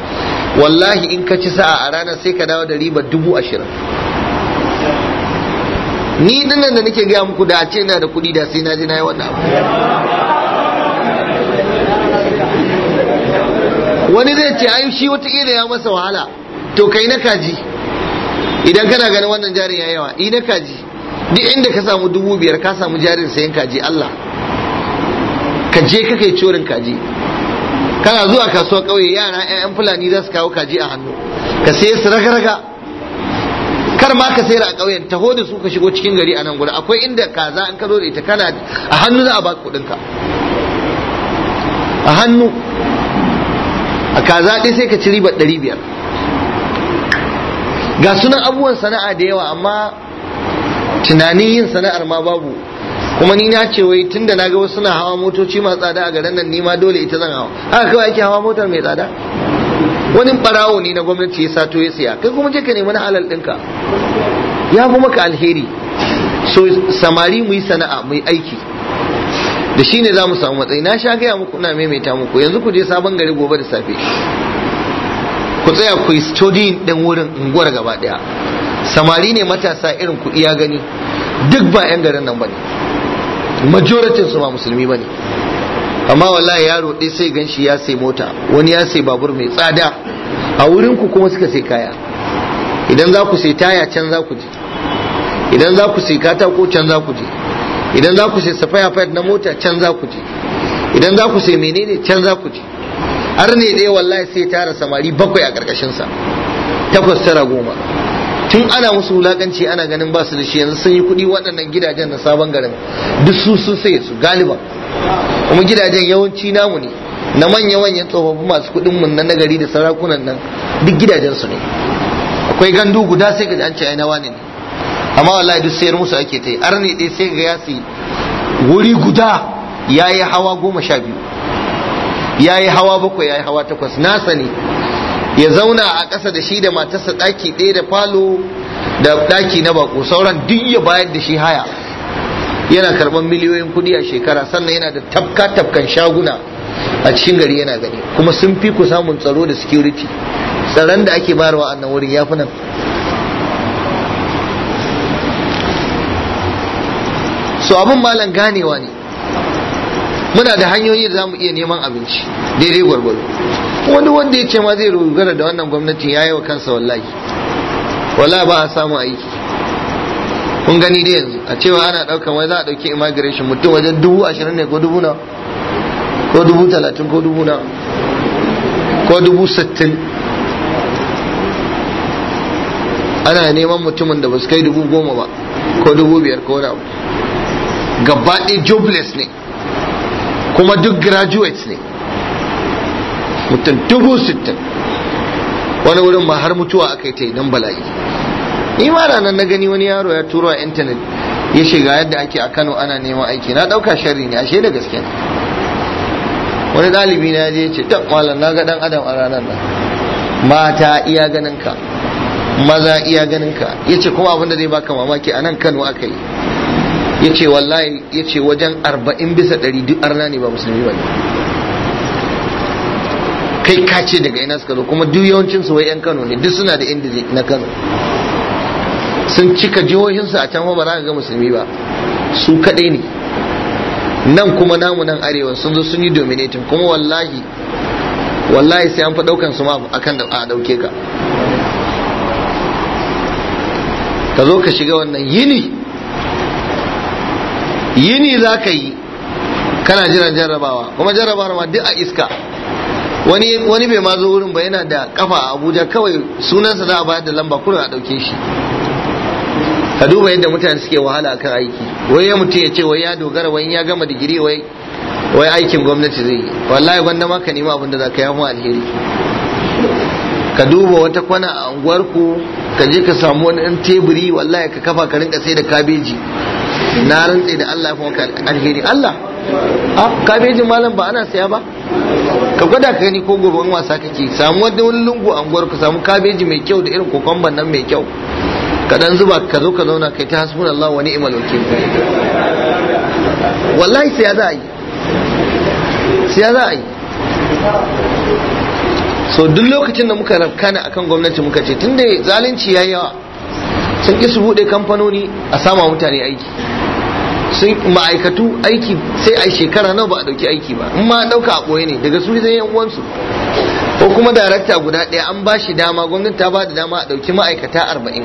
wallahi in ka ci sa'a a rana sai ka dawo da riba dubu ashirin ni dinnan da nake gaya muku da a ce na da kuɗi da sai na je na yi wannan abu wani zai ce ai shi wata ya masa wahala to kai na kaji idan kana ganin wannan jarin ya yawa i na kaji duk inda ka samu dubu biyar ka samu jarin sayan kaji Allah ka je corin kaji kana zuwa kasuwa kauye yara 'ya'yan fulani za su kawo kaji a hannu ka sai su raga-raga kar ma ka sayar a ƙauyen taho da su ka shigo cikin gari a nan gudu akwai inda kaza an karo da ita kana a hannu za a ba ka. a hannu a kaza ɗaya sai ka ci riba ɗari biyar ga sunan abubuwan sana'a da yawa amma tunanin yin sana'ar ma babu kuma ni na ce wai tunda na ga wasu suna hawa motoci masu tsada a garin nan ni dole ita zan hawa haka kawai ake hawa motar mai tsada wani barawo ne na gwamnati ya sato ya siya kai kuma je ka nemi na halal ɗinka ya fi maka alheri so samari mu yi sana'a mu yi aiki da shi ne za mu samu matsayi na sha gaya muku na maimaita muku yanzu ku je sabon gari gobe da safe ku tsaya ku yi studying ɗin wurin unguwar gaba ɗaya samari ne matasa irin ku iya gani duk ba 'yan garin nan ba ne majoritin su ba musulmi bane amma wallahi yaro dai sai ganshi ya sai mota wani ya sai babur mai tsada a wurin ku kuma suka sai kaya idan za ku sai taya can za ku je idan za ku sai katako can za ku je idan za ku sai safaya na mota can za ku je idan za ku sai menene can za ku je har ne ɗaya wallahi sai tara samari bakwai a ƙarƙashinsa takwas tara goma tun ana musu wulakanci ana ganin ba su da shi yanzu sun yi kuɗi waɗannan gidajen na sabon garin duk su sun saye su galiba kuma gidajen yawanci namu ne na manya-manyan tsofaffi masu kuɗin mun na nagari da sarakunan nan duk gidajen su ne akwai gandu guda sai ga an ce ai na wani ne amma wallahi duk sayar musu ake ta yi arni ɗaya sai ga ya wuri guda ya yi hawa goma sha biyu ya yi hawa bakwai ya yi hawa takwas nasa ne ya zauna a ƙasa da shi da matarsa ɗaki ɗaya da falo da ɗaki na bako sauran duk ya bayar da shi haya yana karɓar miliyoyin kuɗi a shekara sannan yana da tafka tafkan shaguna a cikin gari yana gani kuma sun fi ku samun tsaro da security tsaron da ake bayarwa a nan wurin ya fi nan so abin malam ganewa ne muna da hanyoyi da za mu iya neman abinci daidai gwargwaro wani wanda ya ce ma zai rugara da wannan gwamnatin ya yi wa kansa wallahi wala ba a samu aiki kun gani dai yanzu a cewa ana ɗaukan wai za a ɗauki immigration mutum wajen dubu ashirin ne ko dubu na ko dubu talatin ko dubu na ko dubu sittin ana neman mutumin da ba su kai dubu goma ba ko dubu biyar ko na gaba ɗaya jobless ne kuma duk graduates ne mutum dubu sittin wani wurin ma har mutuwa aka yi ta idan bala'i ni ma ranar na gani wani yaro ya turo a intanet ya shiga yadda ake a kano ana neman aiki na ɗauka sharri ne ashe da gaske wani ɗalibi na je ce tab malam na ga ɗan adam a ranar nan mata iya ganin ka maza iya ganin ka ya ce kuma abinda zai baka mamaki a nan kano aka yi ya ce wallahi ya ce wajen arba'in bisa ɗari duk arna ne ba musulmi ba ne kai ka ce daga ina suka zo kuma duk yawancin su wai yan Kano ne duk suna da inda na Kano sun cika jihohin su a can ba za ka ga musulmi ba su kadai ne nan kuma namu nan arewa sun zo sun yi dominating kuma wallahi wallahi sai an fi daukan su ma akan da a ɗauke ka ka zo ka shiga wannan yini yini za ka yi kana jiran jarrabawa kuma jarrabawar ma duk a iska wani bai ma zo wurin ba yana da kafa a Abuja kawai sunansa za a bayar da lamba kurin a dauke shi ka duba yadda mutane suke wahala akan aiki wai ya mutum ya ce wai ya dogara wai ya gama digiri wai aikin gwamnati zai yi wallahi gwanda ma ka nema abin da za ka yamu alheri ka duba wata kwana a unguwarku ka je ka samu wani ɗan teburi wallahi ka kafa ka rinka sai da kabeji na rantse da Allah ya alheri Allah ah, kabejin malam ba ana saya ba ka gwada ka gani ko gobe in wasa kake samu wani wani lungu a unguwar ku samu kabeji mai kyau da irin kokomban nan mai kyau ka dan zuba ka zo ka zauna kai ta hasbun Allah wa ni'mal wakil wallahi sai za a yi sai za a yi so duk lokacin da muka rafkana akan gwamnati muka ce tunda zalunci yayi yawa sun ki su bude kamfanoni a sama mutane aiki sun ma'aikatu aiki sai a shekara nawa ba a dauki aiki ba in ma dauka a ne daga su zai yan uwansu ko kuma darakta guda ɗaya an ba shi dama gwamnati ta ba da dama a dauki ma'aikata arba'in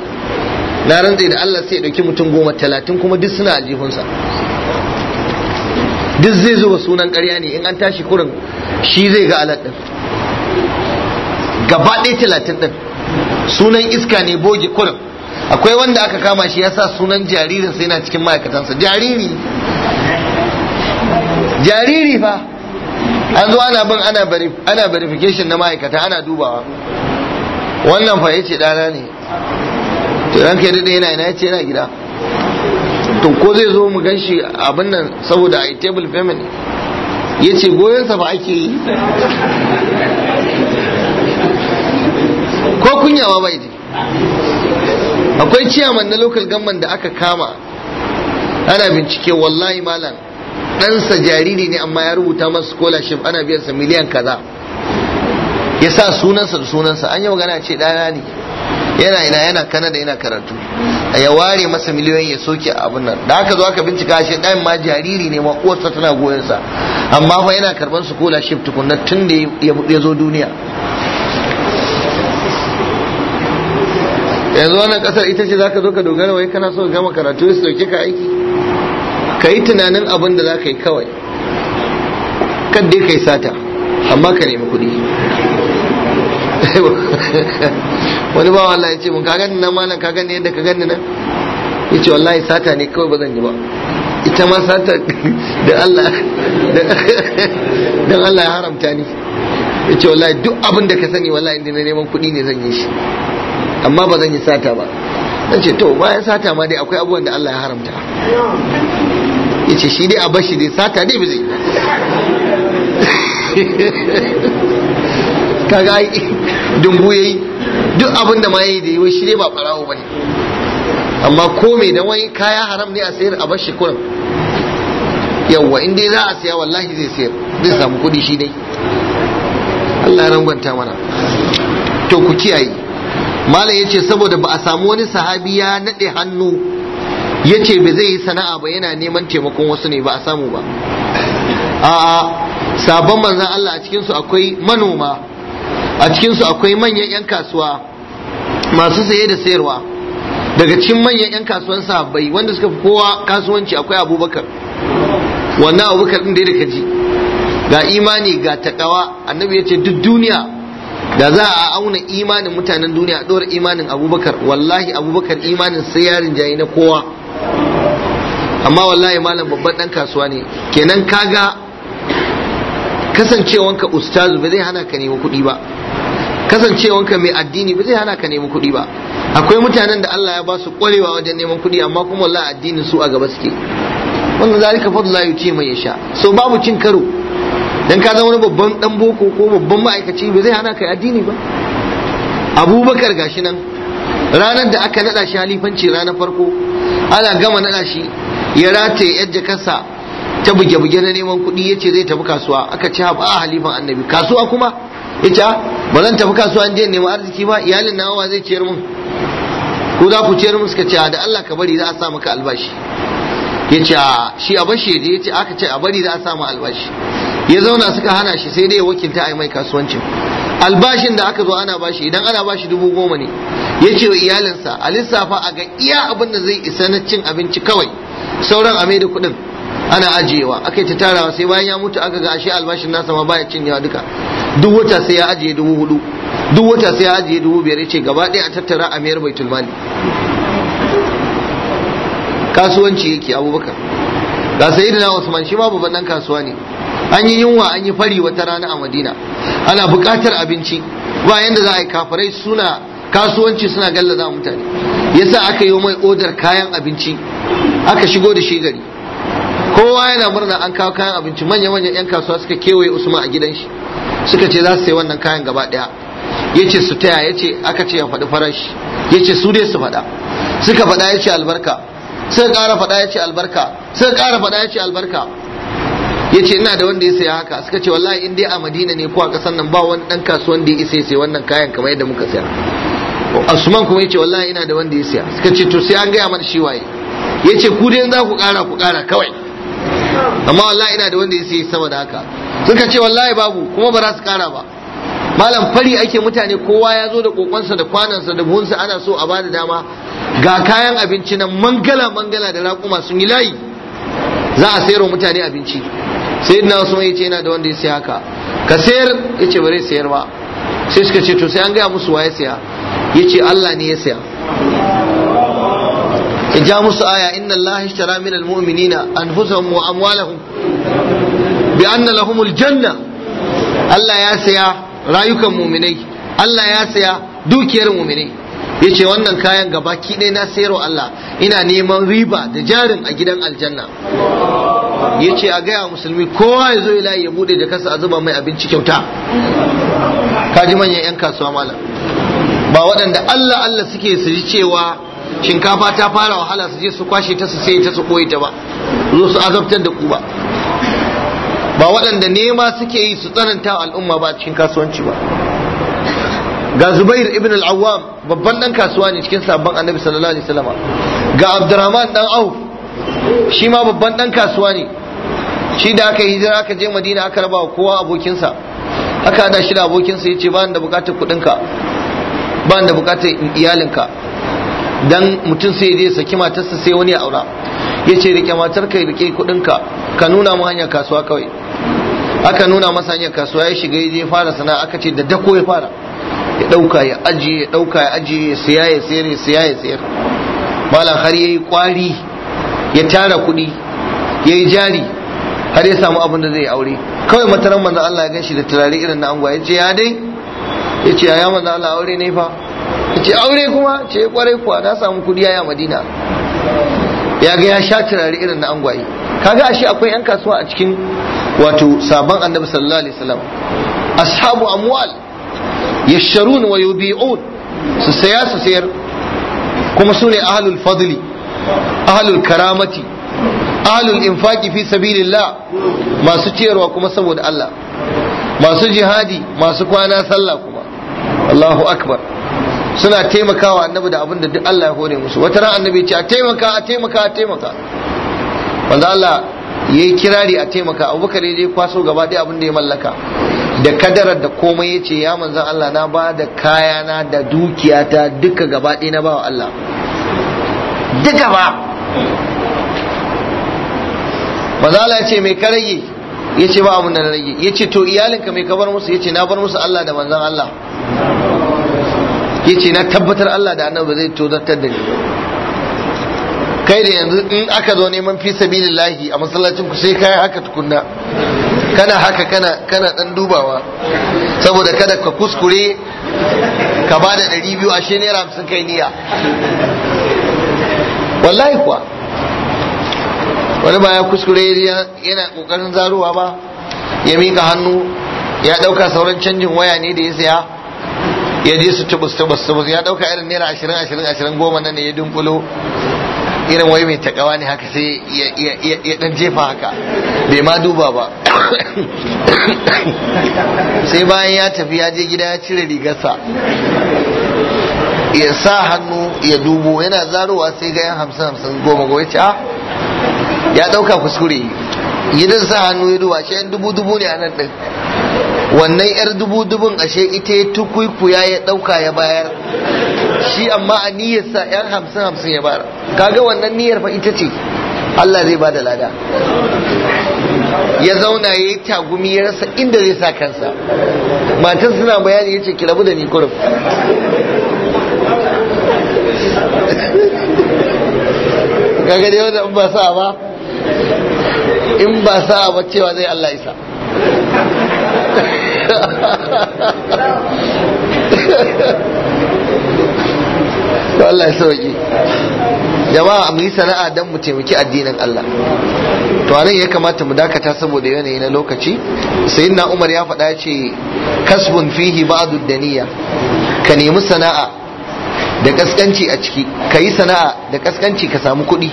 na rantse da Allah sai ya dauki mutum goma talatin kuma duk suna aljihunsa duk zai zo sunan karya ne in an tashi kurin shi zai ga alat din gaba ɗaya talatin din sunan iska ne boge kurin akwai wanda aka kama shi ya sa sunan jaririnsa yana cikin ma'aikatansa jariri jariri fa an zo ana bin ana verification na ma'aikata ana dubawa wannan fa yace dana ne to kai dade yana yana yace yana gida to ko zai zo mu gan abin nan saboda a table family yace sa ba ake yi ko kunya ma bai akwai ciyaman na local government da aka kama ana bincike wallahi malam ɗansa jariri ne amma ya rubuta masa scholarship ana biyansa miliyan kaza ya sa sunansa da sunansa an yi magana ce ɗana ne yana ina yana kanada yana karatu ya ware masa miliyoyin ya soke abin nan da aka zo aka bincika shi ɗan ma jariri ne ma uwarsa tana goyonsa amma fa yana karban su tukunna tun da ya zo duniya yanzu wannan kasar ita ce zaka zo ka dogara wai kana so gama karatu su dauke ka aiki ka yi tunanin abin da za ka yi kawai kan dai ka yi sata amma ka nemi kuɗi wani ba wallah ya ce mun ka gani nan malam ka gani yadda ka gani nan ya ce wallahi sata ne kawai ba zan yi ba ita ma sata da Allah dan Allah ya haramta ni ya ce wallahi duk abin da ka sani wallahi inda na neman kuɗi ne zan yi shi amma ba zan yi sata ba dan ce to bayan sata ma dai akwai abubuwan da Allah ya haramta yace shi dai a bashi dai sata dai ba zai kaga ai dumbu yayi duk abin da ma yayi da wai shi dai ba barawo bane amma ko me dan wani kaya haram ne a sayar a bashi kurin yawa in dai za a siya wallahi zai sayar zai samu kuɗi shi dai Allah ya rangwanta mana to ku kiyaye malam yace saboda ba a samu wani sahabi ya nade hannu yace ba zai yi sana'a ba yana neman taimakon wasu ne ba a samu ba a sabon manzan Allah a cikinsu akwai manoma a cikinsu akwai manyan 'yan kasuwa masu saye da sayarwa daga cikin manyan 'yan kasuwan sahabbai wanda suka fi kowa kasuwanci akwai abubakar wannan abubakar ɗin da ka ji ga imani ga takawa annabi ya ce duk duniya da za a auna imanin mutanen duniya a ɗora imanin abubakar wallahi abubakar imanin sai yarin jayi na kowa amma wallahi malam babban ɗan kasuwa ne kenan kaga kasancewanka ustazu ba zai hana ka nemi kuɗi ba kasancewanka mai addini ba zai hana ka nemi kuɗi ba akwai mutanen da Allah ya ba su ƙwarewa wajen neman kuɗi amma kuma wallahi addinin su a gaba suke wannan zalika fadlallahi yuti mai yasha so babu cin karo dan ka zama wani babban dan boko ko babban ma'aikaci ba zai hana ka addini ba abubakar gashi nan ranar da aka nada shi halifanci ranar farko ana gama nada shi ya ya yadda jakarsa ta buge-buge na neman kuɗi ya ce zai tafi kasuwa aka ce ba a halifan annabi kasuwa kuma Ya ce ba zan tafi kasuwa je neman arziki ba iyalin nawa zai ciyar mun ko za ku ciyar mun suka ce da Allah ka bari za a sa maka albashi ya ce shi a bashi ya ce aka ce a bari za a sa albashi ya zauna suka hana shi sai dai ya wakilta a mai kasuwancin albashin da aka zo ana bashi idan ana bashi dubu goma ne ya ce wa iyalinsa a lissafa a ga iya abin da zai isa na cin abinci kawai sauran a da kuɗin ana ajiyewa aka yi ta tarawa sai bayan ya mutu aka ga ashe albashin nasa ma baya yawa duka duk wata sai ya ajiye dubu hudu duk wata sai ya ajiye dubu biyar ya ce gaba ɗaya a tattara a mayar baitul mali kasuwanci yake abubakar ga sayyidina usman shi ma babban kasuwa ne an yi yunwa an yi fari wata rana a madina ana buƙatar abinci ba yadda za a yi kafirai suna kasuwanci suna gallaza mutane yasa aka yi mai odar kayan abinci aka shigo da shi gari kowa yana murna an kawo kayan abinci manya manya 'yan kasuwa suka kewaye usman a gidan shi suka ce za su sai wannan kayan gaba ɗaya ya ce su taya ya ce aka ce ya faɗi farashi ya ce su dai su faɗa suka faɗa ya ce albarka suka ƙara faɗa ya ce albarka suka ƙara faɗa ya ce albarka ya ce ina da wanda ya saya haka suka ce wallahi in dai a Madina ne ko a kasan nan ba wani dan kasuwan da ya isa sai wannan kayan kamar yadda muka saya asuman kuma ya ce wallahi ina da wanda ya saya suka ce to sai an gaya mana shi waye ya ce ku dai za ku kara ku kara kawai amma wallahi ina da wanda ya saya sama da haka suka ce wallahi babu kuma ba za su kara ba malam fari ake mutane kowa ya zo da kokonsa da kwanansa da buhunsa ana so a bada dama ga kayan abinci nan mangala mangala da raƙuma sun yi layi za a sayarwa mutane abinci sai ina usman mai ce yana da wanda ya siya haka ka sayar ya ce bari sayar ba sai suka ce to sai an gaya musu waye siya ya ce Allah ne ya siya ya ja musu aya inna Allah ishtara min almu'minina anfusahum wa amwalahum bi anna lahumul janna Allah ya siya rayukan mu'minai Allah ya siya dukiyar mu'minai yace wannan kayan gaba ki na sayarwa Allah ina neman riba da jarin a gidan aljanna ya ce a gaya musulmi kowa ya zo ya ya bude da kasa a zuba mai abinci kyauta kaji manyan 'yan kasuwa malam ba waɗanda Allah Allah suke su ji cewa shinkafa ta fara wahala su je su kwashe ta su sai ta su koyi ta ba zo su azabtar da ku ba ba waɗanda nema suke yi su tsananta al'umma ba cikin kasuwanci ba ga Zubair ibn al-Awwam babban dan kasuwa ne cikin sabon Annabi sallallahu alaihi wasallam ga Abdurrahman dan Auf shi ma babban dan kasuwa ne shi da aka hijira aka je madina aka raba wa kowa abokinsa aka hada shi da abokinsa ya ce ba da bukatar kudinka ba da bukatar iyalinka dan mutum sai je saki matarsa sai wani ya aura ya ce rike matar ka rike kudinka ka nuna mu hanyar kasuwa kawai aka nuna masa hanyar kasuwa ya shiga ya je fara sana'a aka ce da dako ya fara ya dauka ya ajiye ya dauka ya ajiye ya siya ya sayar ya siya ya sayar malam har yayi kwari ya tara kudi yayi jari har ya samu abin da zai aure kawai mataran manzo Allah ya ganshi da turare irin na angwa yace ya dai yace ya manzo Allah aure ne fa yace aure kuma ce kwarai kuwa na samu kudi ya Madina ya ga ya sha turare irin na angwaye kaga ashe akwai yan kasuwa a cikin wato sabon annabi sallallahu alaihi wasallam ashabu amwal yasharun wa yubi'un su saya su sayar kuma sune ahlul fadli ahlul karamati alul infaki fi sabilillah masu ciyarwa kuma saboda Allah masu jihadi masu kwana sallah kuma Allahu akbar suna taimakawa annabi da abin da duk Allah ya hore musu wata ran annabi ce a taimaka a taimaka a taimaka wanda Allah ya kirari a taimaka abubakar ya je kwaso gaba ɗaya abin da ya mallaka da kadarar da komai ya ce ya manzan Allah na ba da kayana da dukiyata duka gaba ɗaya na wa Allah duka ba manzala ya ce mai ka rage ya ce ba abin da na rage ya ce to iyalinka mai ka bar musu ya ce na bar musu Allah da manzan Allah ya ce na tabbatar Allah da annabi zai zartar da ni kai da yanzu in aka zo neman fi sabilillahi a masallacin ku sai kai haka tukunna kana haka kana kana dan dubawa saboda kada ka kuskure ka bada 200 ashe naira 50 kai niya wallahi kuwa wani ba ya kuskure yana kokarin zaruwa ba ya mika hannu ya dauka sauran canjin waya ne da ya saya ya je su tubus tubus tubus ya dauka irin naira ashirin ashirin ashirin goma nan ne ya dunkulo irin wai mai takawa ne haka sai ya dan jefa haka bai ma duba ba sai bayan ya tafi ya je gida ya cire rigarsa ya sa hannu ya dubo yana zarowa sai ga yan hamsin hamsin goma goma ya ce ah, ya dauka kuskure yi da sa hannu ya duba shi yan dubu dubu ne a nan din wannan yar dubu dubun ashe ita ya tukuikuya ya dauka ya bayar shi amma a niyyarsa yan hamsin hamsin ya bayar kaga wannan niyyar fa ita ce Allah zai bada lada ya zauna ya yi tagumi ya rasa inda zai sa kansa matan suna bayani ya ce ki rabu da ni kurum da dai wanda ba sa ba in ba sa ba cewa zai Allah isa Allah ya sauki jama'a mu yi sana'a don mu taimaki addinin Allah to anan ya kamata mu dakata saboda yanayi na lokaci sai na Umar ya faɗa ce kasbun fihi ba'du daniya ka nemi sana'a da kaskanci a ciki ka yi sana'a da kaskanci ka samu kuɗi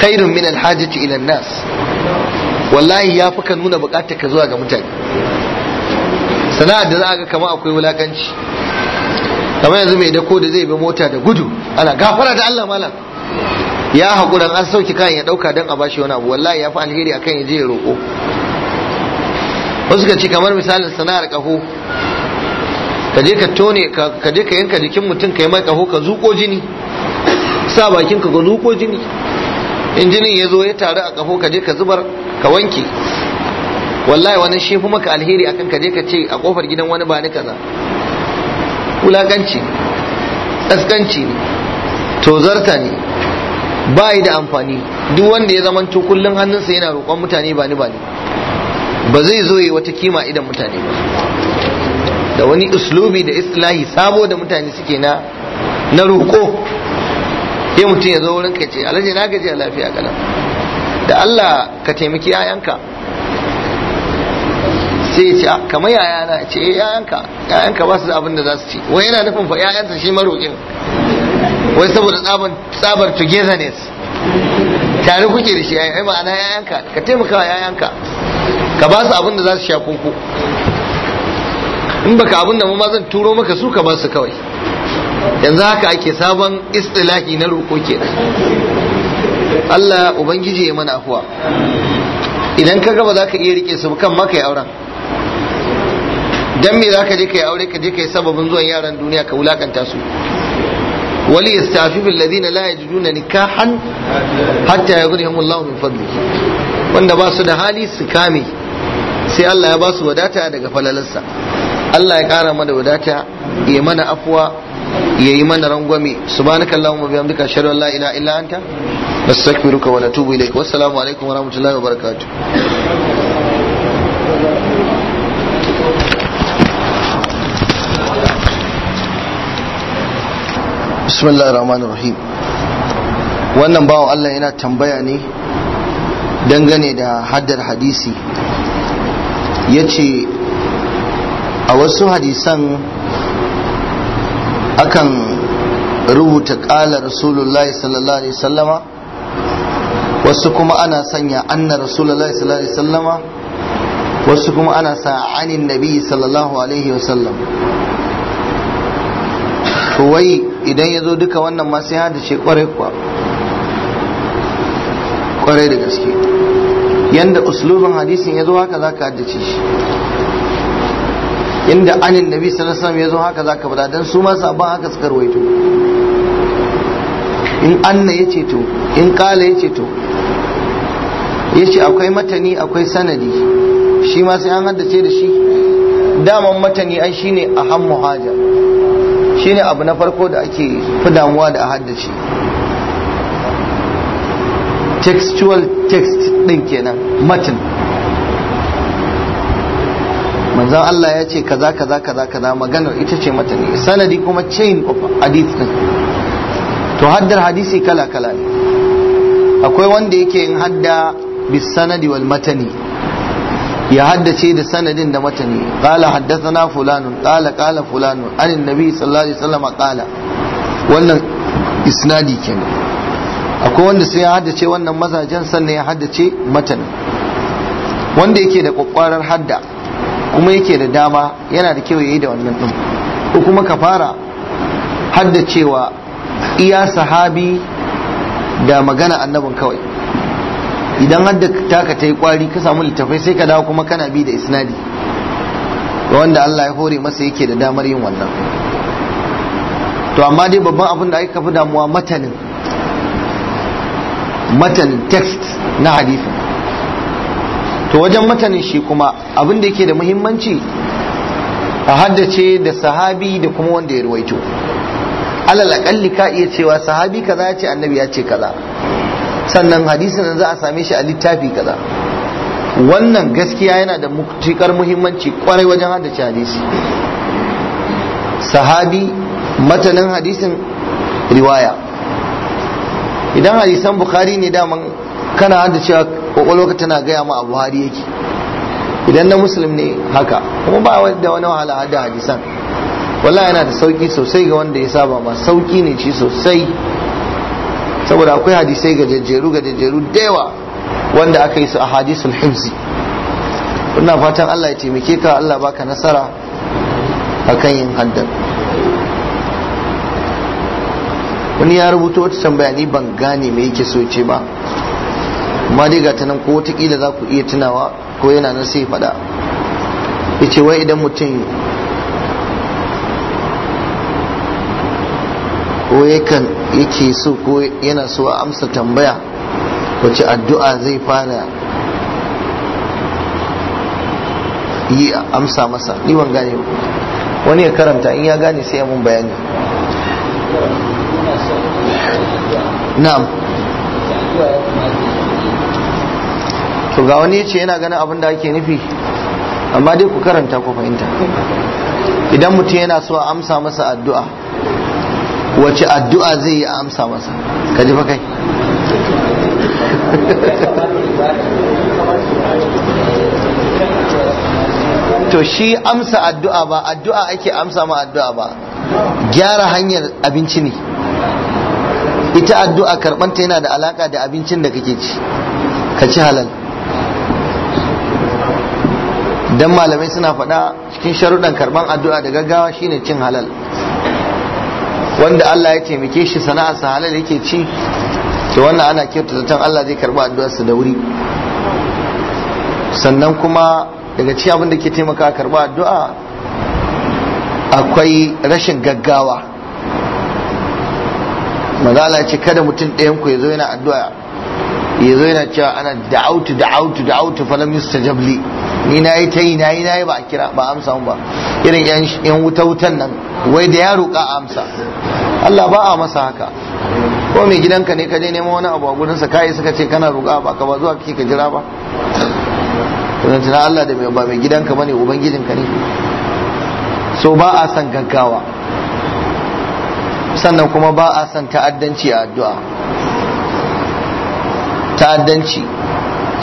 khairun min alhajati ila nas wallahi ya fi ka nuna bukatar ka zuwa ga mutane sana'ar da za ga kama akwai wulakanci kamar yanzu mai dako da zai bi mota da gudu ana gafara da Allah malam ya hakuran an sauki kayan ya dauka dan a bashi wani abu wallahi ya fi alheri akan ya je ya roko wasu ka kamar misalin sana'ar kaho ka je ka tone ka ka yanka jikin mutum ka yi mai kaho ka zuƙo jini sa bakin ka ga jini in ya zo ya taru a kafo ka je ka zubar ka wanke wallahi wani shi fi maka alheri akan ka je ka ce a kofar gidan wani ba ni kaza wulakanci kaskanci tozarta ne ba yi da amfani duk wanda ya zamanto kullum hannunsa yana roƙon mutane ba ni ba ni ba zai zo yi wata kima idan mutane ba da wani uslubi da islahi sabo da mutane suke na na roƙo sai mutum ya zo wurin ka ce alhaji na gaji a lafiya kana da Allah ka taimaki yayanka sai ce ah, kamar yayana ce eh, yayanka yayanka ba su da abin da za su ci wai yana nufin fa yayanta shi maroƙin wai saboda tsabar tsabar togetherness tare kuke da shi ai ma'ana yayanka ka taimaka wa yayanka ka ba su abin da za su sha koko in baka abin da mu ma zan turo maka su ka ba su kawai yanzu haka ake sabon istilahi na roko ke. Allah ubangiji ya mana afuwa idan ka gaba za ka iya rike su kan maka ya auren Don me za ka je ka yi aure ka je ka yi sababin zuwan yaran duniya ka wulakanta su wali yastafifu alladhina la yajiduna nikahan hatta yaghnihum Allah min fadli wanda ba su da hali su kame sai Allah ya ba su wadata daga falalarsa Allah ya kara mana wadata ya mana afuwa ya yi mana rangwame subhanakallahumma bihamdika ashhadu an la ilaha illa anta nastaghfiruka wa natubu ilaik wassalamu alaikum wa rahmatullahi wa barakatuh bismillah rahman rahim wannan bawan Allah yana tambaya ne dangane da haddar hadisi ya ce a wasu hadisan akan rubuta kala rasulullahi sallallahu alaihi sallama wasu kuma ana sanya anna rasulullahi sallallahu alaihi sallama wasu kuma ana sa anin nabi sallallahu alaihi wasallam to wai idan ya zo duka wannan ma sai hada ce kwarai kuwa kwarai da gaske yanda uslubin hadisin ya zo haka za ka shi inda anin nabi sallallahu ya zo haka haka ka bada don su ma sabban haka suka ruwaito in anna ce to in kala ce to ce akwai matani akwai sanadi shi ma sai an haddace da shi daman matani ai shine ahammu haja ne abu na farko da ake fi damuwa da a haddace textual text din kenan matin manzan Allah ya ce kaza kaza kaza kaza maganar ita ce mata ne sanadi kuma chain of hadith ne to haddar hadisi kala kala ne akwai wanda yake yin hadda bis sanadi wal matani ya haddace da sanadin da matani qala haddathana fulanun qala qala fulanun anin nabi sallallahu alaihi wasallam qala wannan isnadi kenan akwai wanda sai ya haddace wannan mazajen sannan ya haddace matan wanda yake da kwakwarar hadda kuma yake da dama yana da kyau yayi da wannan din ko kuma ka fara haddacewa iya sahabi da magana annabin kawai idan hadda taka ta yi kwari ka samu littafai sai ka dawo kuma kana bi da isnadi wanda Allah ya hore masa yake da damar yin wannan to amma dai babban abin da aka fi damuwa matanin matanin text na hadisin to wajen matanin shi kuma abin da yake da muhimmanci a haddace da sahabi da kuma wanda ya ruwaito alal akalli ka iya cewa sahabi kaza ya ce annabi ya ce kaza sannan hadisin za a same shi a littafi kaza wannan gaskiya yana da mutukar muhimmanci kwarai wajen haddace hadisi sahabi matanin hadisin riwaya idan hadisan bukhari ne daman kana haddacewa kwakwalwarka tana gaya ma abu hari yake idan na muslim ne haka kuma ba da wani wahala hada hadisan walla yana da sauki sosai ga wanda ya saba ma sauki ne ci sosai saboda akwai hadisai ga jajjeru ga jajjeru dewa wanda aka yi su a hadisul hifzi ina fatan Allah ya taimake ka Allah baka nasara akan yin haddan wani ya rubuta wata tambaya ni ban gane me yake so ce ba amma dai ga ta nan ko wataƙila za ku iya tunawa ko yana nan sai faɗa ya ce wai idan mutum ko yakan yake so ko yana so a amsa tambaya wace addu'a zai fara yi a amsa masa ban gane wani ya karanta in ya gane sai ya mun bayani na'am to ga wani ce yana ganin abin da ake nufi amma dai ku karanta ku fahimta idan mutum yana so a amsa masa addu'a wace addu'a zai yi a amsa masa ka ji fa kai to shi amsa addu'a ba addu'a ake amsa ma addu'a ba gyara hanyar abinci ne ita addu'a karɓanta yana da alaka da abincin da kake ci ka ci halal dan malamai suna faɗa cikin sharuɗan karban addu'a da gaggawa shine cin halal wanda Allah ya taimake shi sana'ar sana'arsa halal yake ci to wannan ana kyautata zaton Allah zai karɓi addu'arsa da wuri sannan kuma daga cikin abin da ke taimaka karɓar addu'a akwai rashin gaggawa maza Allah ce kada mutum ɗayan ku ya zo yana addu'a yazo yana cewa ana da'autu da'autu da'autu falam mista li ni nayi yi nayi nayi ba kira ba amsa ba irin yan yan wuta wutan nan wai da ya roƙa amsa Allah ba a masa haka ko mai gidanka ne ka je neman wani abu a gurin sa kai suka ce kana roƙa ba ka ba zuwa kike ka jira ba to tana Allah da ba mai gidanka bane ubangijinka ne so ba a san gaggawa sannan kuma ba a san ta'addanci a addu'a ta'addanci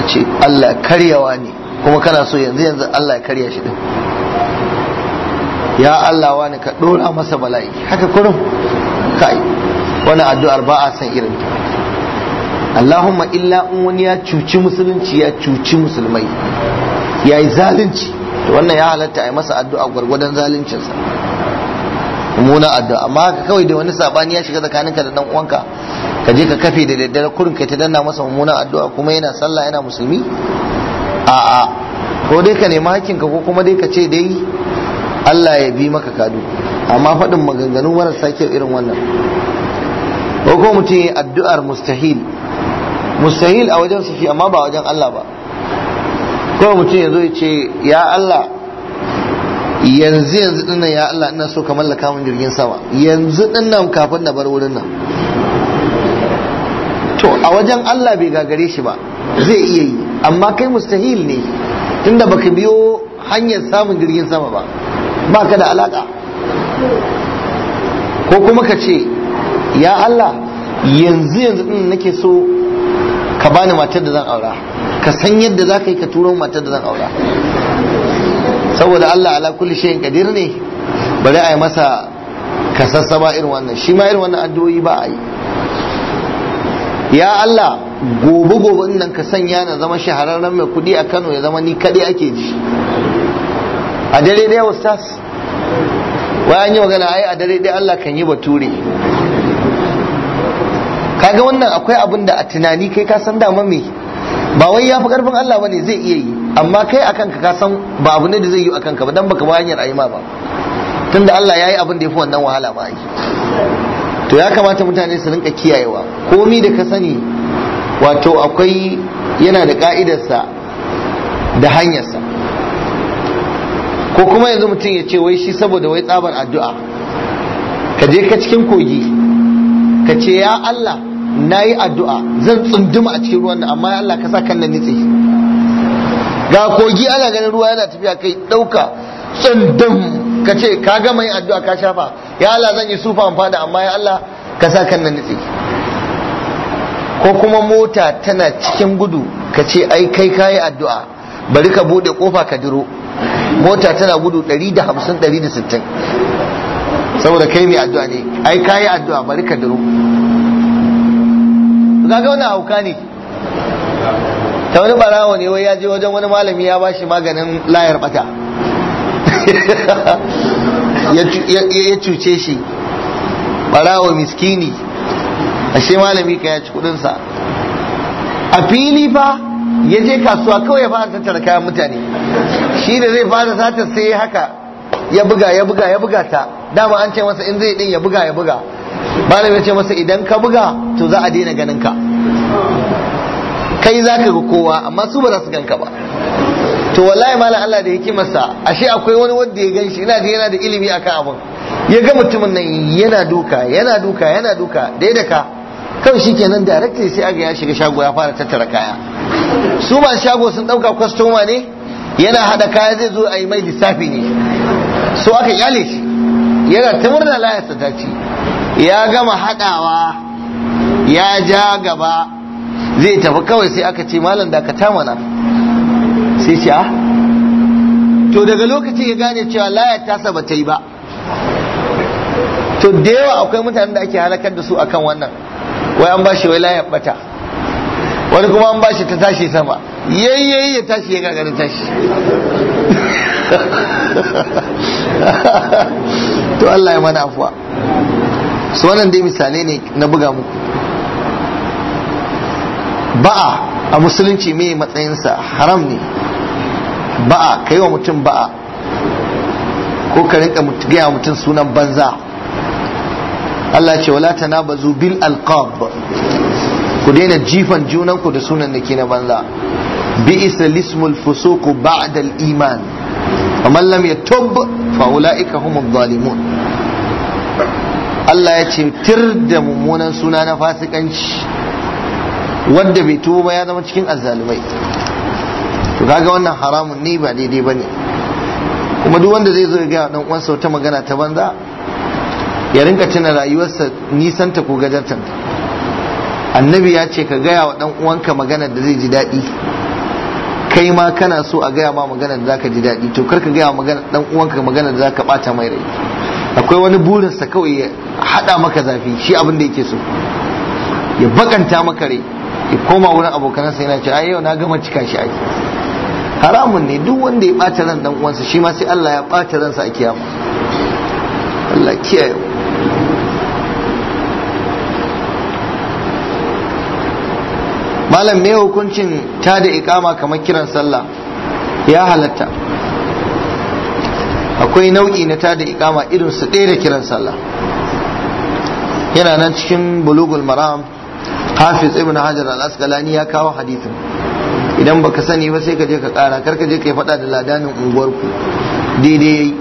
a ce Allah karyawa ne kuma kana so yanzu yanzu Allah ya karya shi din ya Allah wani ka dora masa bala'i haka kurum kai wani addu'ar ba a san irin Allahumma illa in wani ya cuci musulunci ya cuci musulmai ya yi zalunci to wannan ya halatta a yi masa addu'a gwargwadon zaluncinsa muna addu'a amma haka kawai da wani sabani ya shiga tsakaninka da dan uwanka ka je ka kafe da daddare kurin kai ta danna masa mummunan addu'a kuma yana sallah yana musulmi a'a ko dai ka nemi hakinka ko kuma dai ka ce dai Allah ya bi maka kadu amma faɗin maganganu marasa kyau irin wannan ko ko mutum ya addu'ar mustahil mustahil a wajen sufi amma ba wajen Allah ba ko mutum ya zo ya ce ya Allah yanzu yanzu dinnan ya Allah ina so ka mallaka min jirgin sama yanzu dinnan kafin na bar wurin nan to a wajen Allah bai gagare shi ba zai iya yi amma kai mustahil ne tunda baka biyo hanyar samun jirgin sama ba ba ka da alaka ko kuma ka ce ya Allah yanzu yanzu din nake so ka bani matar da zan aura ka san yadda za ka yi ka turo matar da zan aura saboda Allah ala kulli shayin kadir ne bari a yi masa kasassaba irin wannan shi ma irin wannan addu'o'i ba a yi ya Allah gobe gobe nan ka sanya na zama shahararren mai kudi a Kano ya zama ni kadai ake ji a dare daya ustaz wai an yi magana ai a dare daya Allah kan yi bature kaga wannan akwai abin da a tunani kai ka san dama me ba wai ya fi karfin Allah bane zai iya yi amma kai akan ka ka san ba abu ne da zai yi akan ka ba dan baka ba hanyar ayi ma ba tunda Allah ya yi abin da ya fi wannan wahala ba ai to ya kamata mutane su rinka kiyayewa komi da ka sani wato akwai yana da ka'idarsa da hanyarsa ko kuma yanzu mutum ya ce wai shi saboda wai tsabar addu'a ka je ka cikin kogi ka ce ya Allah na yi addu'a zan tsunduma a cikin ruwan amma ya Allah ka sa kan nan nitse ga kogi ana ganin ruwa yana tafiya kai ɗauka tsundum ka ce ka gama yin addu'a ka shafa ya Allah zan yi sufa amfa da amma ya Allah ka sa kan nan nutse ko kuma mota tana cikin gudu ka ce ai kai kayi addu'a bari ka bude kofa ka diro mota tana gudu 150 160 saboda kai mai addu'a ne ai kayi addu'a bari ka diro ga wannan hauka ne ta wani barawo ne wai ya je wajen wani malami ya bashi maganin layar bata ya cuce shi barawa miskini ashe malami ka ya ci kudinsa a fili fa ya je kasuwa kawai ya fara tattara kayan mutane shi da zai fara sata sai haka ya buga ya buga ya buga ta dama an ce masa in zai din ya buga ya buga malami ya ce masa idan ka buga to za a daina ganin ka kai za ka ga kowa amma su ba za su ganka ba to wallahi malam Allah da hikimarsa ashe akwai wani wanda ya ganshi ina yana yana da ilimi akan abun ya ga mutumin nan yana duka yana duka yana duka da ka kawai kenan directly sai aga ya shiga shago ya fara tattara kaya su ba shago sun dauka kwastoma ne yana hada kaya zai zo a yi mai lissafi ne so aka yale shi yana ta murna ta sadaci ya gama hadawa ya ja gaba zai tafi kawai sai aka ce malam da ka mana sai ce ah to daga lokacin ya gane cewa layar tasa ba ta yi ba to da yawa akwai mutanen da ake halakar da su akan wannan wai an bashi wai layar bata wani kuma an bashi ta tashi sama yayyayi ya tashi ya gagarin tashi to Allah ya mana afuwa su wannan dai misali ne na buga muku ba'a a musulunci mai matsayinsa haram ne ba'a kai wa mutum ba'a ko ka rinka gaya mutum sunan banza Allah ce wala nabazu bil alqab ku daina jifan junanku da sunan nake na banza bi'sa lismul fusuqu ba'da al iman amman lam yatub fa ulaika humuz zalimun Allah ya ce tir da mummunan suna na fasikanci wanda bai tuba ya zama cikin azzalumai kaga wannan haramun ne ba daidai ba ne kuma duk wanda zai zo ya gaya dan uwansa wata magana ta banza ya rinka tuna rayuwarsa nisanta ko ta annabi ya ce ka gaya wa dan uwanka magana da zai ji daɗi kai ma kana so a gaya ma magana da zaka ji daɗi to karka gaya magana dan uwanka magana da zaka bata mai rai akwai wani burin sa kawai ya haɗa maka zafi shi abin da yake so ya bakanta maka rai ya koma wurin abokanansa yana ce ai yau na gama cika shi aiki haramun ne duk wanda ya ɓata ran dan uwansa shi ma sai Allah ya ɓata ransa a kiyama Allah kiyaye malam me hukuncin ta da ikama kamar kiran sallah ya halatta akwai nau'i na tada ikama irin su ɗaya da kiran sallah yana nan cikin bulugul maram hafiz ibn hajar al-asqalani ya kawo hadithin idan baka sani ba sai ka je ka kara kar ka je ka fada da ladanin unguwarku daidai ya yi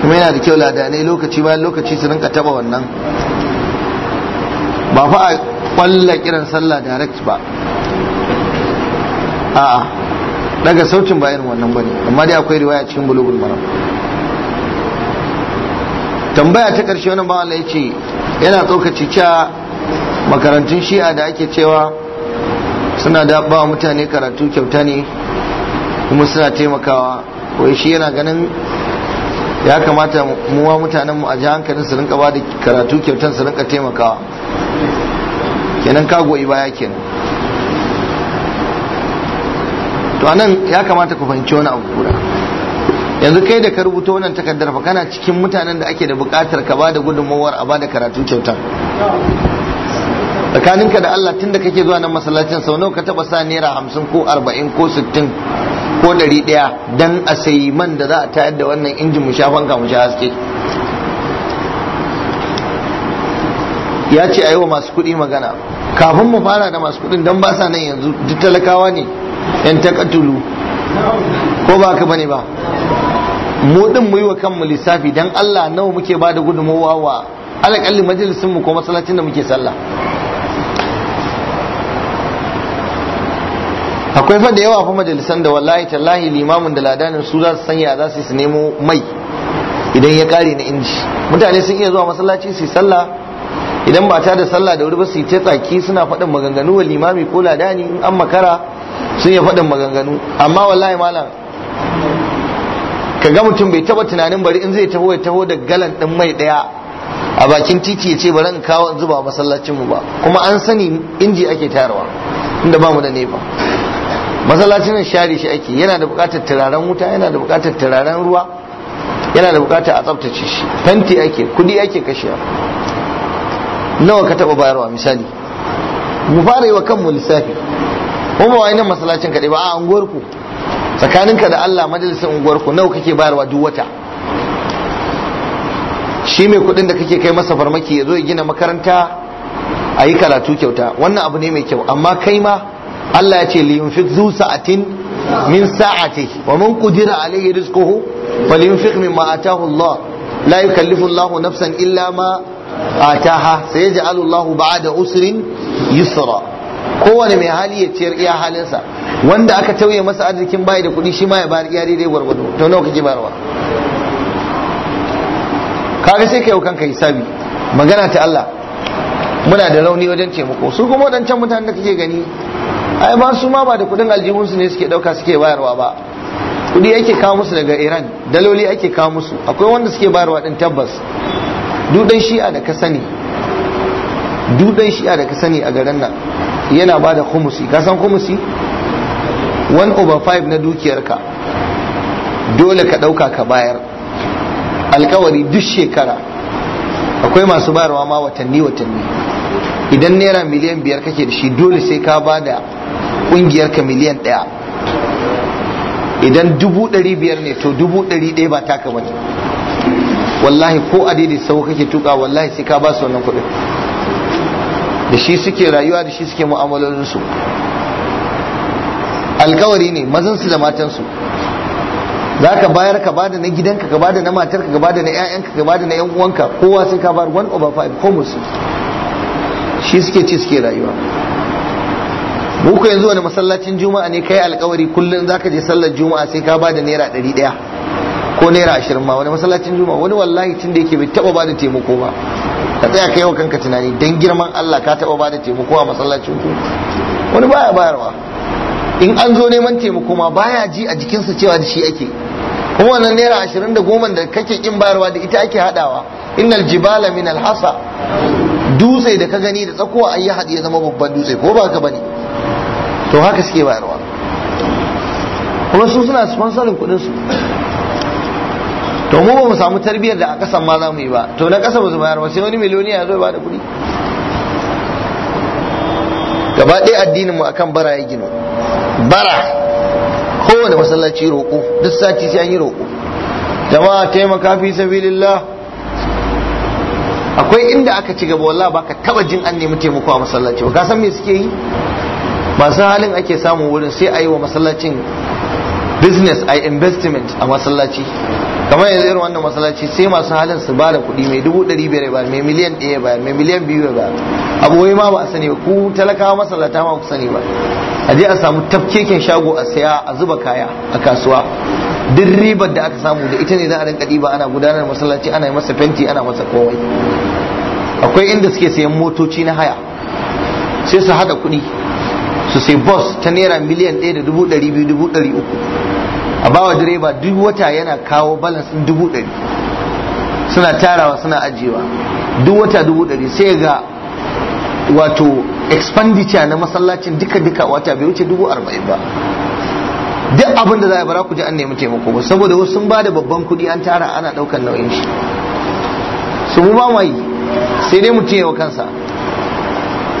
kuma yana da kyau ladanai lokaci bayan lokaci su rinka taba wannan ba fa a kwalla kiran sallah direct ba a'a daga sautin bayan wannan wannan ne amma dai akwai riwaya cikin bulugul maram tambaya ta karshe wani ba Allah ce yana tsokaci cewa makarantun shi'a da ake cewa suna da ba mutane karatu kyauta ne kuma suna taimakawa ko shi yana ganin ya kamata muwa mutanen mu a ji hankalin su rinka ba da karatu kyautan su rinka taimakawa kenan ka goyi baya kenan to anan ya kamata ku fahimci wani abu kura yanzu kai da ka rubuta wannan takardar fa kana cikin mutanen da ake da buƙatar ka ba da gudunmawar a ba da karatu kyautan tsakaninka da Allah tun tunda kake zuwa nan masallacin sau nawa ka taba sa naira hamsin ko arba'in ko sittin ko ɗari ɗaya dan a sayi man da za a tayar da wannan injin mu sha fanka mu sha haske ya ce a yi wa masu kuɗi magana kafin mu fara da masu kuɗin don ba sa nan yanzu duk talakawa ne yan takatulu ko ba ka bane ba mu din mu yi wa kanmu lissafi don Allah nawa muke ba da gudunmawa wa alaƙalli majalisinmu mu ko masallacin da muke sallah akwai fa da yawa fa majalisan da wallahi tallahi limamin da ladanin su za su sanya za su su nemo mai idan ya kare na inji mutane sun iya zuwa masallaci su sallah idan ba ta da sallah da wuri ba su yi tsaki suna faɗin maganganu wa limami ko ladani in an makara sun yi faɗin maganganu amma wallahi malam kaga mutum bai taba tunanin bari in zai taho ya taho da galan din mai daya a bakin titi ya ce bari in kawo in zuba masallacin mu ba kuma an sani inji ake tayarwa inda ba mu da ne masallacin nan share shi ake yana da bukatar turaren wuta yana da bukatar turaren ruwa yana da bukatar a tsabtace shi fenti ake kudi ake kashewa nawa ka taba bayarwa misali mu fara yi wa kanmu lissafi kuma wai nan masalacin kaɗai ba a unguwar ku tsakaninka da Allah majalisar unguwar ku nawa kake bayarwa duk wata shi mai kuɗin da kake kai masa farmaki ya zo ya gina makaranta a yi karatu kyauta wannan abu ne mai kyau amma kai ma Allah ya ce li yunfiq zu sa'atin min sa'ati wa man qudira alayhi rizquhu falyunfiq mimma atahu Allah la yukallifu Allah nafsan illa ma ataha sayaj'alu Allah ba'da usrin yusra kowane mai hali ya ciyar iya halinsa wanda aka tauye masa arzikin bai da kuɗi shi ma ya bayar iya daidai gwargwado to nawa kake bayarwa kaga sai kai kanka hisabi magana ta Allah muna da rauni wajen taimako su kuma wadancan mutanen da kake gani ai ba su ma ba da kudin aljihunsu ne suke dauka suke bayarwa ba kudi ake kawo musu daga iran daloli ake kawo musu akwai wanda suke bayarwa din tabbas dudan shi'a da ka sani dudan shi'a da ka sani a garin nan yana ba da kumusi ka san kumusi 1 over 5 na dukiyarka dole ka dauka ka bayar alkawari duk shekara akwai masu bayarwa ma watanni watanni idan naira miliyan biyar kake da shi dole sai ka ba da kungiyar ka miliyan ɗaya idan dubu ɗari biyar ne to dubu ɗari ɗaya ba taka bane wallahi ko a daidai sau kake tuka wallahi sai ka ba su wannan kuɗin da shi suke rayuwa da shi suke mu'amalolinsu alkawari ne mazansu da matansu za ka bayar ka bada na gidanka ka bada na matarka ka bada na 'ya'yanka ka bada na 'yan uwanka kowa sai ka bar 1 over 5 ko musu shi suke ci suke rayuwa mu yanzu wani masallacin juma'a ne kai alkawari kullum zaka je sallar juma'a sai ka bada naira ɗari ɗaya ko naira ashirin ma wani masallacin juma'a wani wallahi tun da yake bai taɓa bada taimako ba ka tsaya kai wa kanka tunani dan girman Allah ka taɓa bada taimako a masallacin ku wani baya bayarwa in an zo neman taimako ma baya ji a jikinsa cewa da shi ake kuma wannan naira ashirin da goma da kake kin bayarwa da ita ake hadawa innal jibala min alhasa dutse da ka gani da tsakowa ayi hadi ya zama babban dutse ko ba ka bane to haka suke bayarwa kuma su suna sponsorin kudin su to mu ba mu samu tarbiyyar da a kasan ma za mu yi ba to na kasa ba su bayarwa sai wani miliyoniya ya zo ba da kudi gaba ɗaya addinin mu akan bara ya gino bara kowane masallaci roƙo duk sati sai an yi roƙo jama'a taimaka fi sabilillah akwai inda aka ci gaba wallah baka taba jin an nemi taimako a masallaci ba ka san me suke yi masu halin ake samu wurin sai a yi wa masallacin business a investment a masallaci kamar yanzu irin wannan masallaci sai masu halin su ba da kuɗi mai dubu ɗari biyar ba mai miliyan ɗaya ba mai miliyan biyu ba abubuwa ma ba a sani ba ku talakawa masallata ma ku sani ba a je a samu tafkeken shago a saya a zuba kaya a kasuwa duk ribar da aka samu da ita ne za a rinka ɗiba ana gudanar masallaci ana yi masa fenti ana masa komai akwai inda suke sayan motoci na haya sai su haɗa kuɗi su sai bus ta naira miliyan ɗaya da dubu ɗari biyu dubu ɗari uku a bawa direba duk wata yana kawo balance dubu ɗari suna tarawa suna ajiyewa duk wata dubu ɗari sai ga wato expenditure na masallacin duka duka wata bai wuce dubu arba'in ba duk abin da za a bara ku ji an nemi taimako ba saboda wasu sun bada babban kuɗi an tara ana ɗaukar nauyin shi su mu ba mai sai dai mutum yawa kansa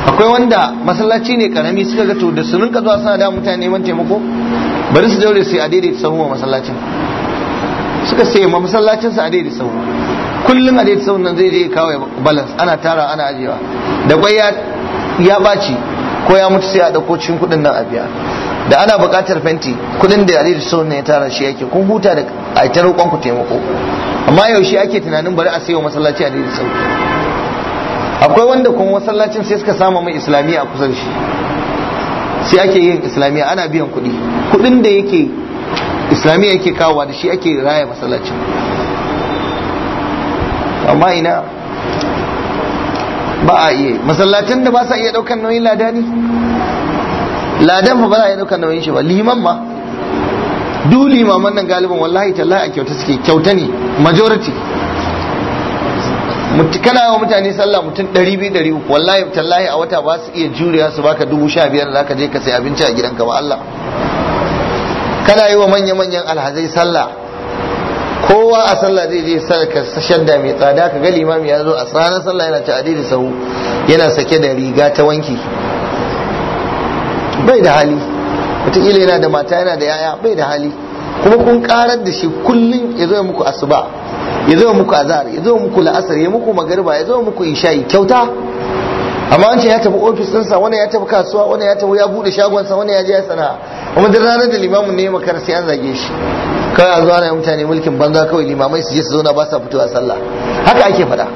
akwai wanda masallaci ne karami suka ga to da su rinka zuwa suna da mutane neman taimako bari su daure sai a daidaita sahu a masallacin suka sai ma masallacin su a daidaita sahu kullum a daidaita sahu nan zai je kawo balance ana tara ana ajewa da kwai ya baci ko ya mutu sai a dauko cikin kudin nan a biya da ana buƙatar fenti kudin da yarir so ne ya tara shi yake kun huta da a ta roƙon ku taimako amma yaushe ake tunanin bari a sayo masallaci a daidai sahu akwai wanda kuma masallacin sai suka samu mai islamiyya a kusan shi sai ake yin islamiyya ana biyan kuɗi kuɗin da yake islamiyya yake kawowa da shi ake raya masallacin amma ina ba a iya masallacin da ba sa iya ɗaukar nauyin Lada ne ladan ba za a iya ɗaukar nauyin shi ba liman ma duk limaman nan galibin wallahi tallahi a kyauta suke kyauta ne majority kana wa mutane sallah mutum 200-300 wallahi tallahi a wata ba su iya juriya su baka dubu sha biyar da ka je ka sai abinci a gidanka ba Allah kana yi wa manya-manyan alhazai sallah kowa a sallah zai je ka shadda mai tsada ka ga limami ya zo a tsanar sallah yana ta da sahu yana sake da riga ta wanki bai da hali wataƙila yana da mata yana da yaya bai da hali kuma kun karar da shi kullum ya zo muku asuba ya zo muku azhar ya zo muku la'asar ya muku magariba ya zo muku isha'i kyauta amma an ce ya tafi ofis ɗinsa wani ya tafi kasuwa wani ya tafi ya buɗe shagonsa wani ya je ya sana'a da duk ranar da limamin ne makar sai an zage shi kawai a zuwa na mutane mulkin banza kawai limamai su je su zauna ba sa fitowa sallah haka ake faɗa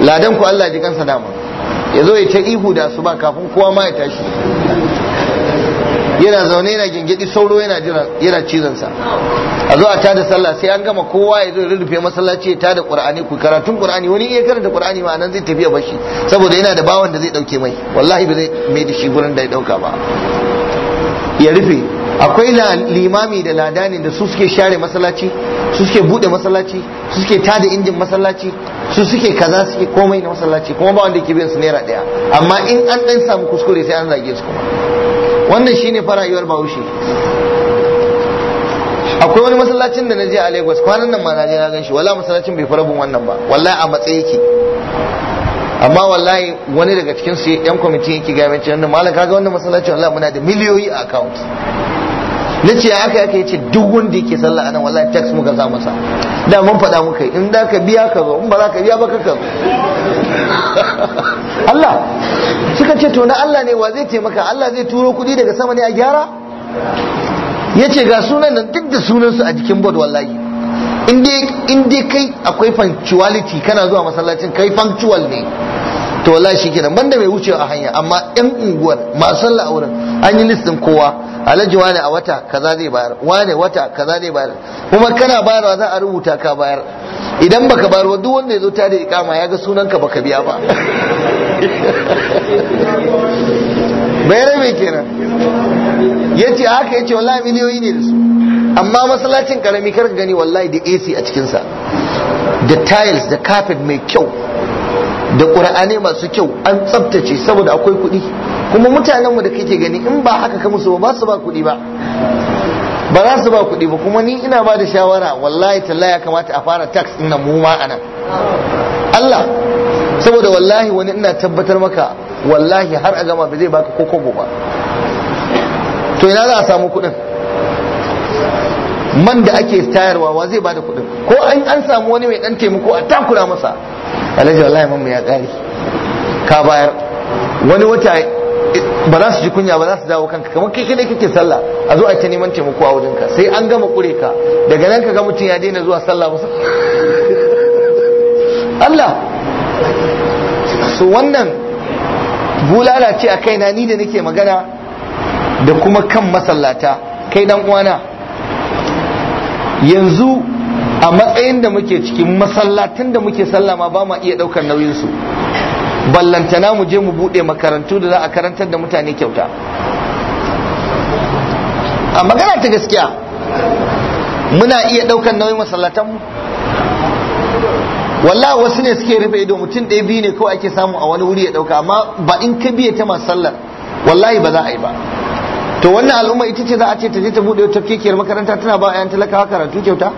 ladan ku Allah ji kansa dama ya zo ya ta ihu da su ba kafin kowa ma ya tashi yana zaune yana gingidi sauro yana jira yana cizon sa a zo a tada sallah sai an gama kowa ya zo ya rufe masallaci ya tada qur'ani ku karatun qur'ani wani iya karanta qur'ani ma nan zai tafiya bashi saboda yana da bawan da zai dauke mai wallahi ba zai mai da shi gurin da ya dauka ba ya rufe akwai limami da ladani da su suke share masallaci su suke bude masallaci su suke tada injin masallaci su suke kaza suke komai na masallaci kuma ba wanda ke biyan su naira daya amma in an dan samu kuskure sai an zage su kuma wannan shine farayuwar bahaushe akwai wani masallacin da na je a Lagos kwanan nan ma na je na ganshi wallahi masallacin bai farabun wannan ba wallahi a matsayi yake amma wallahi wani daga cikin su yan kwamitin yake ga mace wannan malam kaga wannan masallacin wallahi muna da miliyoyi a account Na ce aka aka ce duk wanda yake sallah anan wallahi tax muka sa masa da mun faɗa muka in da ka biya ka zo in ba za ka biya ba ka zo Allah suka ce to na Allah ne wa zai taimaka Allah zai turo kuɗi daga sama ne a gyara yace ga sunan nan duk da sunansu a jikin board wallahi in dai kai akwai punctuality kana zuwa masallacin kai punctual ne to wallahi shikenan banda mai wucewa a hanya amma yan unguwar masu a wurin an yi listin kowa alhaji wane a wata kaza zai bayar wane wata kaza zai bayar kuma kana bayarwa za a rubuta ka bayar idan baka bayar wa duk wanda ya zo tare ikama ya ga sunanka baka biya ba bayarai mai kenan ya ce haka ya ce wallahi miliyoyi ne da su amma masallacin karami kar gani wallahi da ac a cikinsa da tiles da carpet mai kyau da ƙura'ane masu kyau an tsabtace saboda akwai kuɗi kuma mutanenmu da kake gani in ba haka ka musu ba su ba kuɗi ba ba za su ba kuɗi ba kuma ni ina ba da shawara wallahi talla ya kamata a fara tax din nan mu ma anan Allah saboda wallahi wani ina tabbatar maka wallahi har a gama ba zai baka ko ba to ina za a samu kuɗin man da ake tayarwa wa zai bada kuɗin ko an samu wani mai ɗan taimako a takura masa alhaji wallahi mamu ya kare ka bayar wani wata ba za su ji kunya ba za su dawo kanka kamar kai ne kake sallah a zo a ta neman taimako a ka, sai an gama kure ka daga nan ka ga mutum ya daina zuwa sallah musa Allah su wannan bulala ce a kaina ni da nake magana da kuma kan masallata kai dan uwana yanzu a matsayin da muke cikin masallatin da muke sallama ba ma iya ɗaukar nauyinsu ballantana mu je mu bude makarantu da za a karantar da mutane kyauta a magana ta gaskiya muna iya daukar nauyin mu walla wasu ne suke rufe ido mutum ɗaya biyu ne kawai ake samu a wani wuri ya ɗauka amma ba in ka biya ta masu sallar wallahi ba za a yi ba to wannan al'umma ita ce za a ce ta je ta buɗe wata kekiyar makaranta tana ba a 'yan talakawa karatu kyauta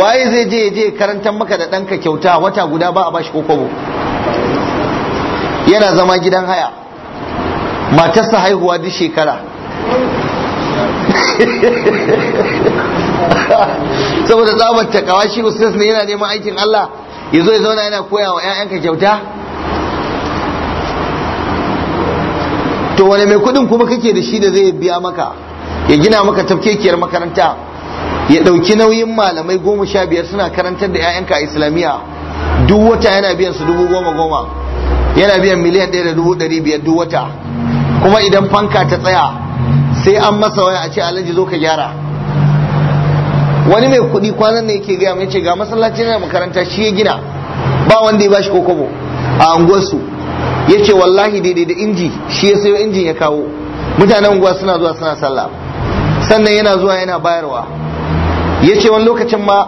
waye zai je je karantar maka da ɗanka kyauta wata guda ba a bashi ko kobo yana zama gidan haya matarsa haihuwa duk shekara saboda tsabar takawa shi usus ne yana neman aikin Allah ya zo ya zauna yana koya wa 'ya'yanka kyauta to wane mai kudin kuma kake da shi da zai biya maka ya gina maka tafkekiyar makaranta ya ɗauki nauyin malamai goma sha biyar suna karantar da 'ya'yanka a islamiyya duk wata yana biyan su dubu goma goma yana biyan miliyan ɗaya da dubu ɗari biyar duk wata kuma idan fanka ta tsaya sai an masa waya a ce alhaji zo ka gyara wani mai kuɗi kwanan ne yake gaya mai ce ga masallaci na makaranta shi ya gina ba wanda ya bashi ko kobo a unguwarsu ya ce wallahi daidai da inji shi ya sayo injin ya kawo mutanen unguwa suna zuwa suna sallah sannan yana zuwa yana bayarwa ya ce wani lokacin ma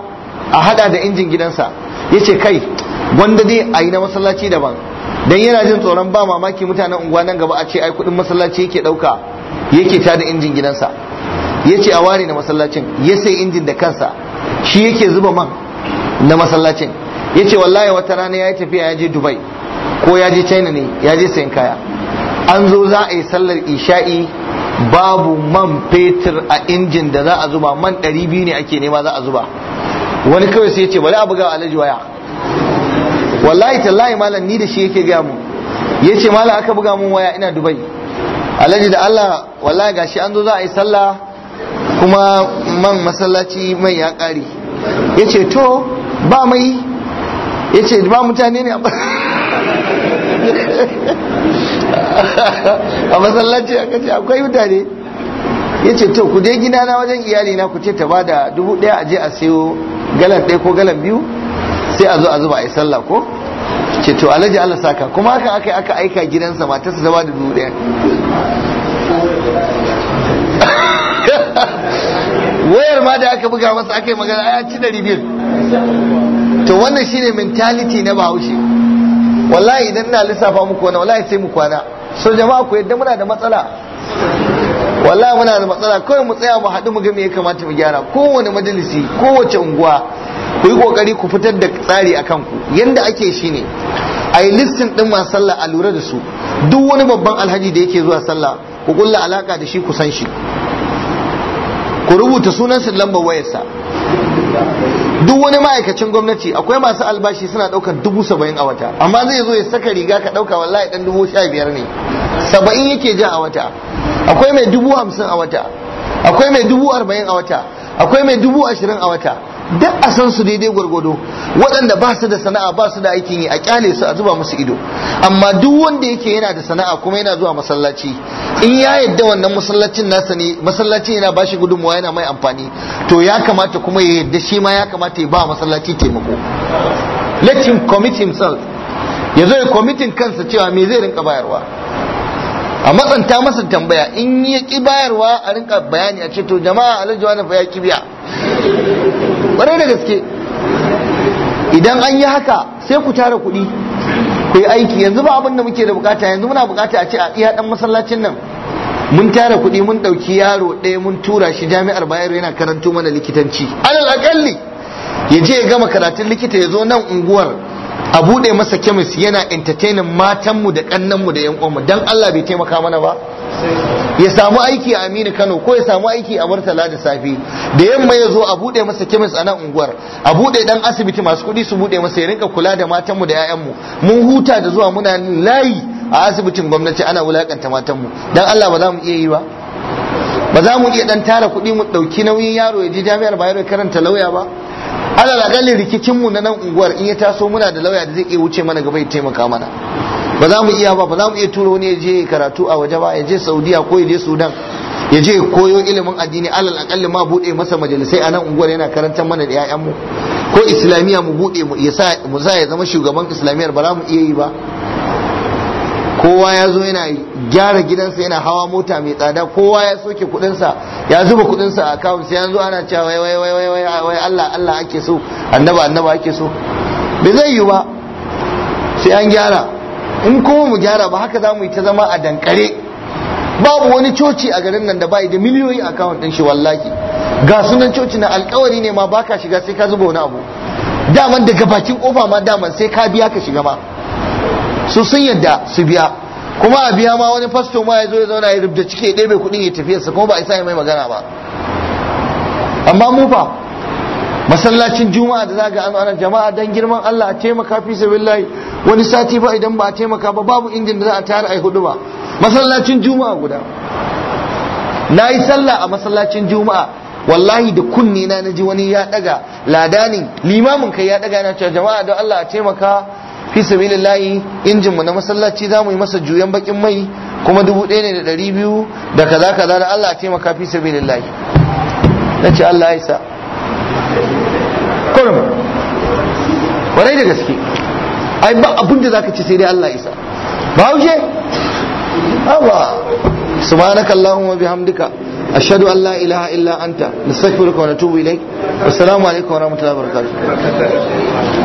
a hada da injin gidansa ya ce kai wanda dai a yi na masallaci daban don yana jin tsoron ba mamaki mutanen unguwa nan gaba a ce ai kudin masallaci yake dauka yake da injin gidansa ya ce a ware na masallacin ya sai injin da kansa shi yake zuba man na masallacin ya ce wallahi wata rana ya yi tafiya ya je dubai ko ya je china ne ya je sayan kaya an zo za a yi sallar isha'i babu man fetur a injin da za a zuba man 200 ne ake nema za a zuba wani kawai sai ce bari a buga alhaji waya wallahi tallahi malam ni da shi yake gaya mu ya ce malam aka buga mun waya ina dubai alhaji da allah wallahi gashi an zo za a yi sallah kuma man masallaci mai ya kari ya ce to ba mai ya ba mutane ne a masallaci aka ce akwai mutane ya ce to ku je gina na wajen iyali na ku ce ta ba da dubu daya a je a sayo galan daya ko galan biyu sai a zo a zuba a yi sallah ko ce to alaji Allah saka kuma haka aka aka aika gidansa mata ta zama da dubu daya. wayar ma da aka buga masa aka yi magana ya ci dari biyu to wannan shine mentality na bahaushe wallahi idan na lissafa muku wani wallahi sai mu kwana so jama'a ku yadda muna da matsala wallahi muna da matsala kawai mu tsaya mu haɗu mu ga me ya kamata mu gyara kowane majalisi kowace unguwa ku yi kokari ku fitar da tsari a ku yanda ake shi ne a yi listin ɗin masu sallah a lura da su duk wani babban alhaji da yake zuwa sallah ku kulla alaka da shi ku san shi ku rubuta sunansa lambar wayarsa duk wani ma'aikacin gwamnati akwai masu albashi suna ɗaukar dubu saba'in a wata amma zai zo ya saka riga ka ɗauka wallahi dan dubu sha biyar ne saba'in yake ja a wata akwai mai dubu hamsin a wata akwai mai dubu arba'in a wata akwai mai dubu ashirin a wata duk a san su daidai gwargwado waɗanda ba su da sana'a ba su da aikin yi a kyale su a zuba musu ido amma duk wanda yake yana da sana'a kuma yana zuwa masallaci in ya yadda wannan masallacin nasa ne masallacin yana ba shi gudunmuwa yana mai amfani to ya kamata kuma ya yadda shi ma ya kamata ya ba masallaci taimako let him commit himself ya zo ya committing kansa cewa me zai rinka bayarwa a matsanta masa tambaya in ya ki bayarwa a rinka bayani a ce to jama'a alhaji wani fa ya ki biya kwarai da gaske idan an yi haka sai ku tara kuɗi ku yi aiki yanzu ba abin da muke da bukata yanzu muna bukata a ce a iya dan masallacin nan mun tara kuɗi mun ɗauki yaro ɗaya mun tura shi jami'ar bayero yana karanto mana likitanci alal akalli ya je ya gama karatun likita ya zo nan unguwar a buɗe masa kemis yana entertaining matanmu da kannanmu da yan uwanmu dan Allah bai taimaka mana ba ya samu aiki a Aminu Kano ko ya samu aiki a Murtala da safe da yamma ya zo a bude masa kemis a nan unguwar a bude dan asibiti masu kuɗi su bude masa ya rinka kula da matanmu da 'ya'yanmu mun huta da zuwa muna layi a asibitin gwamnati ana wulakanta matanmu dan Allah ba za mu iya yi ba ba za mu iya ɗan tara kuɗi mu ɗauki nauyin yaro ya je jami'ar Bayero ya karanta lauya ba alal akalli rikicin mu na nan unguwar in ya taso muna da lauya da zai iya wuce mana gaba ya taimaka mana ba za mu iya ba ba za mu iya turo wani ya je karatu a waje ba ya je saudiya ko ya je sudan ya je koyo ilimin addini alal kalli ma bude masa majalisai a nan unguwar yana karantar mana da mu ko islamiyya mu bude mu ya mu za ya zama shugaban islamiyar ba za mu iya yi ba kowa ya zo yana gyara gidansa yana hawa mota mai tsada kowa ya soke kudinsa ya zuba kudinsa a kawo sai yanzu ana cewa wai wai wai wai Allah Allah ake so annaba annaba ake so bai zai yi ba sai an gyara in kuma mu gyara ba haka za mu yi ta zama a dankare babu wani coci a garin nan da bai da miliyoyi a kawo din shi wallahi ga sunan coci na alkawari ne ma baka shiga sai ka zuba wani abu daman daga bakin kofa ma daman sai ka biya ka shiga ba. su sun yadda su biya kuma a biya ma wani fasto ma ya zo ya zauna ya rubuta cike ɗebe kuɗi ya tafiya sa kuma ba a isa ya mai magana ba amma mu fa masallacin juma'a da zaga an ana jama'a dan girman Allah a taimaka fi sabilillahi wani sati ba idan ba a taimaka ba babu injin da za a tayar ai hudu ba masallacin juma'a guda na yi sallah a masallacin juma'a wallahi da kunne na naji wani ya daga ladanin limamin kai ya daga na cewa jama'a don Allah a taimaka fi sabilillahi injin mu na masallaci za mu yi masa juyan bakin mai kuma dubu ɗaya ne da biyu da kaza kaza da Allah taimaka fi sabilillahi na ce Allah ya sa kurum warai da gaske ai ba abun da zaka ci sai dai Allah ya sa bahaushe haba subhanaka allahumma bihamdika ashhadu an la ilaha illa anta nastaghfiruka wa natubu ilaik assalamu alaikum wa rahmatullahi wa barakatuh